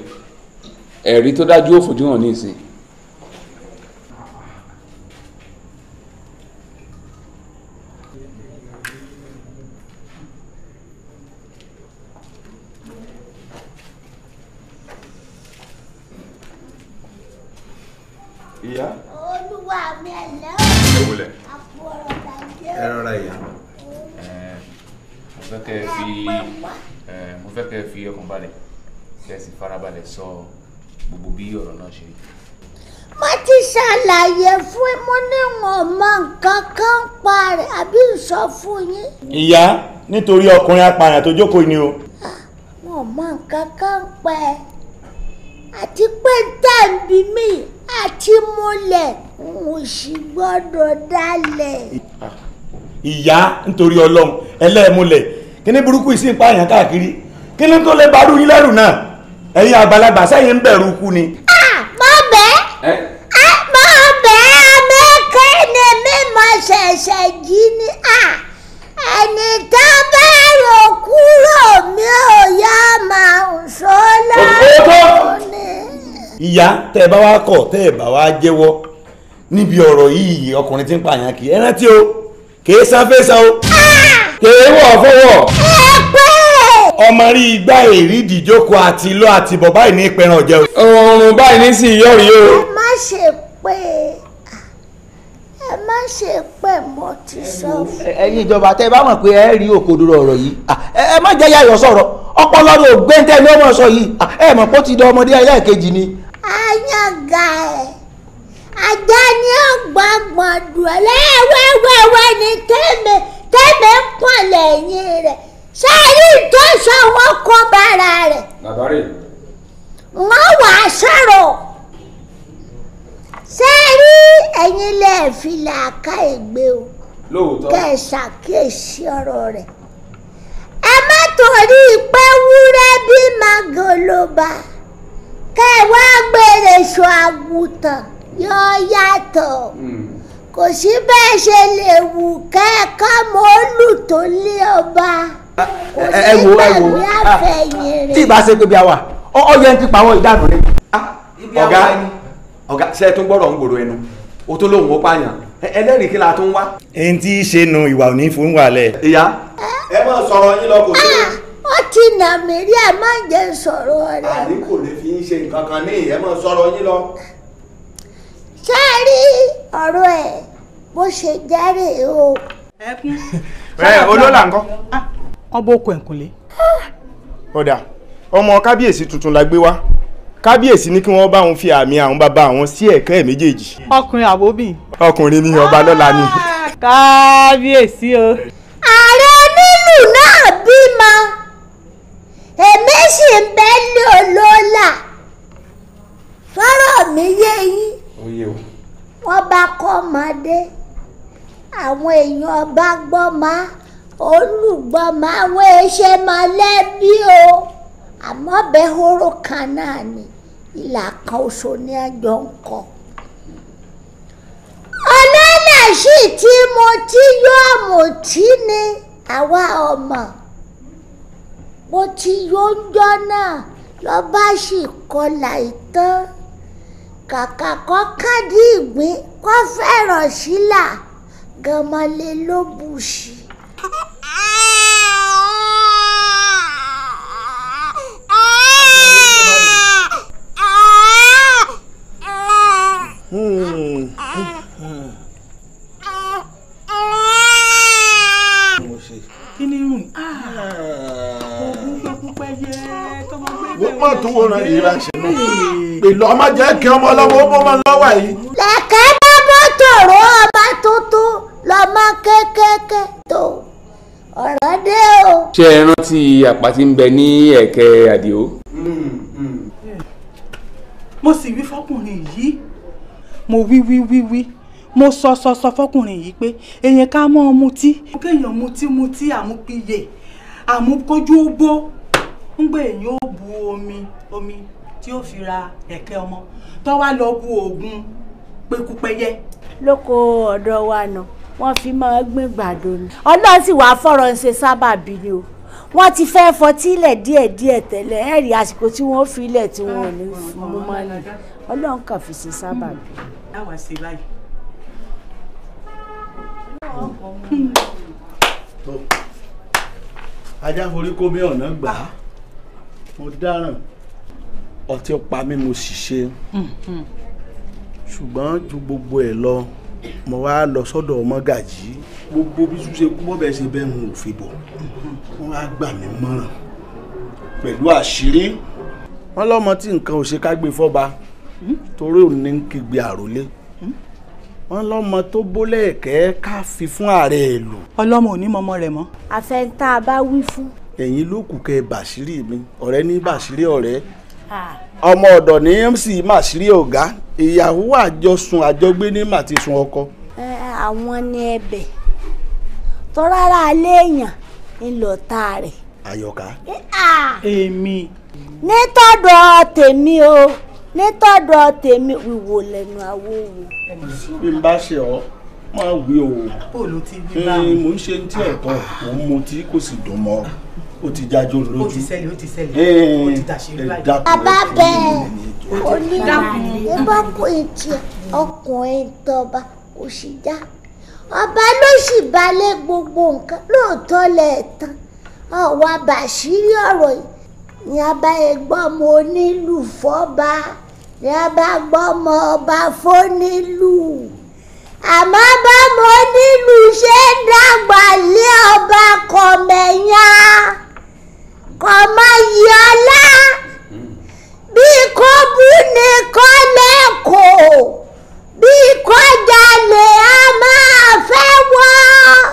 ẹ̀rí tó dájú ó fojú ní ìsìn ìyá. olúwa mi ẹ̀lẹ́ o àpò ọ̀rọ̀ bàjẹ́ o. ẹ rọra ìyá mo fẹ́ kẹ́ ẹ fi mo fẹ́ kẹ́ ẹ fi ọkàn balẹ̀ kẹ́ ẹ sì farabalẹ̀ sọ gbogbo bí ọ̀rọ̀ náà ṣe rí. mo ti ṣàlàyé fún ẹ mo ní wọn mọ nǹkan kan pa rẹ àbí sọ fún yín. ìyá nítorí ọkùnrin apààyàn tó jókòó ni o. Ah, wọn mọ nǹkan kan pa ẹ àti pé tàbí mi àti múlẹ̀ n ò sì gbọ́dọ̀ dálẹ̀. Ah, ìyá nítorí ọlọ́run ẹlẹ́ẹ̀múlẹ̀ kíní burúkú yìí sì ń pààyàn káàkiri kíní tó lè barú yín lẹ́rù náà ẹ̀yin àgbàlagbà sẹ́yìn ń bẹ̀rù kú ni. a mọ bẹ́ẹ̀ a mọ bẹ́ẹ̀ mi mọ ṣẹ̀ṣẹ̀ jí ni ẹni tá a bá rò kúrò mi ò yá máa ń sọ ìyá tẹ́ ẹ bá wá kọ̀ tẹ́ ẹ bá wá jẹ́wọ́ níbi ọ̀rọ̀ yìí ọkùnrin tí ń pààyàn kì í ẹ rántí o kì í san fẹ́sàn o kì í wọ̀ fọwọ́ ọmọ rí igbá èrí ìdíjókòó àti ilọ́ àti bọ̀ báyìí ní ìpẹran ọ̀jẹ̀ o. oòrùn báyìí ní sí iyọ̀ rí o. ẹ má ṣe pé ẹ má ṣe pé mo ti sọ fún. ẹ̀yin ìjọba tẹ́ ẹ bá mọ̀ pé ẹ rí òkodoro ọ̀rọ̀ yìí ẹ má jẹ́ yàyọ̀ sọ̀rọ̀ ọpọlọ rẹ̀ ò gbẹ́ntẹ́ ní sọ yìí ẹ mọ̀ pé ó ti dán ni ayọ̀gà ẹ̀ ajá ní ọ̀gbọ̀ngbọ̀n dùn lẹ́wẹ́wẹ́wẹ́ ni tẹ́mi tẹ́mi ń pọ̀ lẹ́yìn rẹ̀ sẹ́yìn tó sọ wọ́n kó bára rẹ̀ wọ́n wàá sọ̀rọ̀ sẹ́rí ẹ̀yin lè fi làákà ìgbé o kẹ́ ẹ ṣàkíyèsí ọ̀rọ̀ rẹ̀ ẹ má torí pé wúrẹ́ bí màgòlóba kẹ́ ẹ wá gbèrè sọ àgùntàn yóò yàtọ̀ hmm. kò sí bẹ́ẹ̀ ṣe lè wù kẹ́ ẹ ká mọ olù tó lé ọba kò sí gbàgbé àfẹ̀yìn rẹ̀. tí ìbá ṣe pé bí a wà ọyẹ ń ti pa àwọn ìdáná rẹ. ọ̀gá ọ̀gá ṣe tún gbọ́dọ̀ ń gbòòrò ẹnu o tó lóun ó pààyàn ẹlẹ́rìí kí la tún wá. ẹni tí í ṣe nu ìwà òní fún wàhálẹ̀. ìyá ẹ mọ̀ sọ̀rọ̀ yín lọ kò sí. Ah! àti nàmírí ẹ má jẹ́ sọ̀rọ̀ rẹ. àní kò lè fi ń ṣe nǹkan kan ní ìyẹn mọ sọ̀rọ̀ yín lọ. ṣé ẹ rí ọ̀rọ̀ ẹ̀ bó ṣe járe o. ẹkún. ẹ olóòlà ńkọ́. Ah, ọba oko ẹ̀kúnlé. Ah. ọ̀dà ọmọ kábíyèsí tuntun la gbé wá kábíyèsí ní kí wọ́n bá òun fi àmì àwọn bàbá àwọn sí ẹ̀ka méjèèjì. ọkùnrin àbóbì. ọkùnrin ni ọba lọ́la ni. Ah, kábíyèsí o. ààrẹ nílùú náà bímọ èmi sì ń bẹ ní olóòlà fọ́rọ̀ mi yé yín wọ́n bá kọ́ ọmọdé àwọn èèyàn bá gbọ́ máa olùgbọ́ máa wé o àmọ́ bẹ́ẹ̀ horo kan náà ni ìlà kan oṣù ní àjọ ń kọ. ọlọ́lẹ̀ sì ti mo yóò mutí ni àwa ọmọ bó ti yóńjọ́ náà lọ bá sì kọlà ìtàn kàkà kọ́ kádì ìgbín kọ́ fẹ́ràn sílà gàmọ́lé ló bù sí. kí ni irun wọ́n mọ̀ tó wọ́n rán ìrà ṣẹlẹ̀ pèlú ọmọ jẹ́ kí ọmọ ọlọ́mọ ó mọ̀ lọ́wọ́ yìí. lẹ́kẹ́ bá bọ́ tòró ọba tuntun lọ́mọ kéékèèké tó ọ̀rọ̀ dé o. ṣé ẹ rántí àpá ń bẹ ní ẹ̀kẹ́ àdìo. mo sì wí fọkùnrin yìí mo wí wí wí wí mo sọ sọ sọ fọkùnrin yìí pé èèyàn ká mọ́ ọ mutí. kéèyàn mutí mutí àmúpiyè àmúkójú ó bó ń gbé èyí ó bu omi omi tí ó fi ra ẹ̀kẹ́ ọmọ tó wá lọ bu oògùn pẹkupẹyẹ. lóko ọ̀dọ̀ wa nà wọ́n fi máa gbìn gbàdo ni ọlọ́run sì wàá fọ̀rọ̀ ṣe sábàbí ni o wọ́n ti fẹ́ fọtí díẹ̀díẹ̀ tẹ́lẹ̀ ẹ̀rí àsìkò tí wọ́n fi ilẹ̀ tí wọ́n ò ní mú mọ́ ni ọlọ́run kàn fi ṣe sábàbí. ajá forí kó mi ọ̀nà gbà á mo dáràn ọtí pa mí mo sì ṣe ṣùgbọ́n ju gbogbo ẹ̀ lọ mo wá lọ sọ́dọ̀ mọ́gàjì gbogbo bí ṣe kú bọ́bẹ̀ ṣe bẹ́ẹ̀ ń fi bọ̀ wọ́n á gbà mí mọ́ràn pẹ̀lú àṣírí wọ́n lọ́mọ tí nǹkan ò ṣe ká gbé fọ́ba torí òun ní kígbe àròlé wọ́n lọ́mọ tó bólẹ̀ ẹ̀kẹ́ ká fi fún ààrẹ ìlú. ọlọ́mọ ò ní mọ ọmọ rẹ̀ mọ́. àfẹn tá a bá wí fún ẹ̀yin ló kù kẹ́ bàṣírí mi ọ̀rẹ́ ní bàṣírí ọ̀rẹ́ ọmọ ọ̀dọ̀ ní mc màṣírí ọ̀gá ìyàwó àjọsùn àjọgbé ní màtísun ọkọ. àwọn ni ẹbẹ tó rárá alẹ́ èèyàn ń lọ tá a rẹ̀. àyọkà. èmi. nítọ́dọ̀ tèmi o nítọ́dọ̀ tèmi wíwo lẹ́nu àwo wò. bí n bá ṣe ọ máa wí o mo ń ṣe ní tí ẹ̀tọ́ òun mo ti kò sì dùn mọ́ ó ti jájó lójú. ó ti ṣẹlẹ̀ ó ti ṣẹlẹ̀ ó ti dàṣírí báyìí. bàbá bẹ́ẹ̀ onídàá bá kó etí ọkùnrin tọba kò sì dá ọba ló sì balẹ̀ gbogbo nǹkan lóòótọ́ lẹ́ẹ̀tàn ọ̀wọ́ àbàṣírí ọ̀rọ̀ yìí ni a bá gbọ́ ọmọ onílù fọ́ba ni a bá gbọ́ ọmọ ọba fónílù àmọ́ bá mo nílù ṣe dàgbà lé ọba kọ̀mẹ̀yà kò má yọ ọlá bí kò bú ni kò lẹ́kọ̀ọ́ bí kò jalè á máa fẹ́ wọ́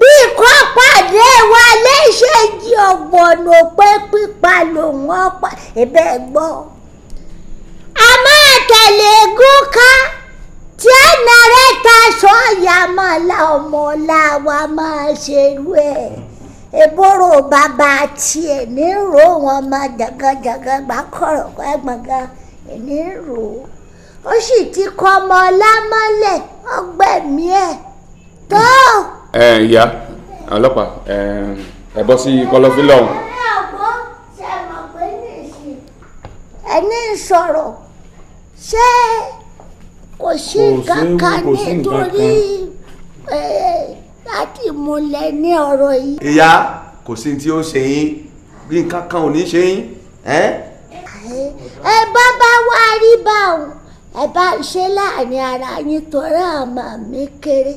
bí kò pàdé wa léṣe jí ọ̀gbọ̀nà pé pípa lòun ọ̀pá ẹ̀bẹ̀ gbọ́ a máa tẹ̀lé gún ká tí a nàrẹ́ sọ ìyá máa la ọmọ ọ̀la wa máa ṣerú ẹ̀ ìbúrò bàbá tiẹ̀ ní rò wọn máa jàgàjàgà gbà kọ̀rọ̀ gbàgbàgà ní rò ó sì ti kọ́ ọmọ ọlámọ́lẹ̀ ọgbẹ̀mí ẹ̀ tó. ẹ ẹ ìyá ọlọ́pàá ẹ bọ́ sí kọlọ́fílà ọ̀hún. ẹni sọ̀rọ̀ ṣé kò sí kankan nítorí láti múlẹ̀ ní ọ̀rọ̀ yìí. ìyá kò sí tí ó ṣe yín bí nǹkan kan ò ní ṣe yín. ẹ bá bá wá rí bá ẹ bá ṣe láàrin ara yín torí àmà mi kéré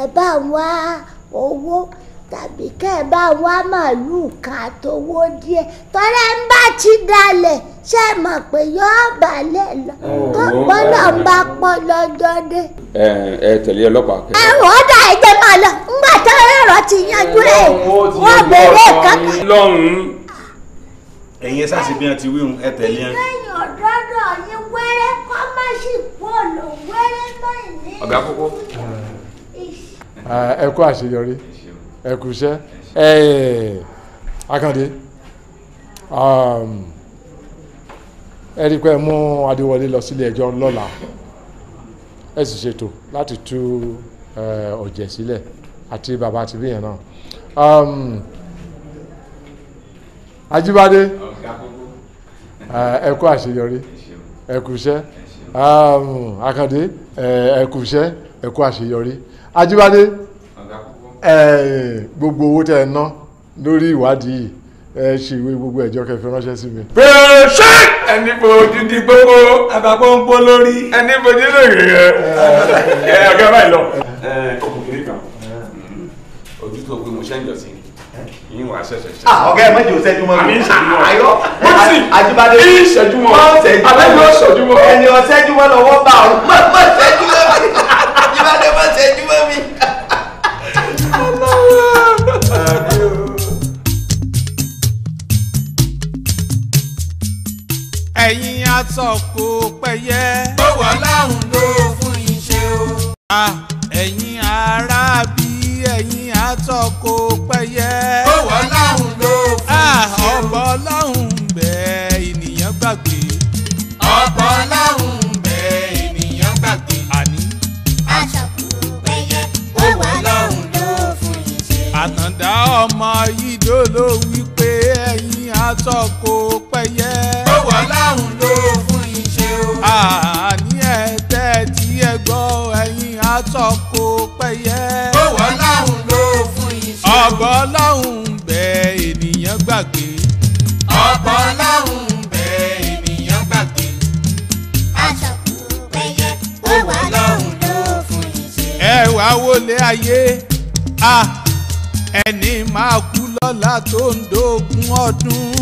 ẹ bá wá owó tàbí kẹ́ ẹ bá wá màálùú ká tówó díẹ̀ tọ́lẹ́ ń bá ti dalẹ̀ ṣe mọ̀ pé yóò balẹ̀ lọ tó gbọ́dọ̀ ń bá pọ́ lọ́jọ́ dé. ẹ ẹ tẹ̀lé ọlọ́pàá kẹ́. ẹ wọ́n dà máa lọ ńgbà tó rọ̀rọ̀ ti yanjú ẹ̀ wọ́n bèrè kankan. lọ́hùn-ún ẹ̀yin sáàsì bí wọ́n ti wíhun ẹ tẹ̀lé ìgbẹ́yìn ọ̀dọ́dọ̀ yín wẹ́rẹ́ kọ́ má sì pọ̀ lọ wẹ́rẹ́ náà ní. ọ̀gá kókó. ẹ àṣeyọrí ẹ̀kúṣẹ́ ẹ̀ẹ́ akande um, ẹ rí i pé ẹ mú adéwọlé lọ sílé ẹjọ́ lọ́la ẹ sì ṣètò láti tú ọ̀jẹ̀ sílẹ̀ àti bàbá àti bíyẹn náà um, Ajíbádé ẹ kú àṣeyọrí ẹ kúṣẹ́ um, akande ẹ kúṣẹ́ ẹ kú àṣeyọrí Ajíbádé gbogbo owó tẹ́ ẹ ná lórí ìwádìí yìí ẹ ṣe ìwé gbogbo ẹjọ́ kẹfẹ ránṣẹ́ sí mi. ṣé ẹni fojú di gbogbo àbábọ̀ ń bọ́ lórí. ẹni fojú lè rí ẹ ẹ ọ̀gá báyìí lọ. ọkùnrin kan ojú tó gbé mo ṣe ń jọ sí yín wàá ṣẹ̀ṣẹ̀ ṣe. Ah, ọ̀gá ẹ má jò sẹ́jú mọ́ mi. ayọ́ mọ́sí àjùbádé ní ìṣẹ́jú mọ́ adájọ́ ìṣẹ́jú mọ́. ẹni ọ̀ṣẹ́jú mọ́ lọ́wọ́ bá ọ má ṣẹ́jú mọ́ àjùbádé má ṣẹ́jú mọ́ ẹ̀yin asọ̀kò pẹ̀yẹ. bọ́wọ́ láhùn ló fún iṣẹ́ o. a ẹ̀yin arábí ẹ̀yin asọ̀kò pẹ̀yẹ. bọ́wọ́ láhùn ló fún iṣẹ́ o. ọ̀bọ láhùn bẹ́ẹ̀ ènìyàn gbàgbé. ọ̀bọ láhùn bẹ́ẹ̀ ènìyàn gbàgbé. àní. asọ̀kò pẹ̀yẹ bọ́wọ́ láhùn ló fún iṣẹ́ àtàndá ọmọ yìí dó ló wí aṣọ kò pẹ́yẹ. bọ́wọ́ láhùn ló fún ìṣe o. àní ẹ̀tẹ́ tí ẹ gbọ́ ẹ̀yìn aṣọ kò pẹ́yẹ. bọ́wọ́ láhùn ló fún ìṣe o. ọ̀bọ̀ láhùn bẹ ènìyàn gbàgbé. ọ̀bọ̀ láhùn bẹ ènìyàn gbàgbé. aṣọ kò pẹ́yẹ. bọ́wọ́ láhùn ló fún ìṣe o. ẹ wá wọlé ayé. ah ẹni máa kú lọ́la tó ń dógún ọdún.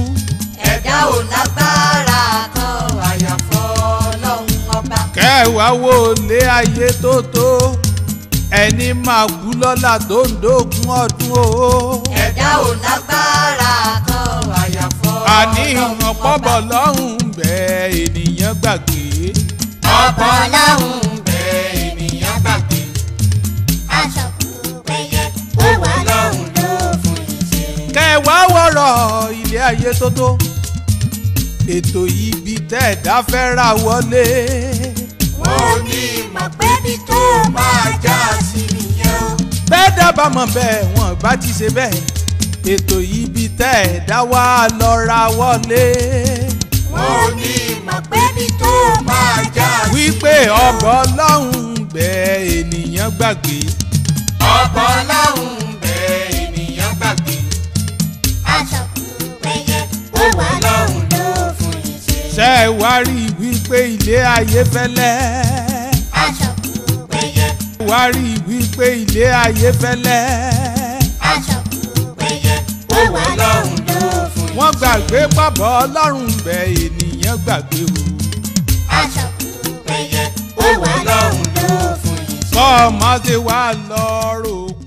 ẹ̀dá ò lágbára kan àyàfọ́ ọlọ́run ọba. kẹwàá wo lé ayé tó tó ẹni máa kú lọ́la tó ń dógún ọdún o. ẹ̀dá ò lágbára kan àyàfọ́ ọlọ́run ọba. àní ìrànpọ̀bọ̀ lọ́hùn-ún bẹ́ẹ̀ ènìyàn gbàgbé. ọ̀pọ̀ lọ́hùn fẹ́rọ̀ ilé ayé tó tó ètò ibi tẹ́ ẹ̀dá fẹ́ ra wọlé. wọ́n ní màpẹ́bí tó máa já sí nìyẹn bẹ́ẹ̀ dábàá mọ̀ bẹ́ẹ̀ wọ́n bá ti ṣe bẹ́ẹ̀ ètò ibi tẹ́ ẹ̀dá wá lọ ra wọlé. wọ́n ní màpẹ́bí tó máa já sí nìyẹn wípé ọgbọ́n lọ́hùn-ún gbẹ ènìyàn gbàgbé. ọgbọ́n lọ́hùn-ún. ṣe é wá rí wípé ilé ayé fẹ́lẹ́. aṣọ kúrò péye. wá rí wípé ilé ayé fẹ́lẹ́. aṣọ kúrò péye. owó ọlọ́run ló fún mi. wọ́n gbàgbé pàbọ̀ ọlọ́run bẹ ènìyàn gbàgbé o. aṣọ kúrò péye. owó ọlọ́run ló fún mi. kọ́ ọmọdé wa lọ rò.